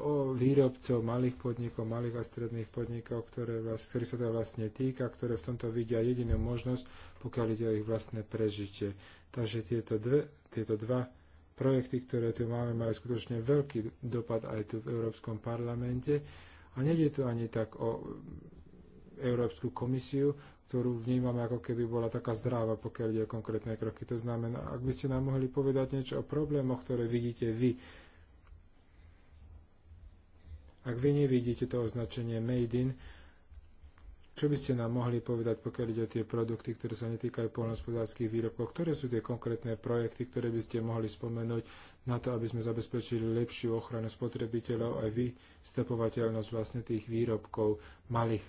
Speaker 5: o výrobcov malých podnikov, malých a stredných podnikov, ktoré, ktorý sa to teda vlastne týka, ktoré v tomto vidia jedinú možnosť, pokiaľ ide o ich vlastné prežitie. Takže tieto, dve, tieto dva projekty, ktoré tu máme, majú skutočne veľký dopad aj tu v Európskom parlamente. A nejde tu ani tak o Európsku komisiu, ktorú vnímame ako keby bola taká zdravá, pokiaľ ide o konkrétne kroky. To znamená, ak by ste nám mohli povedať niečo o problémoch, ktoré vidíte vy, ak vy nevidíte to označenie Made in, čo by ste nám mohli povedať, pokiaľ ide o tie produkty, ktoré sa netýkajú poľnohospodárských výrobkov? Ktoré sú tie konkrétne projekty, ktoré by ste mohli spomenúť na to, aby sme zabezpečili lepšiu ochranu spotrebiteľov aj vystepovateľnosť vlastne tých výrobkov, malých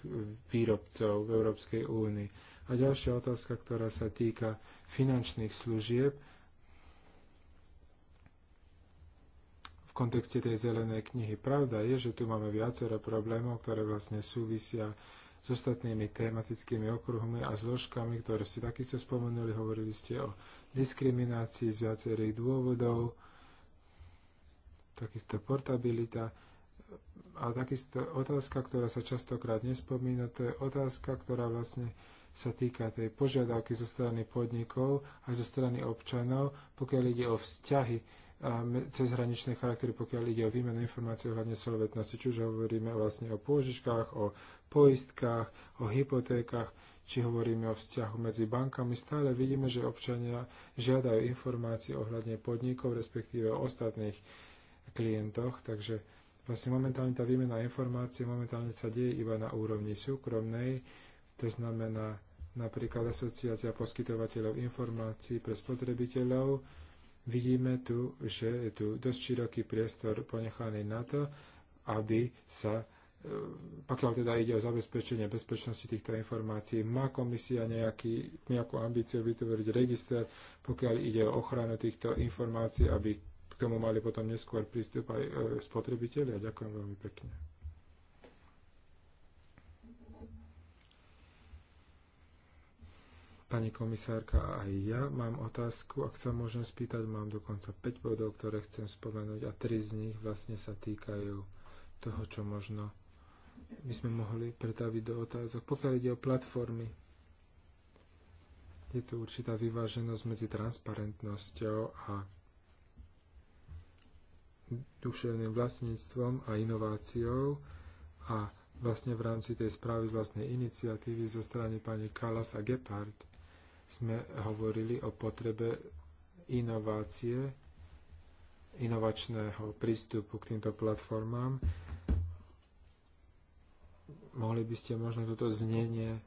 Speaker 5: výrobcov v Európskej únii? A ďalšia otázka, ktorá sa týka finančných služieb v kontexte tej zelenej knihy. Pravda je, že tu máme viacero problémov, ktoré vlastne súvisia s ostatnými tematickými okruhmi a zložkami, ktoré ste takisto spomenuli. Hovorili ste o diskriminácii z viacerých dôvodov, takisto portabilita a takisto otázka, ktorá sa častokrát nespomína, to je otázka, ktorá vlastne sa týka tej požiadavky zo strany podnikov a zo strany občanov, pokiaľ ide o vzťahy cezhraničné charaktery, pokiaľ ide o výmenu informácií ohľadne solvetnosti, či už hovoríme vlastne o pôžičkách, o poistkách, o hypotékach, či hovoríme o vzťahu medzi bankami, stále vidíme, že občania žiadajú informácie ohľadne podnikov, respektíve o ostatných klientoch, takže vlastne momentálne tá výmena informácií momentálne sa deje iba na úrovni súkromnej, to znamená napríklad asociácia poskytovateľov informácií pre spotrebiteľov, Vidíme tu, že je tu dosť široký priestor ponechaný na to, aby sa e, pokiaľ teda ide o zabezpečenie bezpečnosti týchto informácií, má komisia nejaký, nejakú ambíciu vytvoriť register, pokiaľ ide o ochranu týchto informácií, aby k tomu mali potom neskôr prístup aj e, spotrebitelia. Ďakujem veľmi pekne. Pani komisárka, aj ja mám otázku, ak sa môžem spýtať, mám dokonca 5 bodov, ktoré chcem spomenúť a 3 z nich vlastne sa týkajú toho, čo možno by sme mohli pretaviť do otázok. Pokiaľ ide o platformy, je tu určitá vyváženosť medzi transparentnosťou a duševným vlastníctvom a inováciou a vlastne v rámci tej správy vlastnej iniciatívy zo strany pani Kalas a Gepard sme hovorili o potrebe inovácie, inovačného prístupu k týmto platformám. Mohli by ste možno toto znenie e,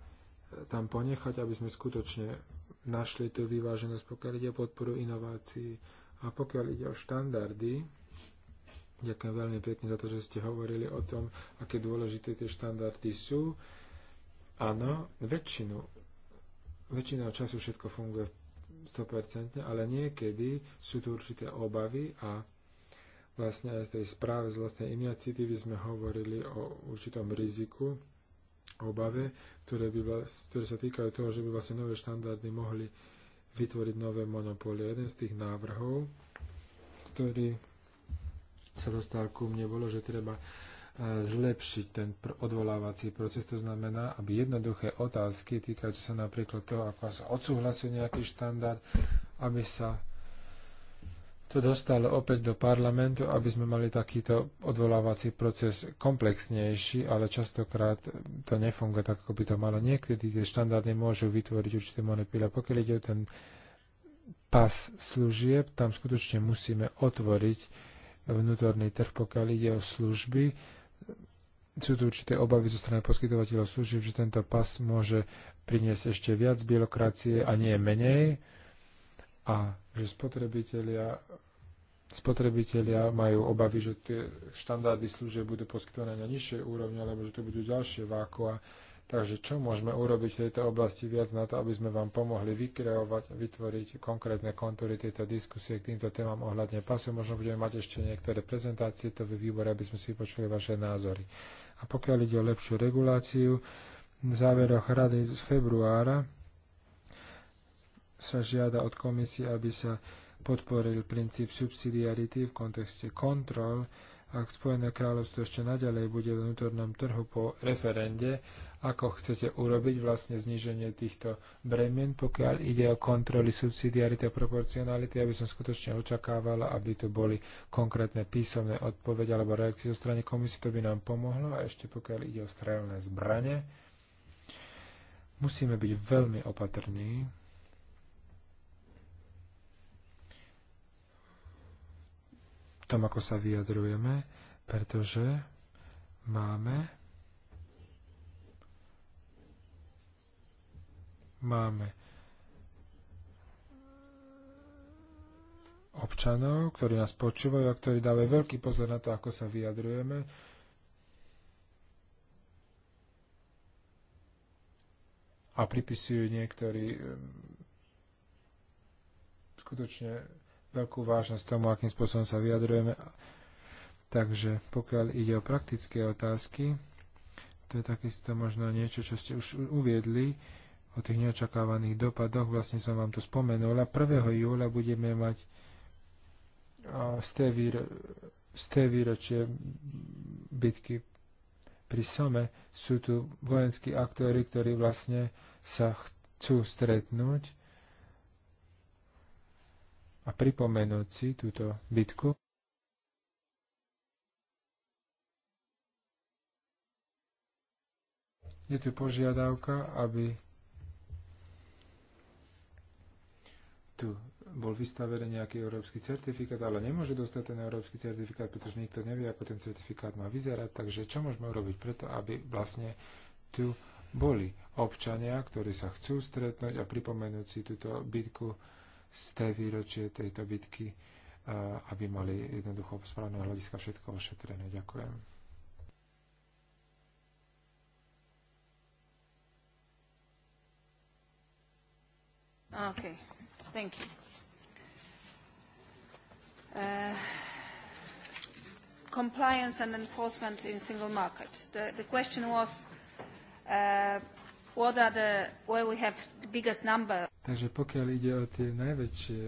Speaker 5: tam ponechať, aby sme skutočne našli tú vyváženosť, pokiaľ ide o podporu inovácií a pokiaľ ide o štandardy. Ďakujem veľmi pekne za to, že ste hovorili o tom, aké dôležité tie štandardy sú. Áno, väčšinu Väčšina času všetko funguje 100%, ale niekedy sú tu určité obavy a vlastne aj z tej správe z vlastnej iniciatívy sme hovorili o určitom riziku, obave, ktoré, by ktoré sa týkajú toho, že by vlastne nové štandardy mohli vytvoriť nové monopólie. Jeden z tých návrhov, ktorý sa dostal ku mne, bolo, že treba E, zlepšiť ten odvolávací proces. To znamená, aby jednoduché otázky týkajúce sa napríklad toho, ako sa odsúhlasuje nejaký štandard, aby sa to dostalo opäť do parlamentu, aby sme mali takýto odvolávací proces komplexnejší, ale častokrát to nefunguje tak, ako by to malo. Niekedy tie štandardy môžu vytvoriť určité monopíle. Pokiaľ ide o ten pas služieb, tam skutočne musíme otvoriť vnútorný trh, pokiaľ ide o služby sú tu určité obavy zo strany poskytovateľov služieb, že tento pas môže priniesť ešte viac byrokracie a nie menej a že spotrebitelia, spotrebitelia majú obavy, že tie štandardy služieb budú poskytované na nižšej úrovni alebo že to budú ďalšie vákoa. a Takže čo môžeme urobiť v tejto oblasti viac na to, aby sme vám pomohli vykreovať, vytvoriť konkrétne kontúry tejto diskusie k týmto témam ohľadne pasu. Možno budeme mať ešte niektoré prezentácie to ve výbore, aby sme si počuli vaše názory. A pokiaľ ide o lepšiu reguláciu, v záveroch rady z februára sa žiada od komisie, aby sa podporil princíp subsidiarity v kontexte kontrol, ak Spojené kráľovstvo ešte naďalej bude v vnútornom trhu po referende ako chcete urobiť vlastne zníženie týchto bremien, pokiaľ ide o kontroly subsidiarity a proporcionality, aby som skutočne očakávala, aby tu boli konkrétne písomné odpovede alebo reakcie zo strany komisie, to by nám pomohlo a ešte pokiaľ ide o strelné zbranie, musíme byť veľmi opatrní, tom, ako sa vyjadrujeme, pretože máme Máme občanov, ktorí nás počúvajú a ktorí dávajú veľký pozor na to, ako sa vyjadrujeme. A pripisujú niektorí skutočne veľkú vážnosť tomu, akým spôsobom sa vyjadrujeme. Takže pokiaľ ide o praktické otázky, to je takisto možno niečo, čo ste už uviedli, o tých neočakávaných dopadoch, vlastne som vám to a 1. júla budeme mať z té, z té výročie bitky pri Some. Sú tu vojenskí aktéry, ktorí vlastne sa chcú stretnúť a pripomenúť si túto bitku. Je tu požiadavka, aby tu bol vystavený nejaký európsky certifikát, ale nemôže dostať ten európsky certifikát, pretože nikto nevie, ako ten certifikát má vyzerať. Takže čo môžeme urobiť preto, aby vlastne tu boli občania, ktorí sa chcú stretnúť a pripomenúť si túto bitku z tej výročie tejto bitky, aby mali jednoducho správneho hľadiska všetko ošetrené. Ďakujem.
Speaker 4: Ah, okay. Thank you.
Speaker 2: Uh, compliance and enforcement in single markets. The, the question was uh, what are the, where we have the biggest
Speaker 3: number.
Speaker 5: Takže pokiaľ ide o tie najväčšie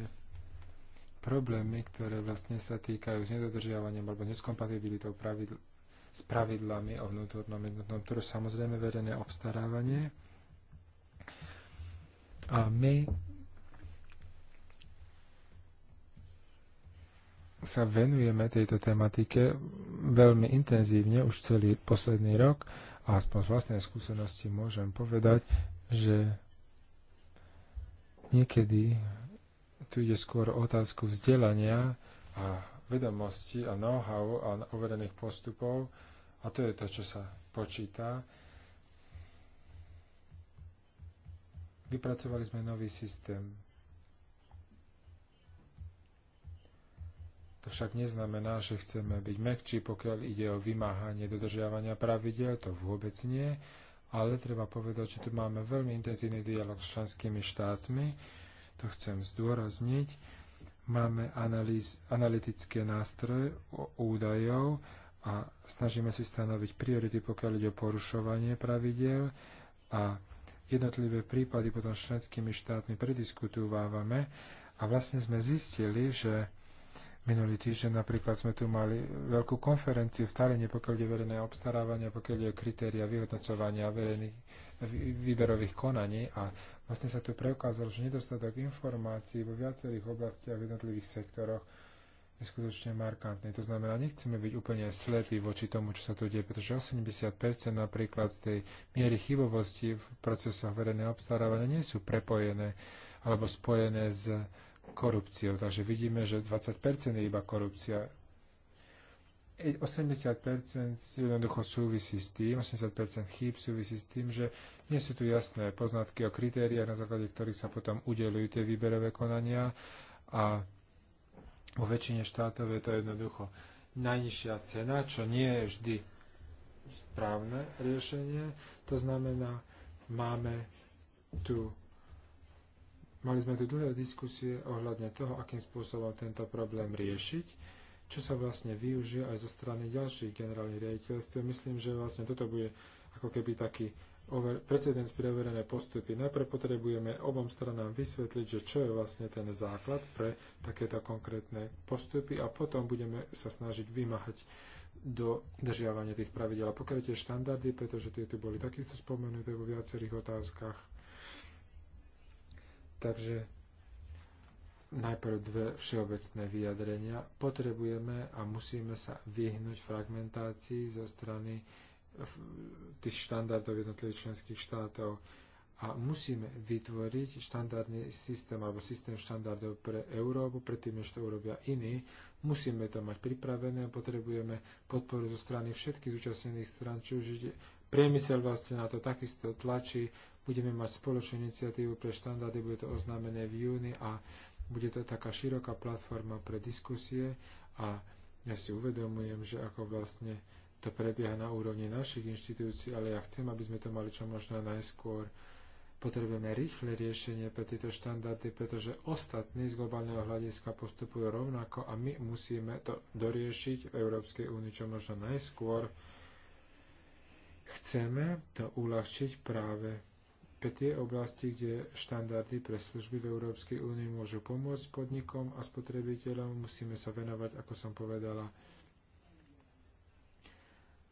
Speaker 5: problémy, ktoré vlastne sa týkajú s nedodržiavaním alebo neskompatibilitou pravidl, s pravidlami o vnútornom jednotnom trhu, samozrejme verejné obstarávanie. A my sa venujeme tejto tematike veľmi intenzívne už celý posledný rok a aspoň z vlastnej skúsenosti môžem povedať, že niekedy tu ide skôr o otázku vzdelania a vedomosti a know-how a overených postupov a to je to, čo sa počíta. Vypracovali sme nový systém To však neznamená, že chceme byť mekčí, pokiaľ ide o vymáhanie dodržiavania pravidel, to vôbec nie, ale treba povedať, že tu máme veľmi intenzívny dialog s členskými štátmi, to chcem zdôrazniť. Máme analýz, analytické nástroje údajov a snažíme si stanoviť priority, pokiaľ ide o porušovanie pravidel a jednotlivé prípady potom s členskými štátmi prediskutúvávame a vlastne sme zistili, že Minulý týždeň napríklad sme tu mali veľkú konferenciu v Taline, pokiaľ je verejné obstarávanie, pokiaľ je kritéria vyhodnocovania verejných výberových konaní a vlastne sa tu preukázalo, že nedostatok informácií vo viacerých oblastiach v jednotlivých sektoroch je skutočne markantný. To znamená, nechceme byť úplne slepí voči tomu, čo sa tu deje, pretože 80% napríklad z tej miery chybovosti v procesoch verejného obstarávania nie sú prepojené alebo spojené s korupciou. Takže vidíme, že 20% je iba korupcia. 80% e, jednoducho súvisí s tým, 80% chýb súvisí s tým, že nie sú tu jasné poznatky o kritériách, na základe ktorých sa potom udelujú tie výberové konania a vo väčšine štátov je to jednoducho najnižšia cena, čo nie je vždy správne riešenie. To znamená, máme tu Mali sme tu dlhé diskusie ohľadne toho, akým spôsobom tento problém riešiť, čo sa vlastne využije aj zo strany ďalších generálnych riaditeľstiev. Myslím, že vlastne toto bude ako keby taký over, precedens pre overené postupy. Najprv potrebujeme obom stranám vysvetliť, že čo je vlastne ten základ pre takéto konkrétne postupy a potom budeme sa snažiť vymahať do držiavania tých pravidel. A pokiaľ tie štandardy, pretože tie tu boli takisto spomenuté vo viacerých otázkach, Takže najprv dve všeobecné vyjadrenia. Potrebujeme a musíme sa vyhnúť fragmentácii zo strany eh, tých štandardov jednotlivých členských štátov a musíme vytvoriť štandardný systém alebo systém štandardov pre Európu, predtým, než to urobia iní. Musíme to mať pripravené, potrebujeme podporu zo strany všetkých zúčastnených stran, či už priemysel vlastne na to takisto tlačí, Budeme mať spoločnú iniciatívu pre štandardy, bude to oznámené v júni a bude to taká široká platforma pre diskusie a ja si uvedomujem, že ako vlastne to prebieha na úrovni našich inštitúcií, ale ja chcem, aby sme to mali čo možno najskôr. Potrebujeme rýchle riešenie pre tieto štandardy, pretože ostatní z globálneho hľadiska postupujú rovnako a my musíme to doriešiť v Európskej únii čo možno najskôr. Chceme to uľahčiť práve pre tie oblasti, kde štandardy pre služby v Európskej únii môžu pomôcť podnikom a spotrebiteľom, musíme sa venovať, ako som povedala,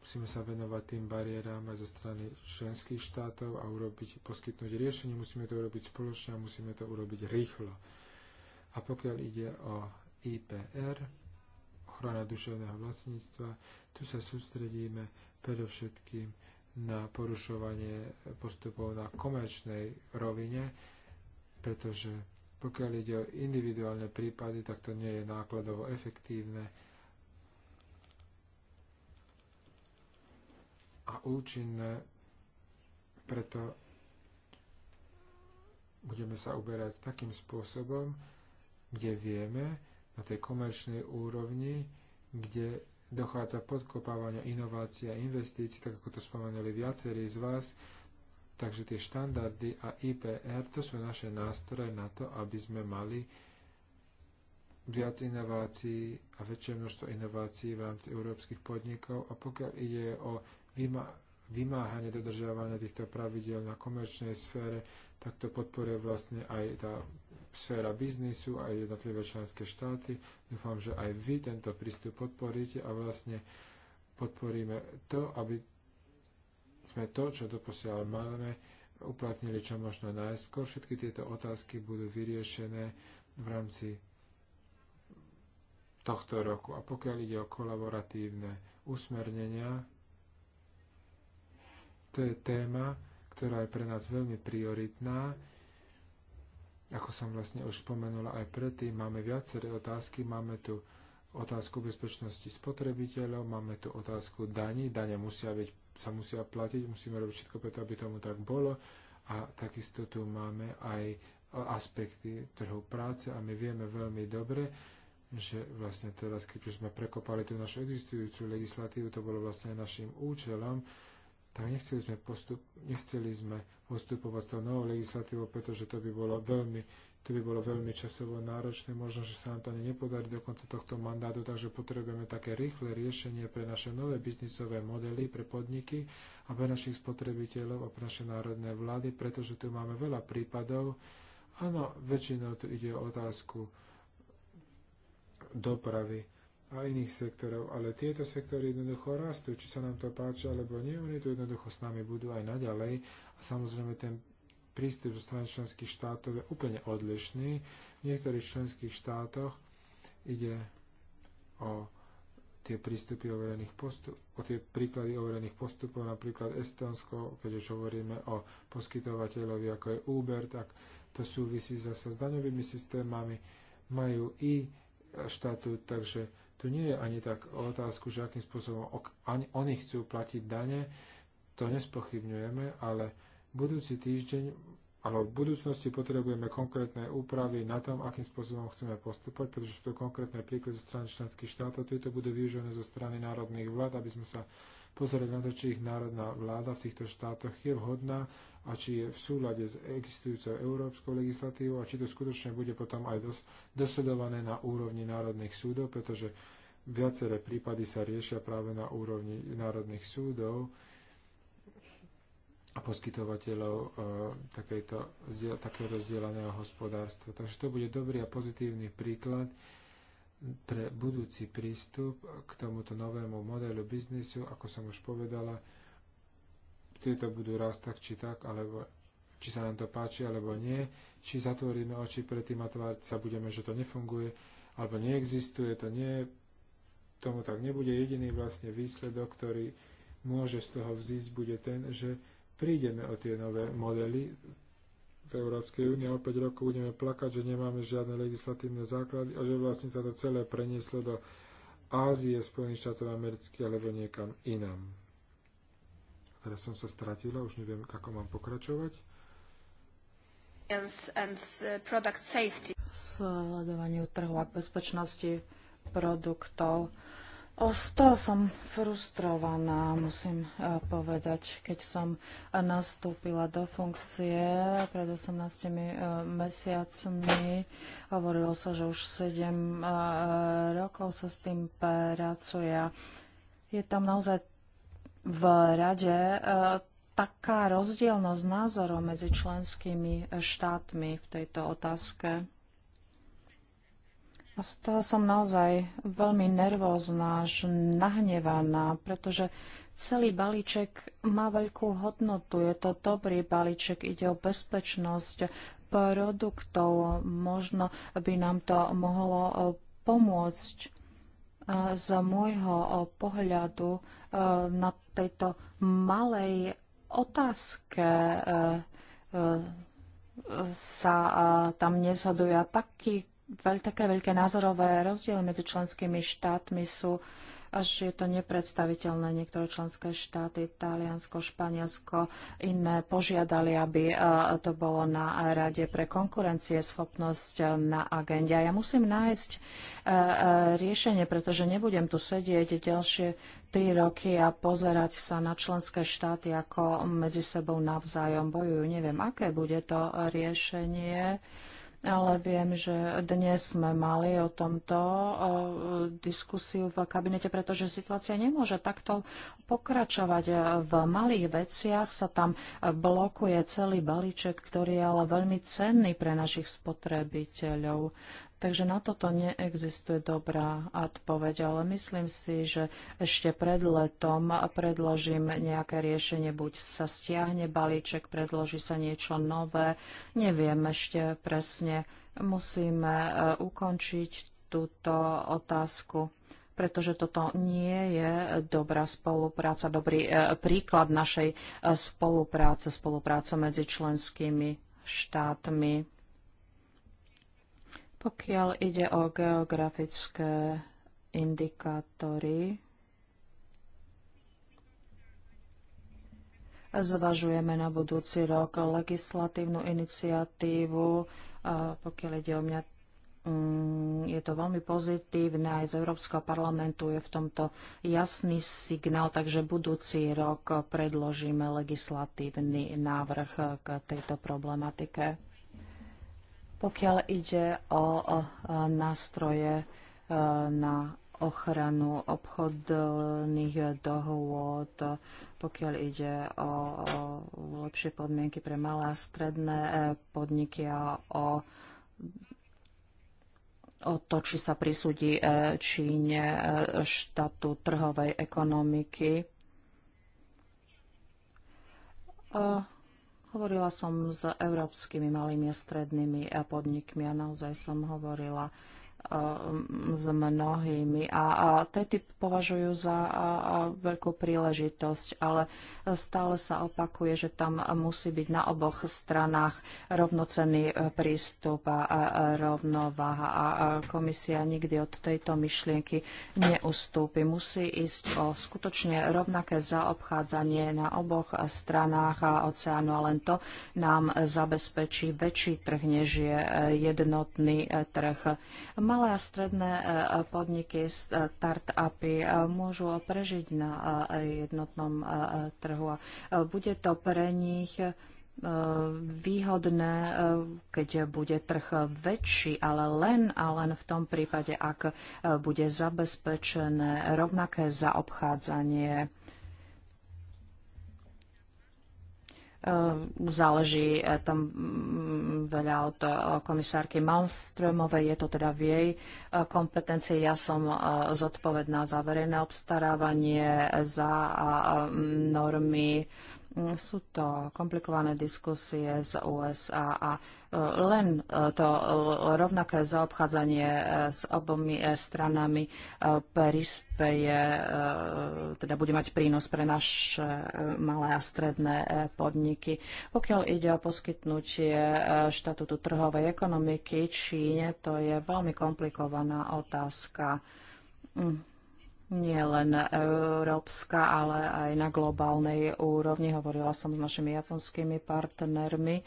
Speaker 5: musíme sa venovať tým bariéram aj zo strany členských štátov a urobiť, poskytnúť riešenie, musíme to urobiť spoločne a musíme to urobiť rýchlo. A pokiaľ ide o IPR, ochrana duševného vlastníctva, tu sa sústredíme predovšetkým na porušovanie postupov na komerčnej rovine, pretože pokiaľ ide o individuálne prípady, tak to nie je nákladovo efektívne a účinné, preto budeme sa uberať takým spôsobom, kde vieme na tej komerčnej úrovni, kde dochádza podkopávania, podkopávaniu inovácií a investícií, tak ako to spomenuli viacerí z vás. Takže tie štandardy a IPR to sú naše nástroje na to, aby sme mali viac inovácií a väčšie množstvo inovácií v rámci európskych podnikov. A pokiaľ ide o vymáhanie dodržiavania týchto pravidel na komerčnej sfére, tak to podporuje vlastne aj tá sféra biznisu, aj jednotlivé členské štáty. Dúfam, že aj vy tento prístup podporíte a vlastne podporíme to, aby sme to, čo doposiaľ máme, uplatnili čo možno najskôr. Všetky tieto otázky budú vyriešené v rámci tohto roku. A pokiaľ ide o kolaboratívne usmernenia, to je téma, ktorá je pre nás veľmi prioritná. Ako som vlastne už spomenula aj predtým, máme viaceré otázky. Máme tu otázku bezpečnosti spotrebiteľov, máme tu otázku daní. Dane musia byť, sa musia platiť, musíme robiť všetko preto, aby tomu tak bolo. A takisto tu máme aj aspekty trhu práce a my vieme veľmi dobre, že vlastne teraz, keď už sme prekopali tú našu existujúcu legislatívu, to bolo vlastne našim účelom, tak nechceli sme, postup, nechceli sme postupovať s tou novou legislatívou, pretože to by bolo veľmi to by bolo veľmi časovo náročné, možno, že sa nám to ani nepodarí do konca tohto mandátu, takže potrebujeme také rýchle riešenie pre naše nové biznisové modely, pre podniky a pre našich spotrebiteľov a pre naše národné vlády, pretože tu máme veľa prípadov. Áno, väčšinou tu ide o otázku dopravy a iných sektorov, ale tieto sektory jednoducho rastú, či sa nám to páči alebo nie, oni tu jednoducho s nami budú aj naďalej a samozrejme ten prístup zo strany členských štátov je úplne odlišný. V niektorých členských štátoch ide o tie prístupy overených postupov, o tie príklady overených postupov, napríklad Estonsko, keď už hovoríme o poskytovateľovi ako je Uber, tak to súvisí zase s daňovými systémami, majú i štátu, takže tu nie je ani tak o otázku, že akým spôsobom ani oni chcú platiť dane, to nespochybňujeme, ale budúci týždeň ale v budúcnosti potrebujeme konkrétne úpravy na tom, akým spôsobom chceme postupovať, pretože sú to konkrétne príklady zo strany členských štátov, tieto budú využívané zo strany národných vlád, aby sme sa pozrieť na to, či ich národná vláda v týchto štátoch je vhodná a či je v súlade s existujúcou európskou legislatívou a či to skutočne bude potom aj dos- dosledované na úrovni národných súdov, pretože viaceré prípady sa riešia práve na úrovni národných súdov a poskytovateľov e, takejto, takéhoto vzdielaného hospodárstva. Takže to bude dobrý a pozitívny príklad pre budúci prístup k tomuto novému modelu biznisu, ako som už povedala, tieto budú raz tak či tak, alebo či sa nám to páči alebo nie, či zatvoríme oči pred tým a tvárať sa budeme, že to nefunguje, alebo neexistuje, to nie, tomu tak nebude. Jediný vlastne výsledok, ktorý môže z toho vzísť, bude ten, že prídeme o tie nové modely v Európskej únii a o 5 rokov budeme plakať, že nemáme žiadne legislatívne základy a že vlastne sa to celé prenieslo do Ázie, Spojených štátov amerických alebo niekam inám. Teraz som sa stratila, už neviem, ako mám pokračovať.
Speaker 3: Uh, Sledovanie trhu a bezpečnosti produktov z toho som frustrovaná, musím e, povedať, keď som nastúpila do funkcie pred 18 e, mesiacmi. Hovorilo sa, že už 7 e, rokov sa s tým pracuje. Je tam naozaj v rade taká rozdielnosť názorov medzi členskými štátmi v tejto otázke. Z toho som naozaj veľmi nervózna, až nahnevaná, pretože celý balíček má veľkú hodnotu. Je to dobrý balíček, ide o bezpečnosť produktov. Možno by nám to mohlo e, pomôcť e, z môjho e, pohľadu na tejto malej otázke sa tam nezhodujú. A taký veľ, také veľké názorové rozdiely medzi členskými štátmi sú až je to nepredstaviteľné. Niektoré členské štáty, Taliansko, Španielsko, iné požiadali, aby e, to bolo na Rade pre schopnosť e, na agende. ja musím nájsť e, riešenie, pretože nebudem tu sedieť ďalšie tri roky a pozerať sa na členské štáty, ako medzi sebou navzájom bojujú. Neviem, aké bude to riešenie ale viem, že dnes sme mali o tomto diskusiu v kabinete, pretože situácia nemôže takto pokračovať. V malých veciach sa tam blokuje celý balíček, ktorý je ale veľmi cenný pre našich spotrebiteľov. Takže na toto neexistuje dobrá odpoveď, ale myslím si, že ešte pred letom predložím nejaké riešenie, buď sa stiahne balíček, predloží sa niečo nové, neviem ešte presne. Musíme e, ukončiť túto otázku pretože toto nie je dobrá spolupráca, dobrý e, príklad našej e, spolupráce, spolupráca medzi členskými štátmi. Pokiaľ ide o geografické indikátory, zvažujeme na budúci rok legislatívnu iniciatívu, pokiaľ ide o mňa mm, je to veľmi pozitívne, aj z Európskeho parlamentu je v tomto jasný signál, takže budúci rok predložíme legislatívny návrh k tejto problematike. Pokiaľ ide o, o nástroje e, na ochranu obchodných dohôd, pokiaľ ide o, o lepšie podmienky pre malé a stredné e, podniky a o o to, či sa prisúdi e, Číne štátu trhovej ekonomiky. O Hovorila som s európskymi malými a strednými podnikmi a naozaj som hovorila Eh, s mnohými. A, a TTIP považujú za a, a veľkú príležitosť, ale stále sa opakuje, že tam musí byť na oboch stranách rovnocenný eh, prístup a, a rovnováha. A, a komisia nikdy od tejto myšlienky neustúpi. Musí ísť o skutočne rovnaké zaobchádzanie na oboch stranách a oceánu. A len to nám zabezpečí väčší trh, než je eh, jednotný trh. Malé a stredné e, e, podniky, e, start-upy môžu prežiť na jednotnom trhu a bude to pre nich výhodné, keď bude trh väčší, ale len a len v tom prípade, ak bude zabezpečené rovnaké zaobchádzanie Ehm, záleží eh, tam mm, veľa od eh, komisárky Malmströmovej, je to teda v jej eh, kompetencii. Ja som zodpovedná za verejné obstarávanie, za normy sú to komplikované diskusie z USA a e, len e, to e, rovnaké zaobchádzanie s obomi stranami prispeje, teda bude mať prínos pre naše malé a stredné podniky. Pokiaľ ide o poskytnutie štatútu trhovej ekonomiky Číne, to je veľmi komplikovaná otázka. Mm nie len európska, ale aj na globálnej úrovni. Hovorila som s našimi japonskými partnermi.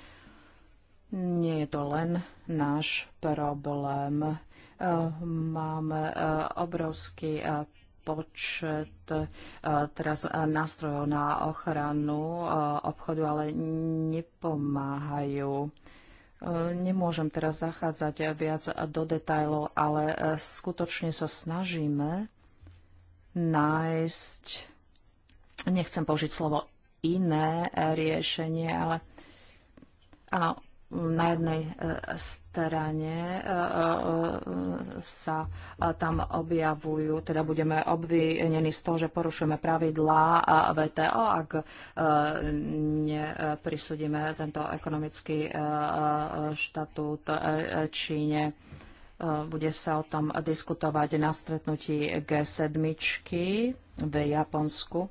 Speaker 3: Nie je to len náš problém. E, máme e, obrovský e, počet teraz nástrojov na ochranu obchodu, ale nepomáhajú. Nemôžem teraz zachádzať viac do detajlov, ale skutočne sa snažíme nájsť, nechcem použiť slovo iné riešenie, ale áno, na jednej e, strane e, e, sa tam objavujú, teda budeme obvinení z toho, že porušujeme pravidlá VTO, ak neprisudíme tento ekonomický štatút Číne. E, bude sa o tom diskutovať na stretnutí G7 v Japonsku.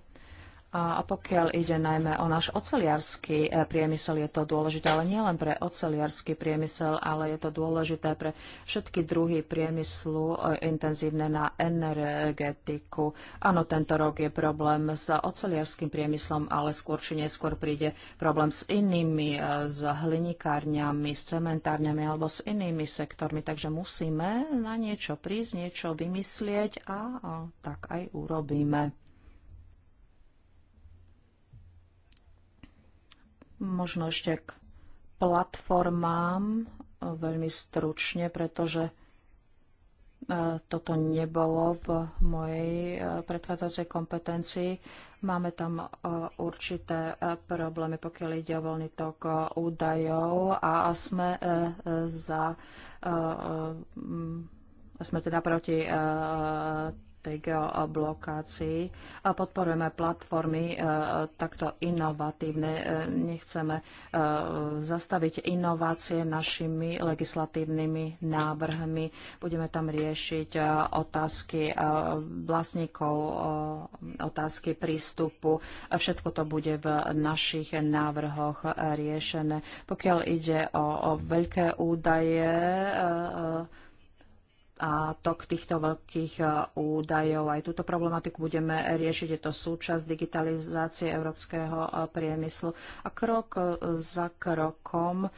Speaker 3: A pokiaľ ide najmä o náš oceliarský e, priemysel, je to dôležité, ale len pre oceliarský priemysel, ale je to dôležité pre všetky druhy priemyslu e, intenzívne na energetiku. Áno, tento rok je problém s oceliarským priemyslom, ale skôr či neskôr príde problém s inými, e, s hlinikárňami, s cementárňami alebo s inými sektormi. Takže musíme na niečo prísť, niečo vymyslieť a, a tak aj urobíme. Možno ešte k platformám e, veľmi stručne, pretože e, toto nebolo v mojej e, predchádzajúcej kompetencii. Máme tam určité problémy, pokiaľ ide o voľný tok údajov a sme za sme teda proti tej geoblokácii. A podporujeme platformy e, takto inovatívne. E, nechceme e, zastaviť inovácie našimi legislatívnymi návrhmi. Budeme tam riešiť otázky vlastníkov, otázky prístupu. Všetko to bude v našich návrhoch riešené. Pokiaľ ide o, o veľké údaje, a tok týchto veľkých e, údajov. Aj túto problematiku budeme riešiť. Je to súčasť digitalizácie európskeho e, priemyslu. A krok e, za krokom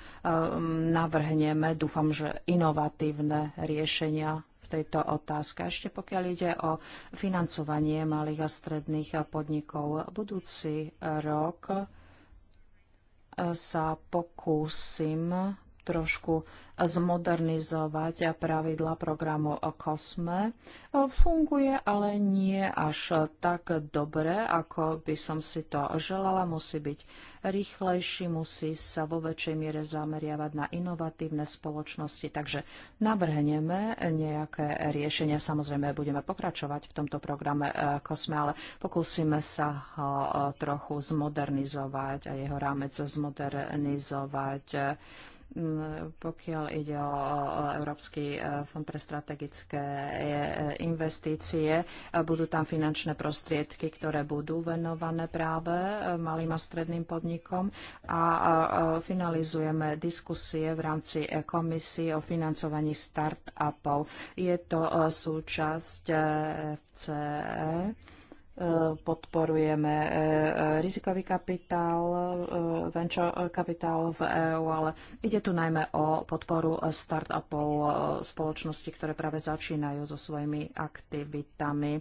Speaker 3: navrhneme, dúfam, že inovatívne riešenia v tejto otázke. Ešte pokiaľ ide o financovanie malých a stredných podnikov, budúci rok sa pokúsim trošku zmodernizovať pravidla programu COSME. Funguje ale nie až tak dobre, ako by som si to želala. Musí byť rýchlejší, musí sa vo väčšej miere zameriavať na inovatívne spoločnosti. Takže navrhneme nejaké riešenia. Samozrejme, budeme pokračovať v tomto programe eh, COSME, ale pokúsime sa ho eh, trochu zmodernizovať a jeho rámec zmodernizovať Mm, pokiaľ ide o Európsky e, fond pre strategické e, investície, e, budú tam finančné prostriedky, ktoré budú venované práve malým a stredným podnikom a finalizujeme diskusie v rámci komisie o financovaní start-upov. Je to súčasť FCE podporujeme e, e, rizikový kapitál, e, venture kapitál v EÚ, ale ide tu najmä o podporu startupov spoločnosti, ktoré práve začínajú so svojimi aktivitami.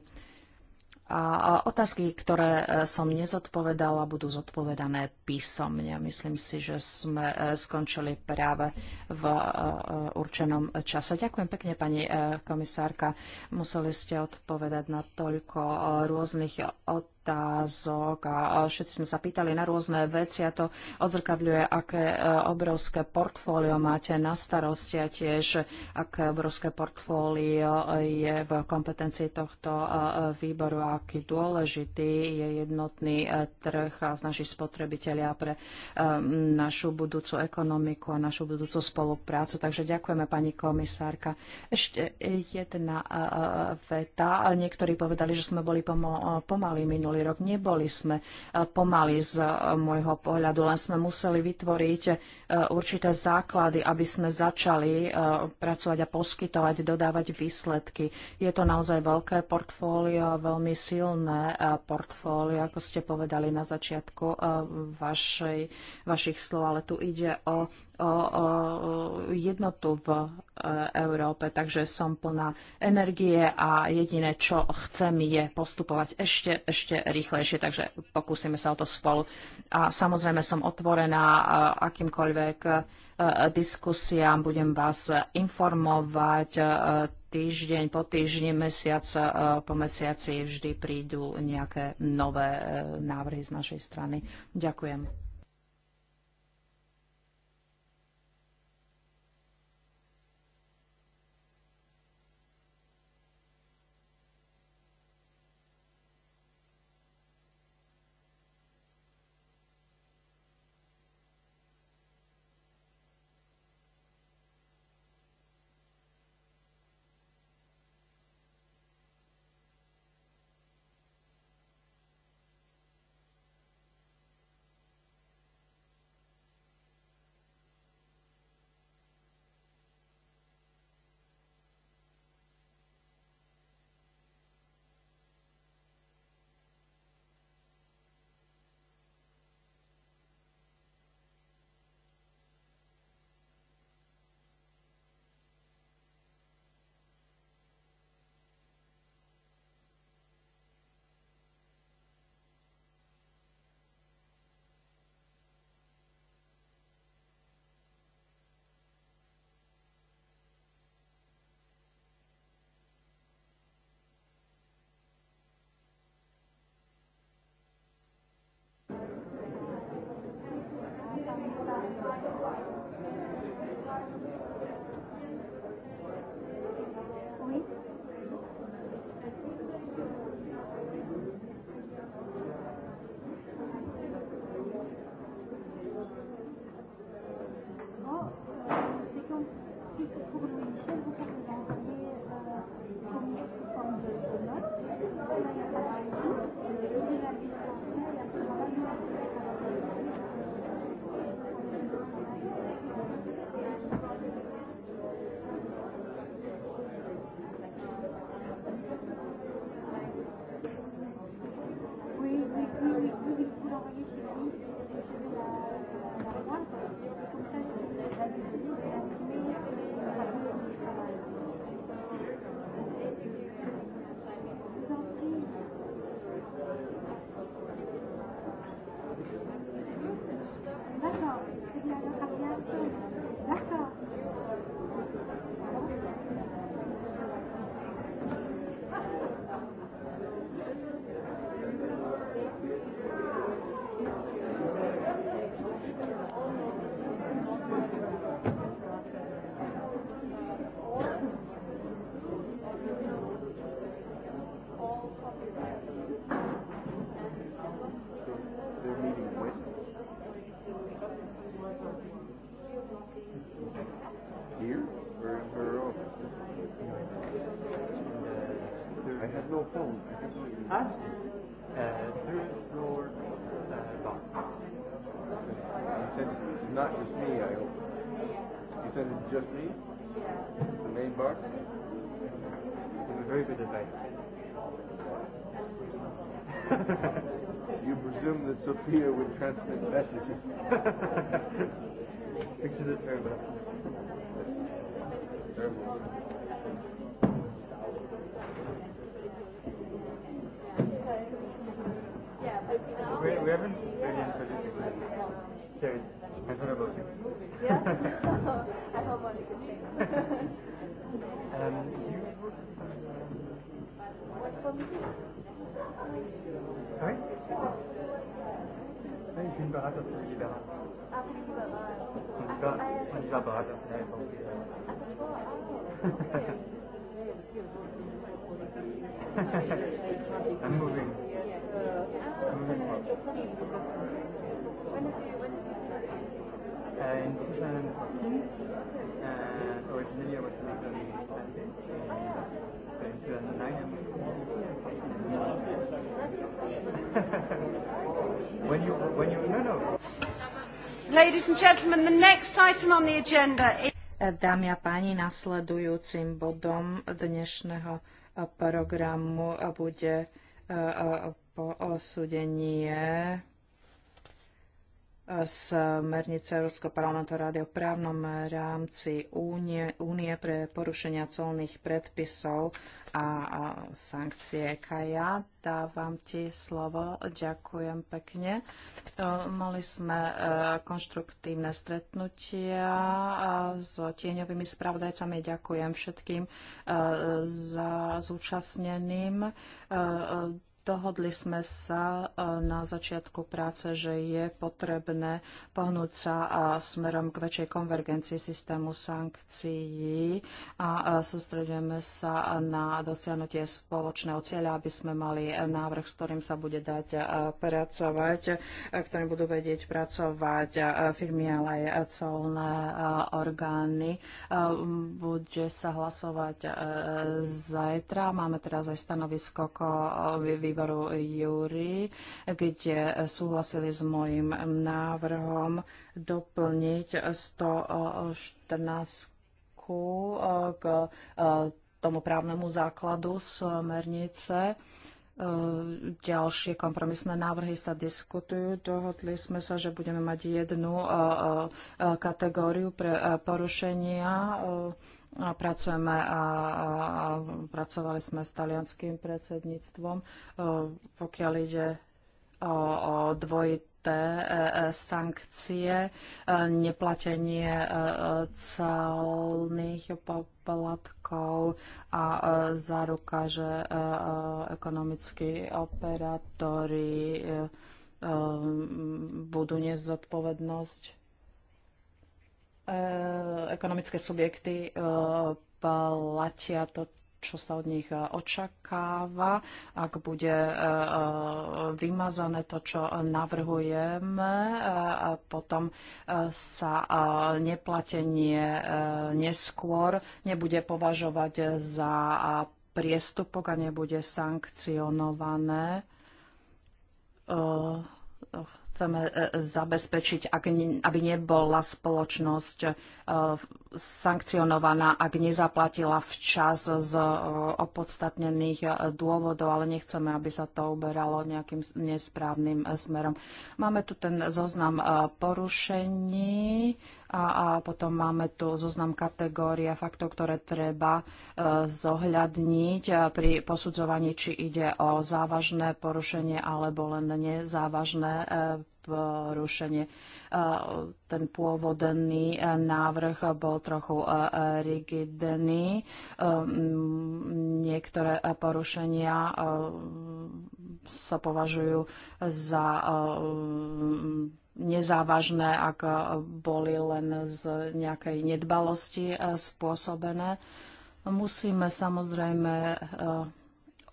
Speaker 3: A otázky, ktoré e, som nezodpovedala, budú zodpovedané písomne. Myslím si, že sme e, skončili práve v e, určenom čase. Ďakujem pekne, pani komisárka. Museli ste odpovedať na toľko rôznych otázok otázok a všetci sme sa pýtali na rôzne veci a to odzrkadľuje, aké e, obrovské portfólio máte na starosti a tiež aké obrovské portfólio je v kompetencii tohto e, výboru a aký dôležitý je jednotný e, trh a z našich spotrebitelia pre našu budúcu ekonomiku a našu budúcu spoluprácu. Takže ďakujeme pani komisárka. Ešte jedna veta. Niektorí povedali, že sme boli pomalí minulý minulý rok. Neboli sme eh, pomali z eh, môjho pohľadu, len sme museli vytvoriť eh, určité základy, aby sme začali pracovať a poskytovať, dodávať výsledky. Je to naozaj veľké portfólio, veľmi silné portfólio, ako ste povedali na začiatku vašej, vašich slov, ale tu ide o o, o jednotu v e, Európe, takže som plná energie a jediné, čo chcem, je postupovať ešte, ešte rýchlejšie, takže pokúsime sa o to spolu. A samozrejme som otvorená e, akýmkoľvek e, diskusiám, budem vás informovať týždeň po týždni, mesiac po mesiaci vždy prídu nejaké nové návrhy z našej strany. Ďakujem.
Speaker 4: stone. Här? Third floor uh, bar. It's not just me, I hope. You said it's just me? Yeah. The main box? It's a very good advice. you presume that Sophia would transmit messages. Picture the turbo. Turbo. We, we haven't really introduced it yet. So it's about you. Yeah? I hope only good um, you... What committee? Sorry? Nein, ich bin Berater für die Berater. Ah, für die Berater. when you, when you, no, no.
Speaker 3: Ladies and gentlemen, the next item on the agenda is... Dámy a páni, nasledujúcim bodom dnešného programu bude eh, eh, posúdenie smernice Európskeho parlamentu rády o právnom rámci únie, únie pre porušenia colných predpisov a, a sankcie. Kaja, dávam ti slovo. Ďakujem pekne. E, mali sme e, konštruktívne stretnutia e, s tieňovými spravodajcami. Ďakujem všetkým za zúčastneným Dohodli sme sa e, na začiatku práce, že je potrebné pohnúť sa e, smerom k väčšej konvergencii systému sankcií a e, sústredujeme sa na dosiahnutie spoločného cieľa, aby sme mali návrh, s ktorým sa bude dať pracovať, ktorým budú vedieť pracovať firmy, ale aj colné orgány. Bude sa hlasovať zajtra. Máme teraz aj stanovisko výboru výboru Júri, kde súhlasili s môjim návrhom doplniť 114 eh, k eh, tomu právnemu základu smernice. Eh, ďalšie kompromisné návrhy sa diskutujú. Dohodli sme sa, že budeme mať jednu kategóriu pre porušenia pracujeme a, a, a pracovali sme s talianským predsedníctvom. E, pokiaľ ide o, o dvojité e, e, sankcie, neplatenie celných poplatkov a záruka, že ekonomickí operátori budú nezodpovednosť. zodpovednosť E, ekonomické subjekty e, platia to, čo sa od nich e, očakáva, ak bude vymazané to, čo navrhujeme, a potom sa neplatenie neskôr nebude považovať za priestupok a nebude sankcionované chceme e, zabezpečiť, aby nebola spoločnosť e, sankcionovaná, ak nezaplatila včas z e, opodstatnených dôvodov, ale nechceme, aby sa to uberalo nejakým nesprávnym smerom. Máme tu ten zoznam porušení a, a potom máme tu zoznam kategórie faktov, ktoré treba e, zohľadniť e, pri posudzovaní, či ide o závažné porušenie alebo len nezávažné e, porušenie. Ten pôvodný návrh bol trochu rigidný. Niektoré porušenia sa považujú za nezávažné, ak e, boli len z nejakej nedbalosti e, spôsobené. Musíme samozrejme e,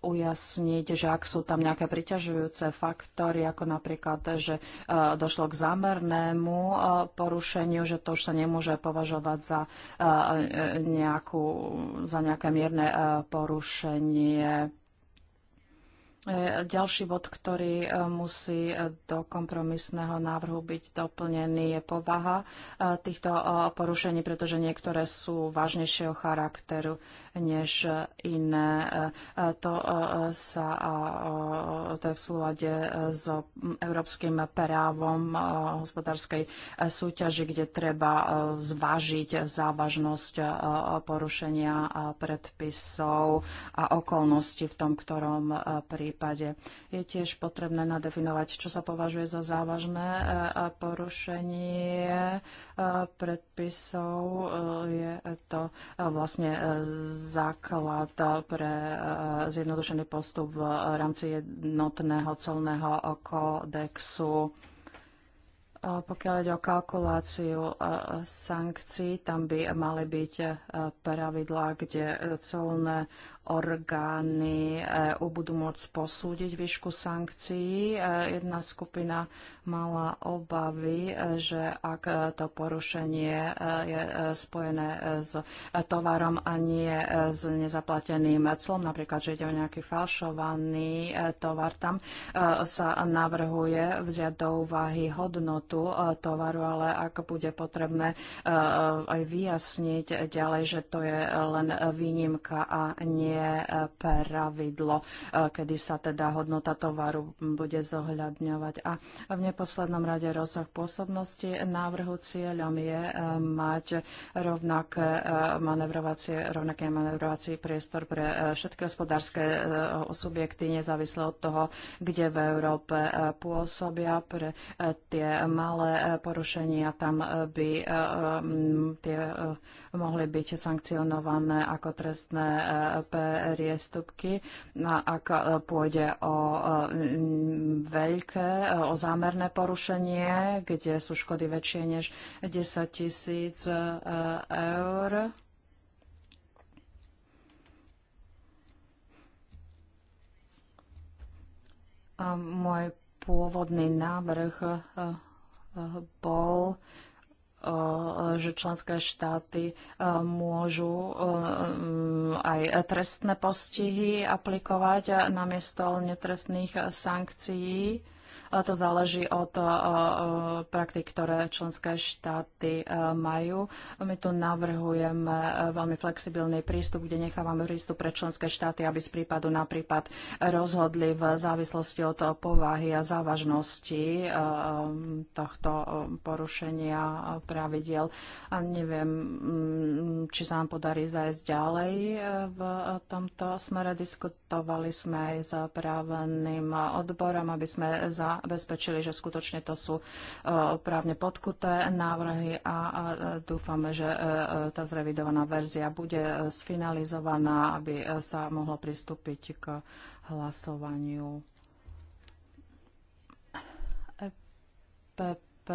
Speaker 3: ujasniť, že ak sú tam nejaké priťažujúce faktory, ako napríklad, že došlo k zámernému porušeniu, že to už sa nemôže považovať za, nejakú, za nejaké mierne porušenie E, ďalší bod, ktorý e, musí e, do kompromisného návrhu byť doplnený, je povaha týchto porušení, pretože niektoré sú vážnejšieho charakteru než iné. To, e, sa, e, to je v súlade s európskym právom e, hospodárskej súťaži, kde treba zvážiť závažnosť porušenia predpisov a okolnosti v tom ktorom prípade. Je tiež potrebné nadefinovať, čo sa považuje za závažné porušenie predpisov. Je to vlastne základ pre eh, zjednodušený postup v rámci jednotného celného kodexu. Eh, pokiaľ ide o kalkuláciu eh, sankcií, tam by mali byť pravidlá, kde celné orgány EU budú môcť posúdiť výšku sankcií. E, jedna skupina mala obavy, e, že ak to porušenie e, je spojené s tovarom a nie s nezaplateným clom, napríklad, že ide o nejaký falšovaný tovar, tam sa navrhuje vziať do úvahy hodnotu tovaru, ale ak bude potrebné aj vyjasniť ďalej, že to je len výnimka a nie je e, pravidlo, e, kedy sa teda hodnota tovaru bude zohľadňovať. A v neposlednom rade rozsah pôsobnosti návrhu cieľom je e, mať rovnaké manevrovacie, rovnaký manevrovací priestor pre všetky hospodárske subjekty, nezávisle od toho, kde v Európe pôsobia. Pre tie malé porušenia tam by tie mohli byť sankcionované ako trestné e, priestupky, no ak e, pôjde o e, veľké, o zámerné porušenie, kde sú škody väčšie než 10 tisíc eur. Môj pôvodný návrh bol Eh, že členské štáty eh, môžu eh, aj trestné postihy aplikovať namiesto netrestných sankcií. To záleží od praktik, ktoré členské štáty majú. My tu navrhujeme veľmi flexibilný prístup, kde nechávame prístup pre členské štáty, aby z prípadu na prípad rozhodli v závislosti od povahy a závažnosti tohto porušenia pravidiel. A neviem, mm, či sa nám podarí zajsť ďalej e, v tomto smere. Diskutovali sme aj s právnym odborom, aby sme za zabezpečili, že skutočne to sú e, právne podkuté návrhy a e, dúfame, že e, tá zrevidovaná verzia bude sfinalizovaná, aby sa mohlo pristúpiť k hlasovaniu. PP,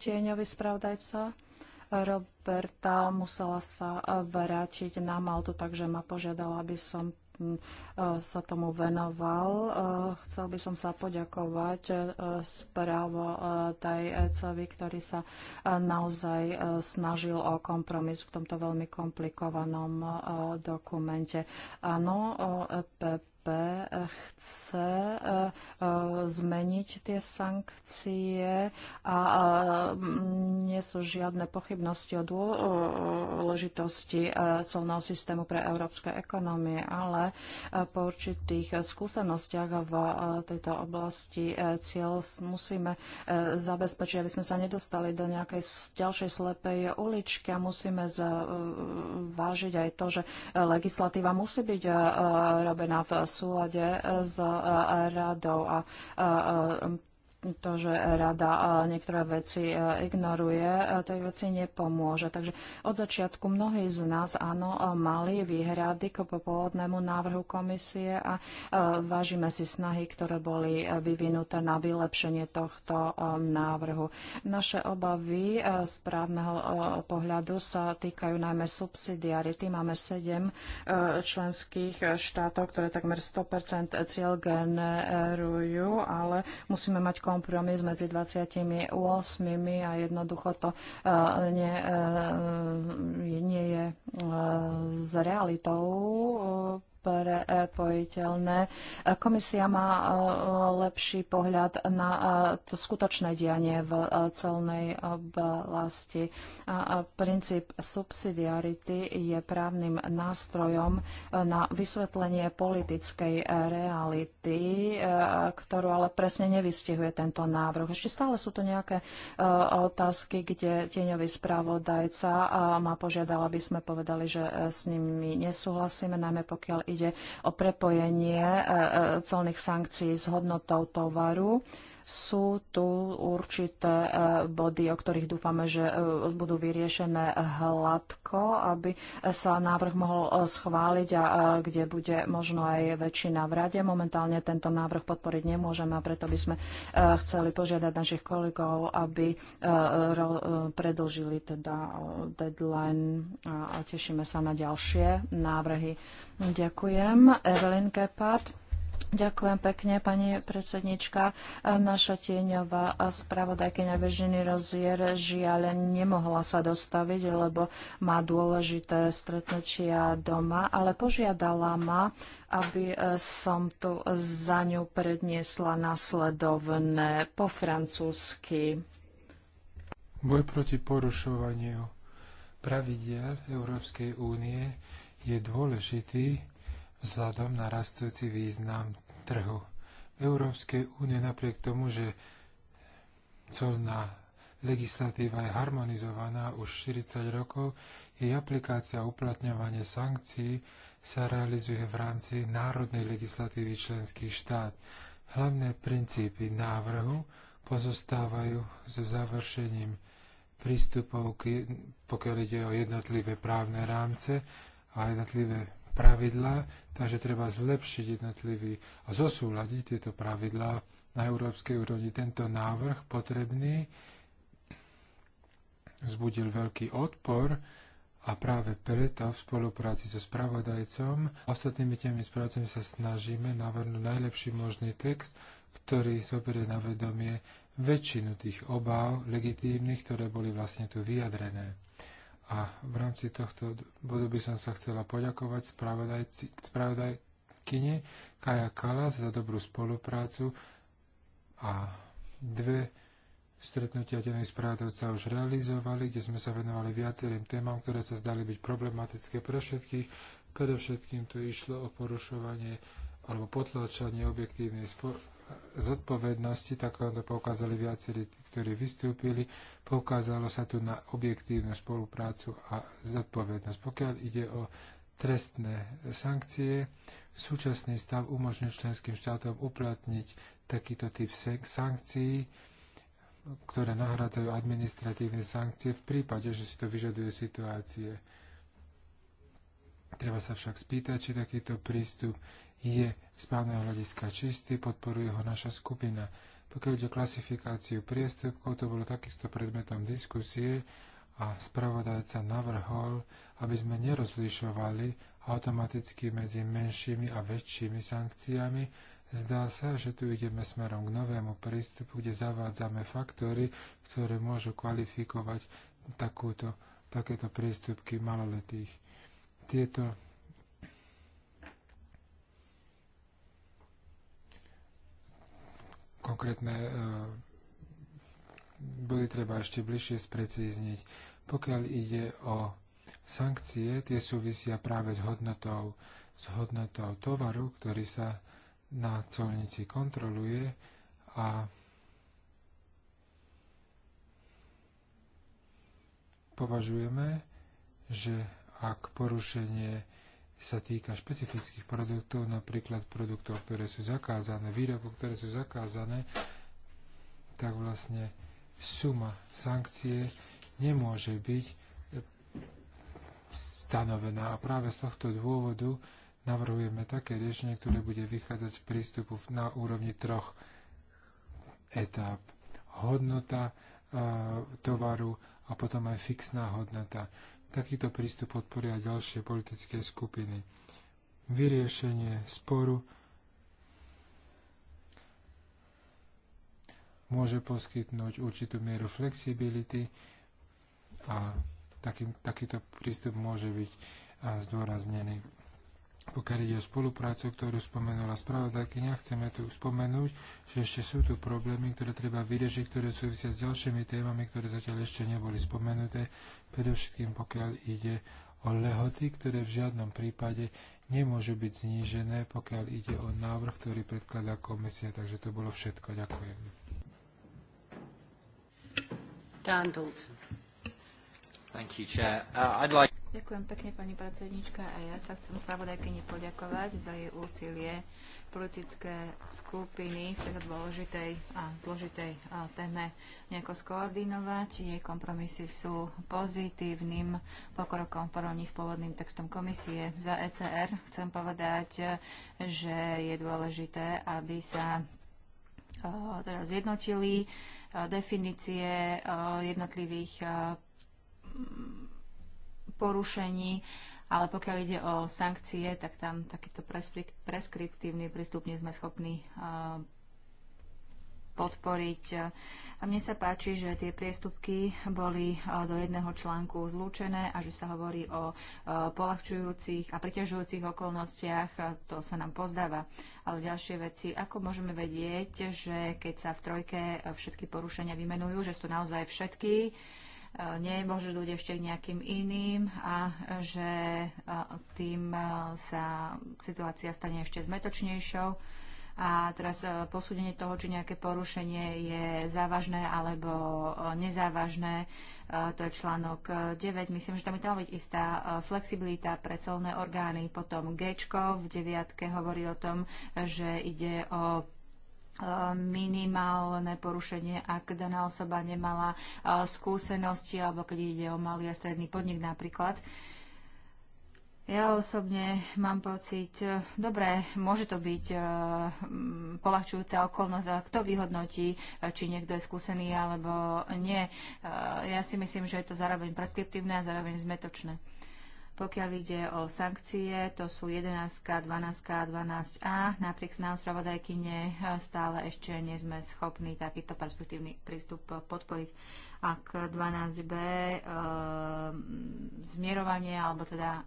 Speaker 3: tieňový spravdajca. Roberta musela sa vrátiť na Maltu, takže ma požiadala, aby som Eh, sa tomu venoval. Eh, chcel by som sa poďakovať eh, správo Ecovi, ktorý sa naozaj snažil o kompromis v tomto veľmi komplikovanom dokumente. Áno, EPP e chce eh, eh, zmeniť tie sankcie a eh, nie sú žiadne pochybnosti o dôležitosti colného systému pre európske ekonomie, ale po určitých skúsenostiach v tejto oblasti cieľ musíme zabezpečiť, aby sme sa nedostali do nejakej ďalšej slepej uličky a musíme vážiť aj to, že legislatíva musí byť robená v súlade s eh, radou a eh, to, že rada niektoré veci e, ignoruje, e, tej veci nepomôže. Takže od začiatku mnohí z nás áno e, mali výhrady k popôvodnému návrhu komisie a vážime si snahy, ktoré boli vyvinuté na vylepšenie tohto návrhu. Naše obavy z právneho pohľadu sa týkajú najmä subsidiarity. Máme sedem členských štátov, ktoré takmer 100% cieľ generujú, ale musíme mať kompromis medzi 28 a jednoducho to e, nie, e, nie je e, s realitou prepojiteľné. Komisia má e, lepší pohľad na e, to skutočné dianie v e, celnej oblasti. princíp subsidiarity je právnym nástrojom na vysvetlenie politickej reality, ktorú ale presne nevystihuje tento návrh. Ešte stále sú to nejaké otázky, kde tieňový správodajca ma požiadala, aby sme povedali, že s nimi nesúhlasíme, najmä pokiaľ ide o prepojenie e, e, colných sankcií s hodnotou tovaru. Sú tu určité e, body, o ktorých dúfame, že e, budú vyriešené hladko, aby sa návrh mohol e, schváliť a kde bude možno aj väčšina v rade. Momentálne tento návrh podporiť nemôžeme a preto by sme chceli požiadať našich kolegov, aby predlžili teda deadline a tešíme sa na ďalšie návrhy. Ďakujem. Evelyn Kepard. Ďakujem pekne, pani predsednička. Naša tieňová spravodajkyňa Vežiny Rozier žiaľ nemohla sa dostaviť, lebo má dôležité stretnutia doma, ale požiadala ma, aby som tu za ňu predniesla nasledovné po
Speaker 5: francúzsky. Boj proti porušovaniu pravidiel Európskej únie je dôležitý vzhľadom na rastúci význam trhu. V Európskej únie napriek tomu, že colná legislatíva je harmonizovaná už 40 rokov, jej aplikácia a uplatňovanie sankcií sa realizuje v rámci národnej legislatívy členských štát. Hlavné princípy návrhu pozostávajú so završením prístupov, pokiaľ ide o jednotlivé právne rámce a jednotlivé pravidlá, takže treba zlepšiť jednotlivý a zosúľadiť tieto pravidlá na európskej úrovni. Tento návrh potrebný vzbudil veľký odpor a práve preto v spolupráci so spravodajcom a ostatnými tými spravodajcami sa snažíme navrhnúť najlepší možný text, ktorý zoberie na vedomie väčšinu tých obáv legitímnych, ktoré boli vlastne tu vyjadrené. A v rámci tohto bodu by som sa chcela poďakovať spravodajkyni Kaja Kalas za dobrú spoluprácu a dve stretnutia denných spravodajca už realizovali, kde sme sa venovali viacerým témam, ktoré sa zdali byť problematické pre všetkých. Predovšetkým tu išlo o porušovanie alebo potlačanie objektívnej spo- zodpovednosti, tak to poukázali viacerí, ktorí vystúpili, poukázalo sa tu na objektívnu spoluprácu a zodpovednosť. Pokiaľ ide o trestné sankcie, súčasný stav umožňuje členským štátom uplatniť takýto typ sankcií, ktoré nahrádzajú administratívne sankcie v prípade, že si to vyžaduje situácie. Treba sa však spýtať, či takýto prístup je z právneho hľadiska čistý, podporuje ho naša skupina. Pokiaľ ide o klasifikáciu priestupkov, to bolo takisto predmetom diskusie a spravodajca navrhol, aby sme nerozlišovali automaticky medzi menšími a väčšími sankciami. Zdá sa, že tu ideme smerom k novému prístupu, kde zavádzame faktory, ktoré môžu kvalifikovať takúto, takéto prístupky maloletých. Tieto konkrétne e, boli treba ešte bližšie sprecízniť. Pokiaľ ide o sankcie, tie súvisia práve s hodnotou, s hodnotou tovaru, ktorý sa na colnici kontroluje a považujeme, že ak porušenie sa týka špecifických produktov, napríklad produktov, ktoré sú zakázané, výrobkov, ktoré sú zakázané, tak vlastne suma sankcie nemôže byť eh, stanovená. A práve z tohto dôvodu navrhujeme také riešenie, ktoré bude vychádzať z prístupu na úrovni troch etáp. Hodnota e, tovaru a potom aj fixná hodnota. Takýto prístup podporia ďalšie politické skupiny. Vyriešenie sporu môže poskytnúť určitú mieru flexibility a taký, takýto prístup môže byť zdôraznený. Pokiaľ ide o spoluprácu, ktorú spomenula spravodajkynia, chceme tu spomenúť, že ešte sú tu problémy, ktoré treba vyriešiť, ktoré súvisia s ďalšími témami, ktoré zatiaľ ešte neboli spomenuté, predovšetkým pokiaľ ide o lehoty, ktoré v žiadnom prípade nemôžu byť znížené, pokiaľ ide o návrh, ktorý predkladá komisia. Takže to bolo všetko. Ďakujem.
Speaker 1: Dan Dalton. Thank you, Chair. Uh, I'd like...
Speaker 2: Ďakujem pekne, pani predsednička, a ja sa chcem spravodajkyni poďakovať za jej úsilie politické skupiny v tejto dôležitej a zložitej téme nejako skoordinovať. Jej kompromisy sú pozitívnym pokrokom v porovní s pôvodným textom komisie. Za ECR chcem povedať, že je dôležité, aby sa teraz zjednotili definície jednotlivých porušení, ale pokiaľ ide o sankcie, tak tam takýto preskriptívny prístup nie sme schopní podporiť. A mne sa páči, že tie priestupky boli do jedného článku zlúčené a že sa hovorí o polahčujúcich a priťažujúcich okolnostiach. To sa nám pozdáva. Ale ďalšie veci, ako môžeme vedieť, že keď sa v trojke všetky porušenia vymenujú, že sú naozaj všetky, môže dúť ešte k nejakým iným a že tým sa situácia stane ešte zmetočnejšou. A teraz posúdenie toho, či nejaké porušenie je závažné alebo nezávažné, to je článok 9. Myslím, že tam by tam byť istá flexibilita pre celné orgány. Potom G v 9. hovorí o tom, že ide o E, minimálne porušenie, ak daná osoba nemala e, skúsenosti alebo keď ide o malý a stredný podnik napríklad. Ja osobne mám pocit, e, dobre, môže to byť e, polahčujúca okolnosť, a kto vyhodnotí, či niekto je skúsený alebo nie. E, ja si myslím, že je to zároveň preskriptívne a zároveň zmetočné. E, pokiaľ ide o sankcie, to sú 11, 12 a 12a. Napriek snám spravodajkyne eh, stále ešte nie sme schopní takýto perspektívny prístup podporiť. Ak 12b e, zmierovanie alebo teda e,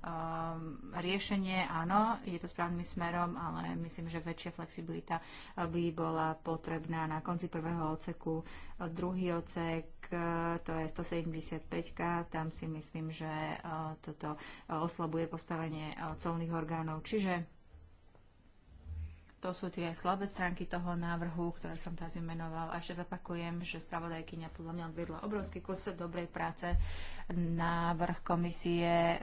Speaker 2: riešenie, áno, je to správnym smerom, ale myslím, že väčšia flexibilita by bola potrebná na konci prvého odseku. Druhý odsek E, to je 175, tam si myslím, že e, toto e, oslabuje postavenie colných orgánov. Čiže to sú tie slabé stránky toho návrhu, ktoré som teraz vymenoval. A ešte zapakujem, že spravodajkyňa podľa mňa odvedla obrovský kus dobrej práce. Návrh komisie,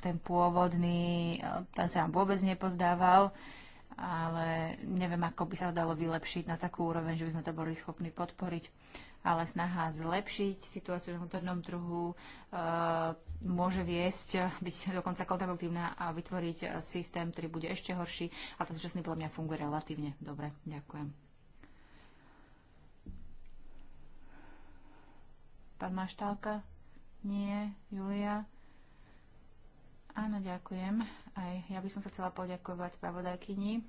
Speaker 2: ten pôvodný, ten sa nám vôbec nepozdával ale neviem, ako by sa dalo vylepšiť na takú úroveň, že by sme to boli schopní podporiť. Ale snaha zlepšiť situáciu na vnútornom trhu e, môže viesť, byť dokonca kontraproduktívna a vytvoriť systém, ktorý bude ešte horší. A to súčasný podľa mňa funguje relatívne dobre. Ďakujem. Pán Maštálka? Nie. Julia? Áno, ďakujem. Aj ja by som sa chcela poďakovať spravodajkyni.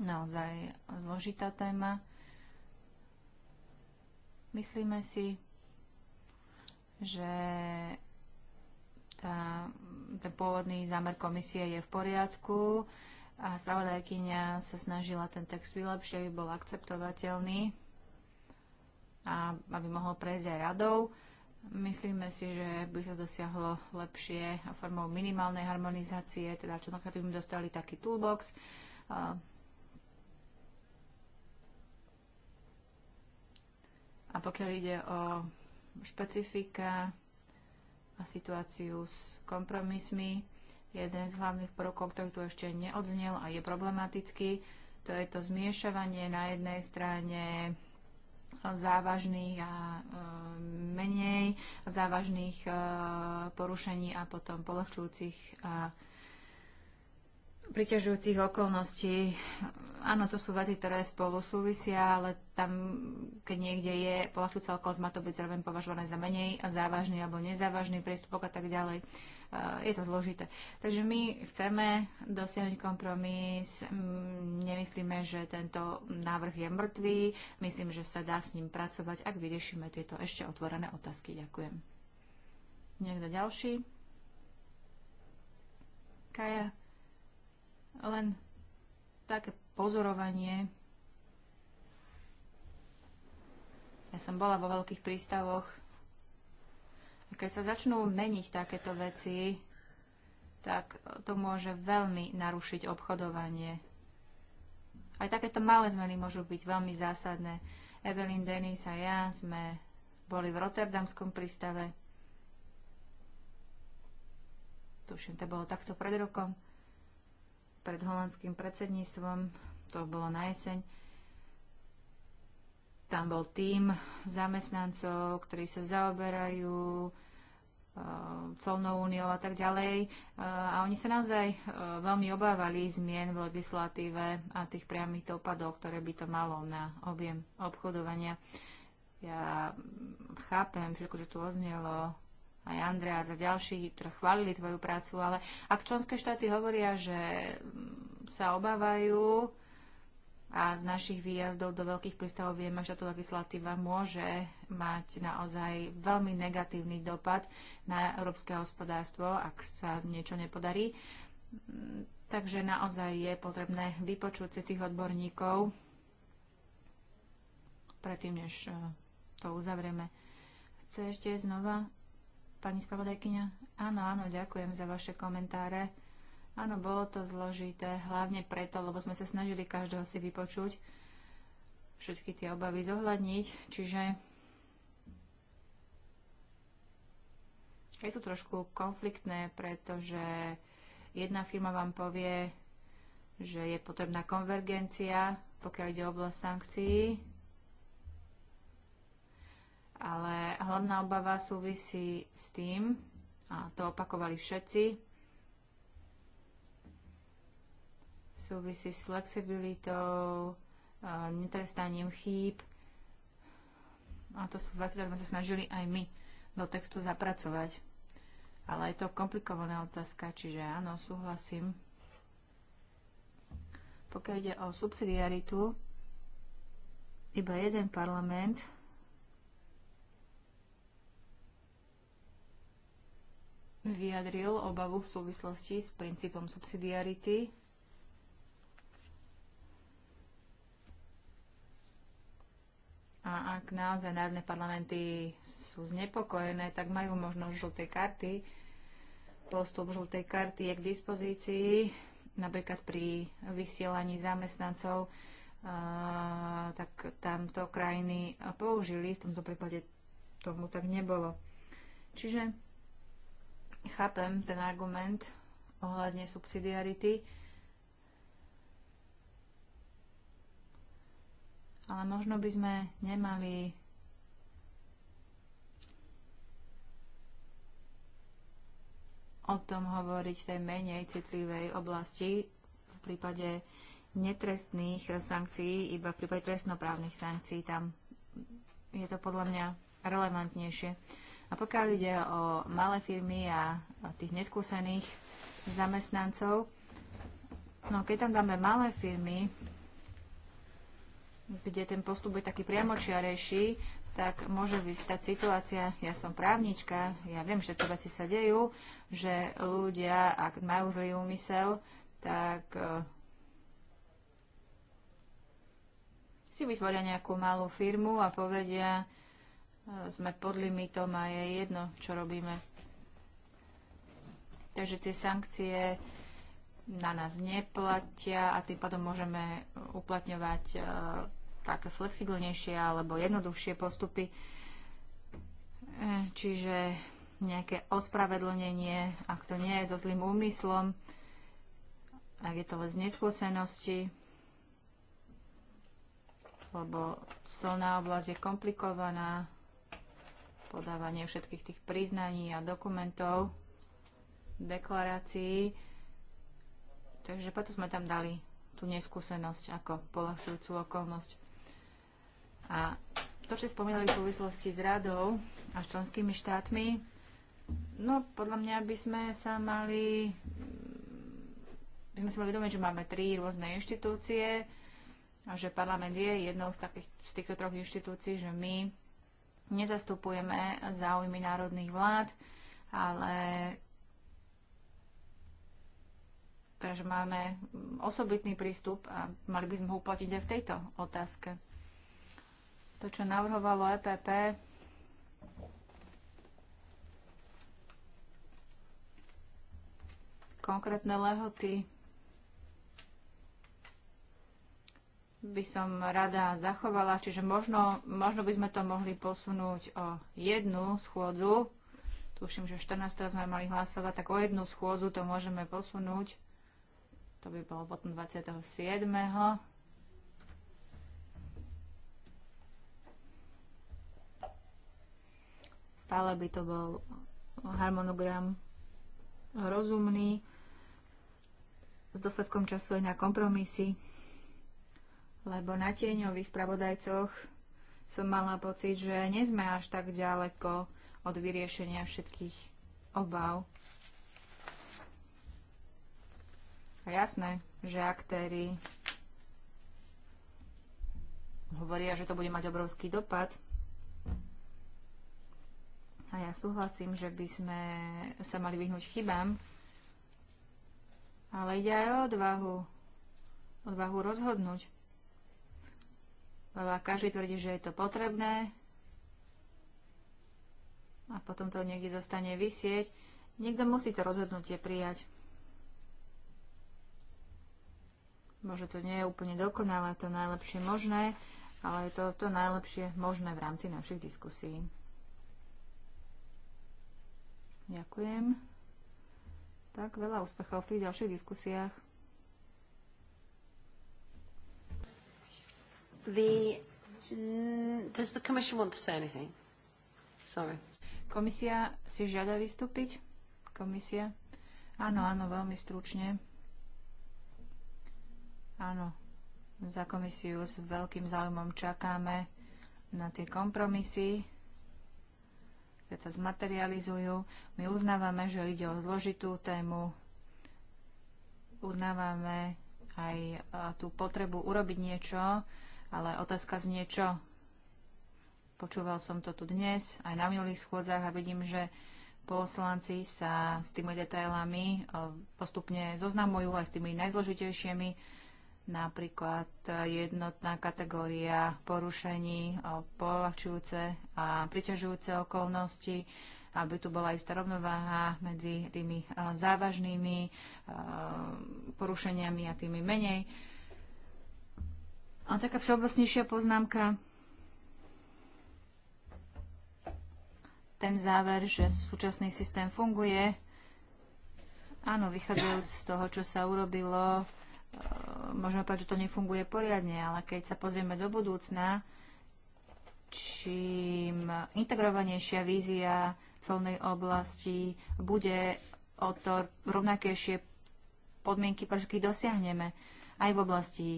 Speaker 2: Naozaj zložitá téma. Myslíme si, že tá, ten pôvodný zámer komisie je v poriadku a spravodajkynia sa snažila ten text vylepšiť, aby bol akceptovateľný a aby mohol prejsť aj radou. Myslíme si, že by sa dosiahlo lepšie formou minimálnej harmonizácie, teda členokrat by dostali taký toolbox. A pokiaľ ide o špecifika a situáciu s kompromismi, jeden z hlavných prvkov, ktorý tu ešte neodznel a je problematický, to je to zmiešavanie na jednej strane závažných a e, menej závažných e, porušení a potom polehčujúcich a priťažujúcich okolností. Áno, to sú veci, ktoré spolu súvisia, ale tam, keď niekde je polahčujúca okolnosť, má to byť zároveň považované za menej a závažný alebo nezávažný prístupok a tak ďalej. Uh, je to zložité. Takže my chceme dosiahnuť kompromis, nemyslíme, že tento návrh je mŕtvý, myslím, že sa dá s ním pracovať, ak vyriešime tieto ešte otvorené otázky. Ďakujem. Niekto ďalší? Kaja, len také pozorovanie. Ja som bola vo veľkých prístavoch keď sa začnú meniť takéto veci, tak to môže veľmi narušiť obchodovanie. Aj takéto malé zmeny môžu byť veľmi zásadné. Evelyn Denis a ja sme boli v Rotterdamskom prístave. Tuším, to bolo takto pred rokom, pred holandským predsedníctvom, to bolo na jeseň. Tam bol tým zamestnancov, ktorí sa zaoberajú eh, colnou úniou a tak ďalej. Eh, a oni sa naozaj eh, veľmi obávali zmien v legislatíve a tých priamých dopadov, ktoré by to malo na objem obchodovania. Ja chápem že akože tu oznelo, aj Andrea za ďalší, ktorí chválili tvoju prácu, ale ak členské štáty hovoria, že sa obávajú, a z našich výjazdov do veľkých prístavov vieme, že táto legislatíva môže mať naozaj veľmi negatívny dopad na európske hospodárstvo, ak sa niečo nepodarí. Takže naozaj je potrebné vypočuť si tých odborníkov predtým, než e, to uzavrieme. Chce ešte znova pani spravodajkyňa? Áno, áno, ďakujem za vaše komentáre. Áno, bolo to zložité, hlavne preto, lebo sme sa snažili každého si vypočuť, všetky tie obavy zohľadniť, čiže je to trošku konfliktné, pretože jedna firma vám povie, že je potrebná konvergencia, pokiaľ ide o oblasť sankcií, ale hlavná obava súvisí s tým, a to opakovali všetci, súvisí s flexibilitou, netrestaním chýb. A to sú veci, ktoré sme sa snažili aj my do textu zapracovať. Ale je to komplikovaná otázka, čiže áno, súhlasím. Pokiaľ ide o subsidiaritu, iba jeden parlament vyjadril obavu v súvislosti s princípom subsidiarity A ak naozaj národné parlamenty sú znepokojené, tak majú možnosť žltej karty. Postup žltej karty je k dispozícii napríklad pri vysielaní zamestnancov, a, tak tamto krajiny použili. V tomto prípade tomu tak nebolo. Čiže chápem ten argument ohľadne subsidiarity, ale možno by sme nemali o tom hovoriť v tej menej citlivej oblasti v prípade netrestných sankcií, iba v prípade trestnoprávnych sankcií. Tam je to podľa mňa relevantnejšie. A pokiaľ ide o malé firmy a tých neskúsených zamestnancov, no keď tam dáme malé firmy, kde ten postup je taký priamočiarejší, tak môže vyvstať situácia, ja som právnička, ja viem, že to veci sa dejú, že ľudia, ak majú zlý úmysel, tak e, si vytvoria nejakú malú firmu a povedia, e, sme pod limitom a je jedno, čo robíme. Takže tie sankcie na nás neplatia a tým pádom môžeme uplatňovať e, také flexibilnejšie alebo jednoduchšie postupy. E, čiže nejaké ospravedlnenie, ak to nie je so zlým úmyslom, ak je to len z neskúsenosti, lebo solná oblasť je komplikovaná, podávanie všetkých tých priznaní a dokumentov, deklarácií. Takže preto sme tam dali tú neskúsenosť ako polahčujúcu okolnosť. A to, čo spomínali v súvislosti s radou a s členskými štátmi, no podľa mňa by sme sa mali by sme si mali uvedomiť, že máme tri rôzne inštitúcie a že parlament je jednou z, takých, z týchto troch inštitúcií, že my nezastupujeme záujmy národných vlád, ale takže teda, máme osobitný prístup a mali by sme ho uplatiť aj v tejto otázke to, čo navrhovalo EPP, konkrétne lehoty by som rada zachovala, čiže možno, možno by sme to mohli posunúť o jednu schôdzu. Tuším, že 14. sme mali hlasovať, tak o jednu schôdzu to môžeme posunúť. To by bolo potom 27. stále by to bol harmonogram rozumný s dosledkom času aj na kompromisy, lebo na tieňových spravodajcoch som mala pocit, že nie sme až tak ďaleko od vyriešenia všetkých obav. A jasné, že aktéry hovoria, že to bude mať obrovský dopad a ja súhlasím, že by sme sa mali vyhnúť chybám, ale ide aj o odvahu. Odvahu rozhodnúť. Lebo každý tvrdí, že je to potrebné a potom to niekde zostane vysieť. Niekto musí to rozhodnutie prijať. Možno to nie je úplne dokonalé, to najlepšie možné, ale je to to najlepšie možné v rámci našich diskusí. Ďakujem. Tak veľa úspechov v tých ďalších diskusiách.
Speaker 1: The, mm, does the commission want to say anything? Sorry. Komisia si žiada vystúpiť?
Speaker 2: Komisia? Áno, áno, veľmi stručne. Áno, za komisiu s veľkým záujmom čakáme na tie kompromisy keď sa zmaterializujú. My uznávame, že ide o zložitú tému, uznávame aj tú potrebu urobiť niečo, ale otázka z niečo. Počúval som to tu dnes, aj na minulých schôdzach a vidím, že poslanci sa s tými detailami e, postupne zoznamujú aj s tými najzložitejšími napríklad jednotná kategória porušení polahčujúce a priťažujúce okolnosti, aby tu bola istá rovnováha medzi tými e, závažnými e, porušeniami a tými menej. A taká všeobecnejšia poznámka, ten záver, že súčasný systém funguje. Áno, vychádzajúc z toho, čo sa urobilo, Eh, môžeme povedať, že to nefunguje poriadne, ale keď sa pozrieme do budúcna, čím integrovanejšia vízia celnej oblasti bude, o to rovnakejšie podmienky pre všetkých dosiahneme aj v oblasti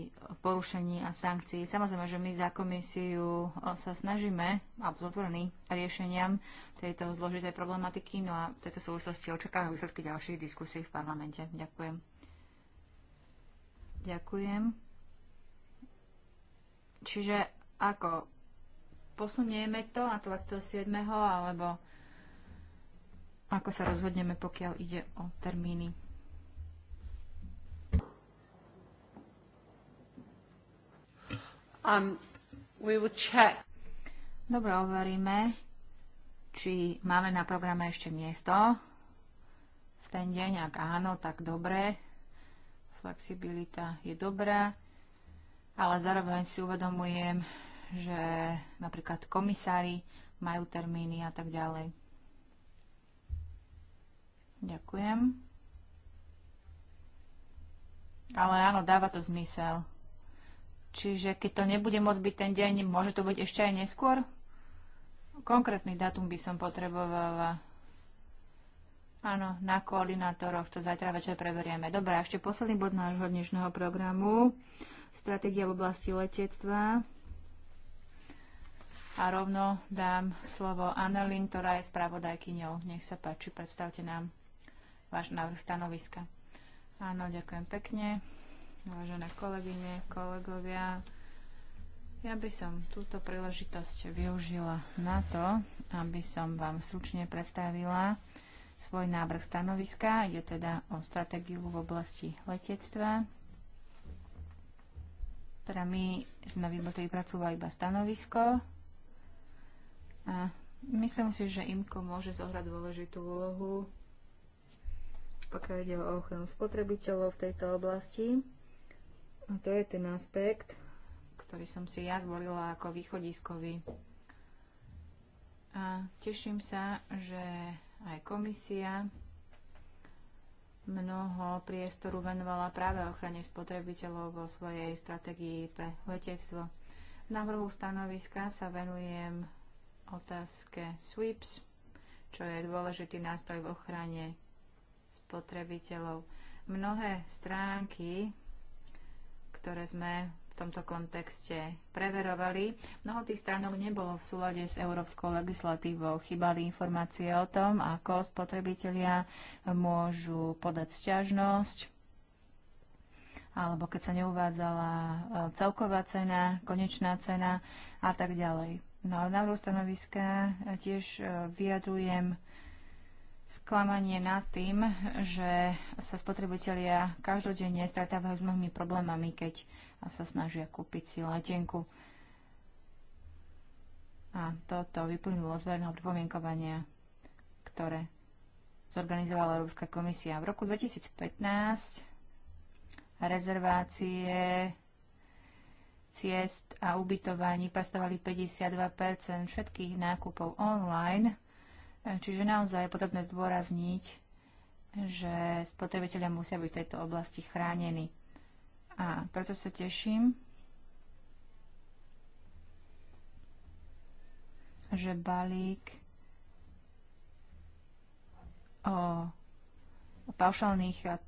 Speaker 2: porušení a sankcií. Samozrejme, že my za komisiu eh, sa snažíme, a otvorení riešeniam tejto zložitej problematiky, no a v tejto súvislosti očakávame výsledky ďalších diskusí v parlamente. Ďakujem. Ďakujem. Čiže ako posunieme to na 27. alebo ako sa rozhodneme, pokiaľ ide o termíny? Um, we will check. Dobre, overíme, či máme na programe ešte miesto v ten deň. Ak áno, tak dobre. Flexibilita je dobrá, ale zároveň si uvedomujem, že napríklad komisári majú termíny a tak ďalej. Ďakujem. Ale áno, dáva to zmysel. Čiže keď to nebude môcť byť ten deň, môže to byť ešte aj neskôr? Konkrétny dátum by som potrebovala. Áno, na koordinátoroch to zajtra večer preberieme. Dobre, ešte posledný bod nášho dnešného programu. Stratégia v oblasti letectva. A rovno dám slovo Annelin, ktorá je spravodajkyňou. Nech sa páči, predstavte nám váš návrh stanoviska. Áno, ďakujem pekne. Vážené kolegyne, kolegovia, ja by som túto príležitosť využila na to, aby som vám stručne predstavila svoj návrh stanoviska. Ide teda o stratégiu v oblasti letectva. ktorá my sme výbor, pracovali iba stanovisko. A myslím si, že IMKO môže zohrať dôležitú úlohu, pokiaľ ide o ochranu spotrebiteľov v tejto oblasti. A to je ten aspekt, ktorý som si ja zvolila ako východiskový. A teším sa, že aj komisia mnoho priestoru venovala práve ochrane spotrebiteľov vo svojej stratégii pre letectvo. V návrhu stanoviska sa venujem otázke SWIPS, čo je dôležitý nástroj v ochrane spotrebiteľov. Mnohé stránky, ktoré sme tomto kontexte preverovali. Mnoho tých stránok nebolo v súlade s európskou legislatívou. Chybali informácie o tom, ako spotrebitelia môžu podať sťažnosť alebo keď sa neuvádzala e, celková cena, konečná cena a tak ďalej. No a návrhu stanoviska e, tiež e, vyjadrujem sklamanie nad tým, že sa spotrebitelia každodenne stretávajú s mnohými problémami, keď a sa snažia kúpiť si letenku. A toto vyplynulo z verejného pripomienkovania, ktoré zorganizovala Európska komisia. V roku 2015 rezervácie ciest a ubytovaní predstavovali 52 všetkých nákupov online. Čiže naozaj je potrebné zdôrazniť, že spotrebitelia musia byť v tejto oblasti chránení. A preto sa teším, že balík o, o paušálnych a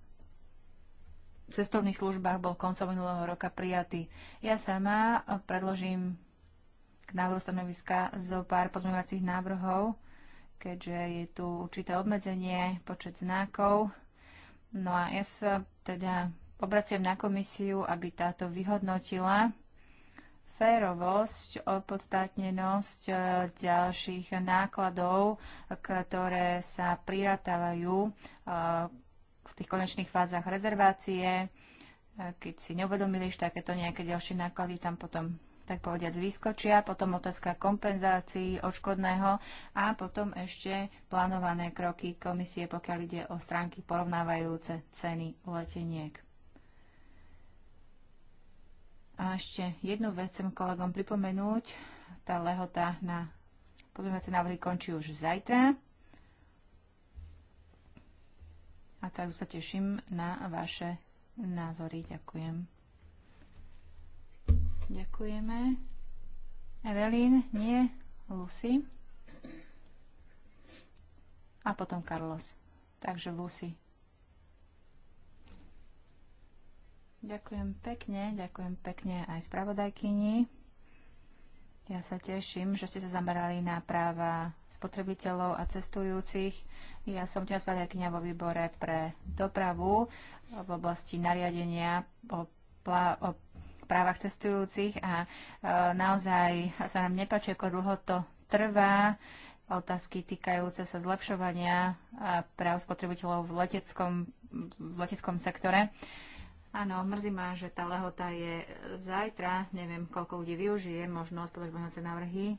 Speaker 2: cestovných službách bol koncom minulého roka prijatý. Ja sama predložím k návrhu stanoviska zo pár pozmeňovacích návrhov, keďže je tu určité obmedzenie, počet znakov. No a ja sa teda obraciam na komisiu, aby táto vyhodnotila férovosť, opodstatnenosť e, ďalších nákladov, ktoré sa priratávajú e, v tých konečných fázach rezervácie, e, keď si neuvedomili, že takéto nejaké ďalšie náklady tam potom tak povediať vyskočia, potom otázka kompenzácií, odškodného a potom ešte plánované kroky komisie, pokiaľ ide o stránky porovnávajúce ceny leteniek. A ešte jednu vec chcem kolegom pripomenúť. Tá lehota na pozmeňovacie návrhy končí už zajtra. A tak sa teším na vaše názory. Ďakujem. Ďakujeme. Evelyn, nie, Lucy. A potom Carlos. Takže Lucy. Ďakujem pekne, ďakujem pekne aj spravodajkyni. Ja sa teším, že ste sa zamerali na práva spotrebiteľov a cestujúcich. Ja som tým spravodajkynia vo výbore pre dopravu v oblasti nariadenia o, plá- o právach cestujúcich a e, naozaj sa nám nepáči, ako dlho to trvá otázky týkajúce sa zlepšovania e, práv spotrebiteľov v leteckom, v leteckom sektore. Áno, mrzí ma, že tá lehota je zajtra. Neviem, koľko ľudí využije, možno odporúčajúce návrhy.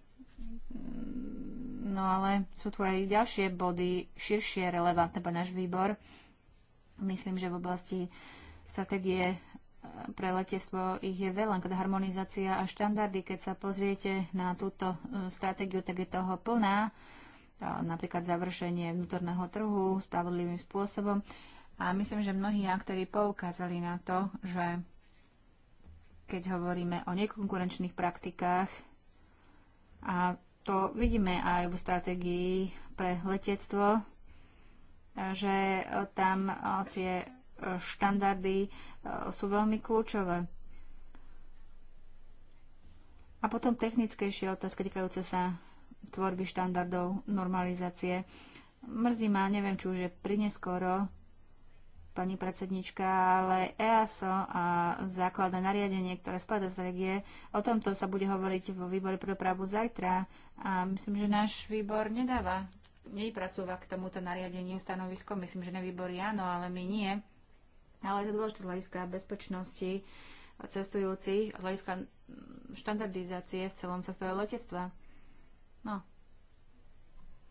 Speaker 2: No ale sú tu aj ďalšie body, širšie relevantné pre náš výbor. Myslím, že v oblasti stratégie eh, pre letectvo ich je veľa, keď harmonizácia a štandardy, keď sa pozriete na túto eh, stratégiu, tak je toho plná, napríklad završenie vnútorného trhu spravodlivým spôsobom. A myslím, že mnohí aktéri poukázali na to, že keď hovoríme o nekonkurenčných praktikách, a to vidíme aj v stratégii pre letectvo, že tam e, tie e, štandardy e, sú veľmi kľúčové. A potom technickejšie otázky týkajúce sa tvorby štandardov normalizácie. Mrzí ma, neviem, či už je prineskoro, pani predsednička, ale EASO a základné nariadenie, ktoré spada z regie, o tomto sa bude hovoriť vo výbore pre dopravu zajtra a myslím, že náš výbor nedáva, nepracúva k tomuto nariadeniu stanovisko, myslím, že na výbory áno, ale my nie. Ale je to dôležité z hľadiska bezpečnosti cestujúcich, z hľadiska štandardizácie v celom sektore letectva. No,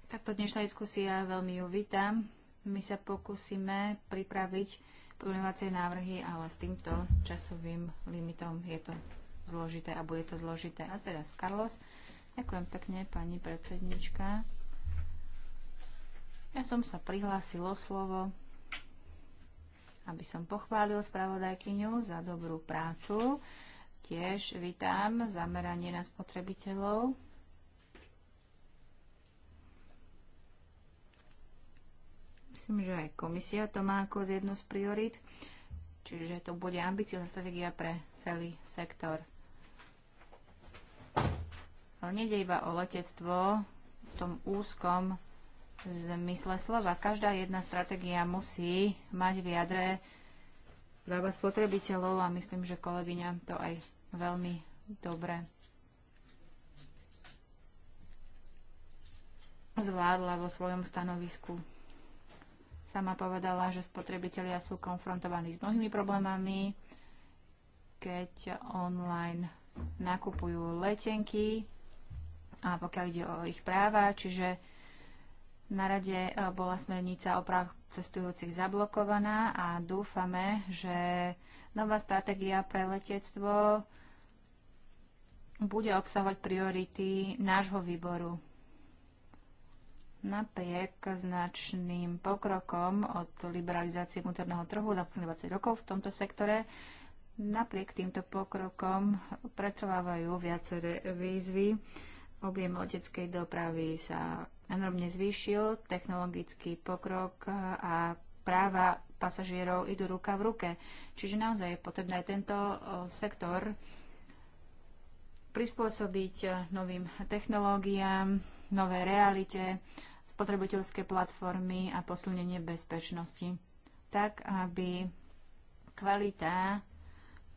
Speaker 2: takto dnešná diskusia, veľmi ju vítam. My sa pokúsime pripraviť pozmeňovacie návrhy, ale s týmto časovým limitom je to zložité a bude to zložité. A teraz Carlos. Ďakujem pekne, pani predsednička. Ja som sa prihlásil o slovo, aby som pochválil spravodajkyňu za dobrú prácu. Tiež vítam zameranie na spotrebiteľov Myslím, že aj komisia to má ako z jednu z priorit, čiže to bude ambiciozná strategia pre celý sektor. Ale nejde iba o letectvo v tom úzkom zmysle slova. Každá jedna stratégia musí mať v jadre práva spotrebiteľov a myslím, že kolegyňa to aj veľmi dobre zvládla vo svojom stanovisku sama povedala, že spotrebitelia sú konfrontovaní s mnohými problémami, keď online nakupujú letenky a pokiaľ ide o ich práva, čiže na rade e, bola smernica o práv cestujúcich zablokovaná a dúfame, že nová stratégia pre letectvo bude obsahovať priority nášho výboru Napriek značným pokrokom od liberalizácie vnútorného trhu za posledných 20 rokov v tomto sektore, napriek týmto pokrokom pretrvávajú viaceré výzvy. Objem leteckej dopravy sa enormne zvýšil, technologický pokrok a práva pasažierov idú ruka v ruke. Čiže naozaj je potrebné tento sektor prispôsobiť novým technológiám, nové realite spotrebiteľské platformy a posilnenie bezpečnosti, tak aby kvalita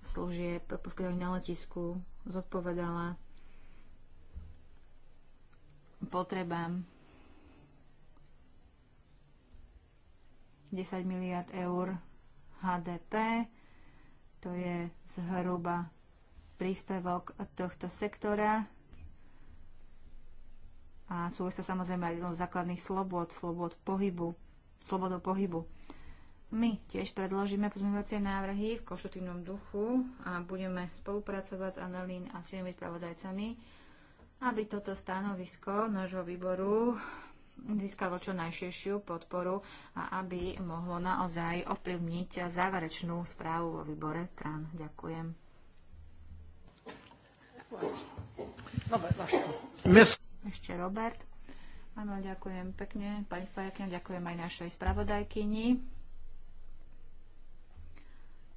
Speaker 2: služieb poskytovaných na letisku zodpovedala potrebám 10 miliard eur HDP. To je zhruba príspevok tohto sektora a súvisí to samozrejme aj z základných slobod, slobod pohybu, slobodou pohybu. My tiež predložíme pozmeňovacie návrhy v konštruktívnom duchu a budeme spolupracovať s Annelín a svojimi spravodajcami, aby toto stanovisko nášho výboru získalo čo najširšiu podporu a aby mohlo naozaj ovplyvniť záverečnú správu vo výbore TRAN. Ďakujem. Dobre, ešte Robert. Áno, ďakujem pekne. Pani spravodajkyňa, ďakujem aj našej spravodajkyni.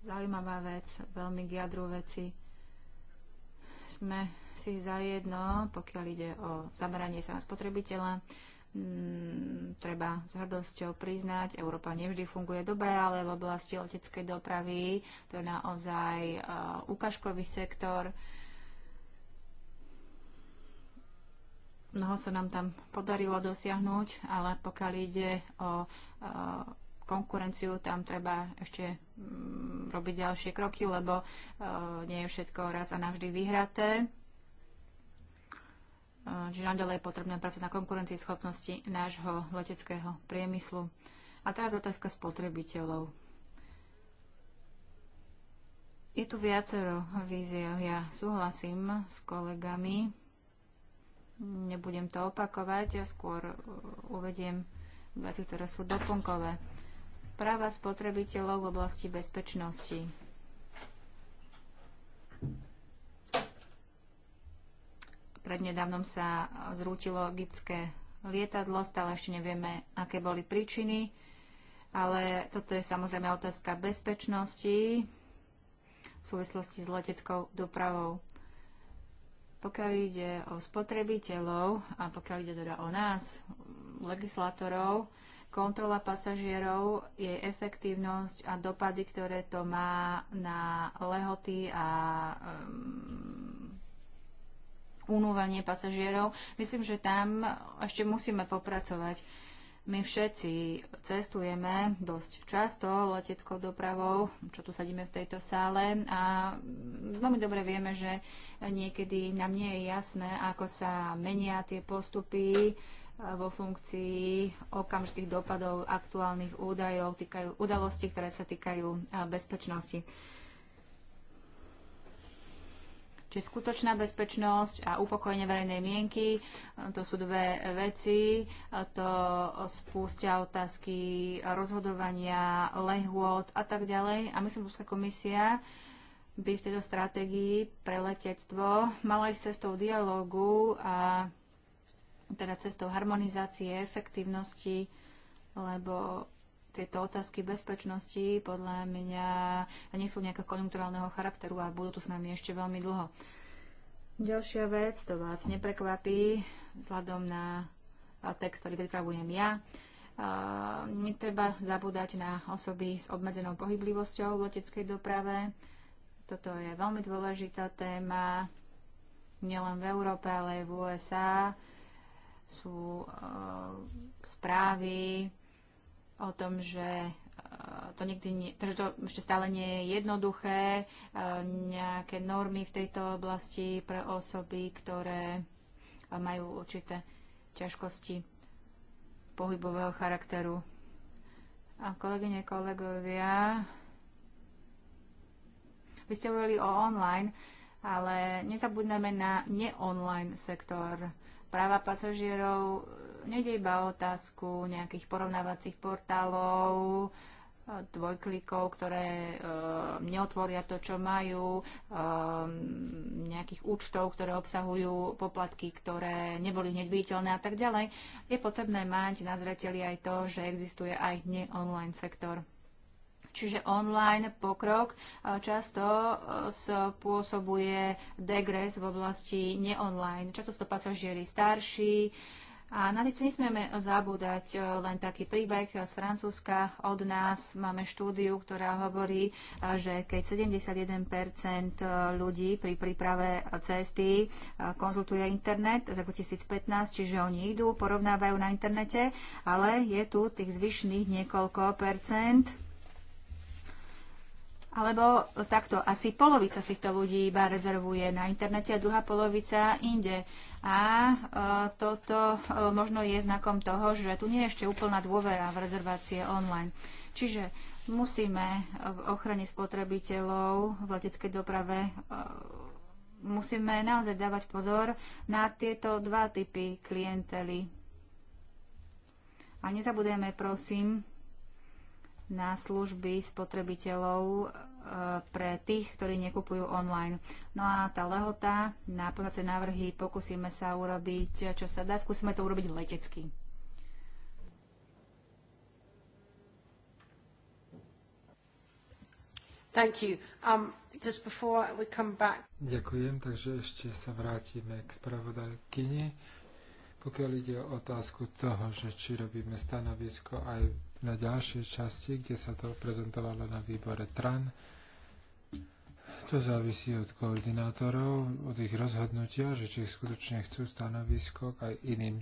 Speaker 2: Zaujímavá vec, veľmi k jadru veci. Sme si za jedno, pokiaľ ide o zameranie sa na spotrebiteľa. Mm, treba s hrdosťou priznať, Európa nevždy funguje dobre, ale v oblasti leteckej dopravy to je naozaj uh, ukážkový sektor. Uh, Mnoho sa nám tam podarilo dosiahnuť, ale pokiaľ ide o konkurenciu, tam treba ešte mm, robiť ďalšie kroky, lebo nie je všetko raz a navždy vyhraté. Čiže naďalej je potrebné pracovať na konkurencii schopnosti nášho leteckého priemyslu. A teraz otázka spotrebiteľov. Je tu viacero víziev. Ja súhlasím s kolegami, Nebudem to opakovať, ja skôr uh, uvediem veci, ktoré sú doplnkové. Práva spotrebiteľov v oblasti bezpečnosti. Prednedávnom sa zrútilo egyptské lietadlo, stále ešte nevieme, aké boli príčiny, ale toto je samozrejme otázka bezpečnosti v súvislosti s leteckou dopravou. Pokiaľ ide o spotrebiteľov a pokiaľ ide teda o nás, legislátorov, kontrola pasažierov, jej efektívnosť a dopady, ktoré to má na lehoty a um, unúvanie pasažierov. Myslím, že tam ešte musíme popracovať. My všetci cestujeme dosť často leteckou dopravou, čo tu sadíme v tejto sále a veľmi dobre vieme, že niekedy nám nie je jasné, ako sa menia tie postupy eh, vo funkcii okamžitých dopadov aktuálnych údajov, týkajú udalostí, ktoré sa týkajú eh, bezpečnosti. Čiže skutočná bezpečnosť a upokojenie verejnej mienky, e, to sú dve veci. To spústia otázky rozhodovania, lehôd a tak ďalej. A myslím, že komisia by v tejto stratégii pre letectvo mala ísť cestou dialogu a teda cestou harmonizácie, efektívnosti, lebo tieto otázky bezpečnosti podľa mňa nie sú nejakého konjunkturálneho charakteru a budú tu s nami ešte veľmi dlho. Ďalšia vec, to vás neprekvapí, vzhľadom na text, ktorý pripravujem ja. Netreba zabúdať na osoby s obmedzenou pohyblivosťou v leteckej doprave. Toto je veľmi dôležitá téma, nielen v Európe, ale aj v USA. Sú e, správy o tom, že e, to nikdy nie, takže to ešte stále nie je jednoduché, e, nejaké normy v tejto oblasti pre osoby, ktoré e, majú určité ťažkosti pohybového charakteru. A kolegyne, kolegovia, vy ste hovorili o online, ale nezabudneme na neonline sektor. Práva pasažierov Nejde iba o otázku nejakých porovnávacích portálov, e, dvojklikov, ktoré e, neotvoria to, čo majú, e, nejakých účtov, ktoré obsahujú poplatky, ktoré neboli hneď viditeľné a tak ďalej, je potrebné mať na zreteli aj to, že existuje aj ne-online sektor. Čiže online pokrok e, často e, spôsobuje degres v oblasti neonline. Často sú to pasažieri starší, a na to nesmieme zabúdať e, len taký príbeh z Francúzska. Od nás máme štúdiu, ktorá hovorí, e, že keď 71% e, ľudí pri príprave cesty konzultuje internet z roku 2015, čiže oni idú, porovnávajú na internete, ale je tu tých zvyšných niekoľko percent, alebo takto, asi polovica z týchto ľudí iba rezervuje na internete a druhá polovica inde. A e, toto e, možno je znakom toho, že tu nie je ešte úplná dôvera v rezervácie online. Čiže musíme v ochrane spotrebiteľov v leteckej doprave e, musíme naozaj dávať pozor na tieto dva typy klientely. A nezabudeme, prosím, na služby spotrebiteľov e, pre tých, ktorí nekupujú online. No a tá lehota na podacie návrhy pokúsime sa urobiť, čo sa dá, skúsime to urobiť letecky.
Speaker 1: Thank you. Um, just before we come back...
Speaker 5: Ďakujem, takže ešte sa vrátime k spravodajkyni. Pokiaľ ide o otázku toho, že či robíme stanovisko aj na ďalšej časti, kde sa to prezentovalo na výbore TRAN. To závisí od koordinátorov, od ich rozhodnutia, že či skutočne chcú stanovisko k aj iným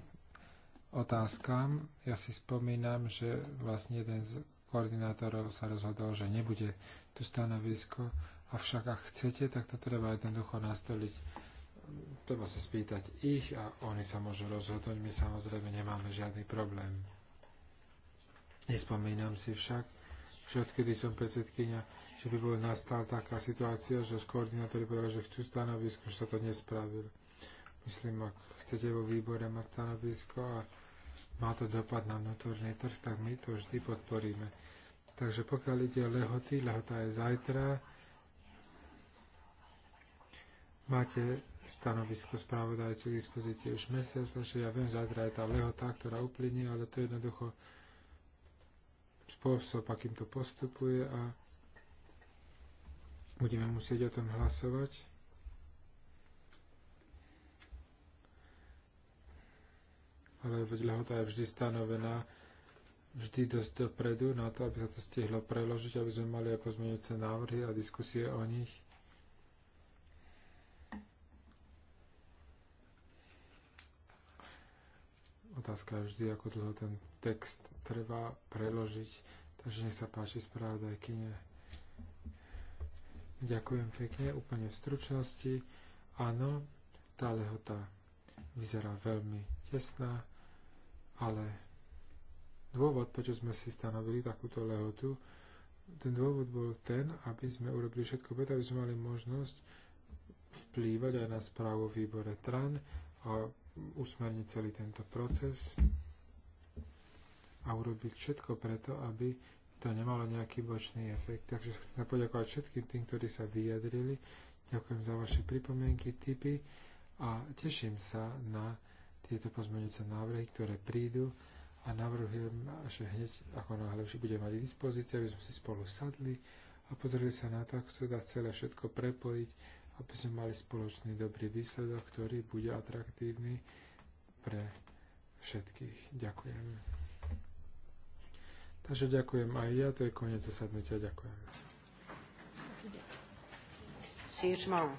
Speaker 5: otázkam. Ja si spomínam, že vlastne jeden z koordinátorov sa rozhodol, že nebude tu stanovisko, avšak ak chcete, tak to treba jednoducho nastoliť. Treba sa spýtať ich a oni sa môžu rozhodnúť. My samozrejme nemáme žiadny problém. Nespomínam si však, že odkedy som predsedkynia, že by bol nastala taká situácia, že koordinátori povedali, že chcú stanovisko, že sa to nespravilo. Myslím, ak chcete vo výbore mať stanovisko a má to dopad na vnútorný trh, tak my to vždy podporíme. Takže pokiaľ ide o lehoty, lehota je zajtra. Máte stanovisko spravodajcu k dispozícii už mesiac, takže ja viem, zajtra je tá lehota, ktorá uplynie, ale to jednoducho spôsob, akým to postupuje a budeme musieť o tom hlasovať. Ale lehota je vždy stanovená vždy dosť dopredu na to, aby sa to stihlo preložiť, aby sme mali aj pozmeňujúce návrhy a diskusie o nich. Otázka je vždy, ako dlho ten text treba preložiť. Takže nech sa páči spravodajkyne. Ďakujem pekne, úplne v stručnosti. Áno, tá lehota vyzerá veľmi tesná, ale dôvod, prečo sme si stanovili takúto lehotu, ten dôvod bol ten, aby sme urobili všetko preto, aby sme mali možnosť vplývať aj na správu výbore TRAN a usmerniť celý tento proces a urobiť všetko preto, aby to nemalo nejaký bočný efekt. Takže chcem poďakovať všetkým tým, ktorí sa vyjadrili. Ďakujem za vaše pripomienky, tipy a teším sa na tieto pozmeňujúce návrhy, ktoré prídu a navrhujem, že hneď ako náhle už budeme mať dispozície, aby sme si spolu sadli a pozreli sa na to, ako sa dá celé všetko prepojiť aby sme mali spoločný dobrý výsledok, ktorý bude atraktívny pre všetkých. Ďakujem. Takže ďakujem aj ja, to je koniec zasadnutia. Ďakujem.
Speaker 1: See you tomorrow.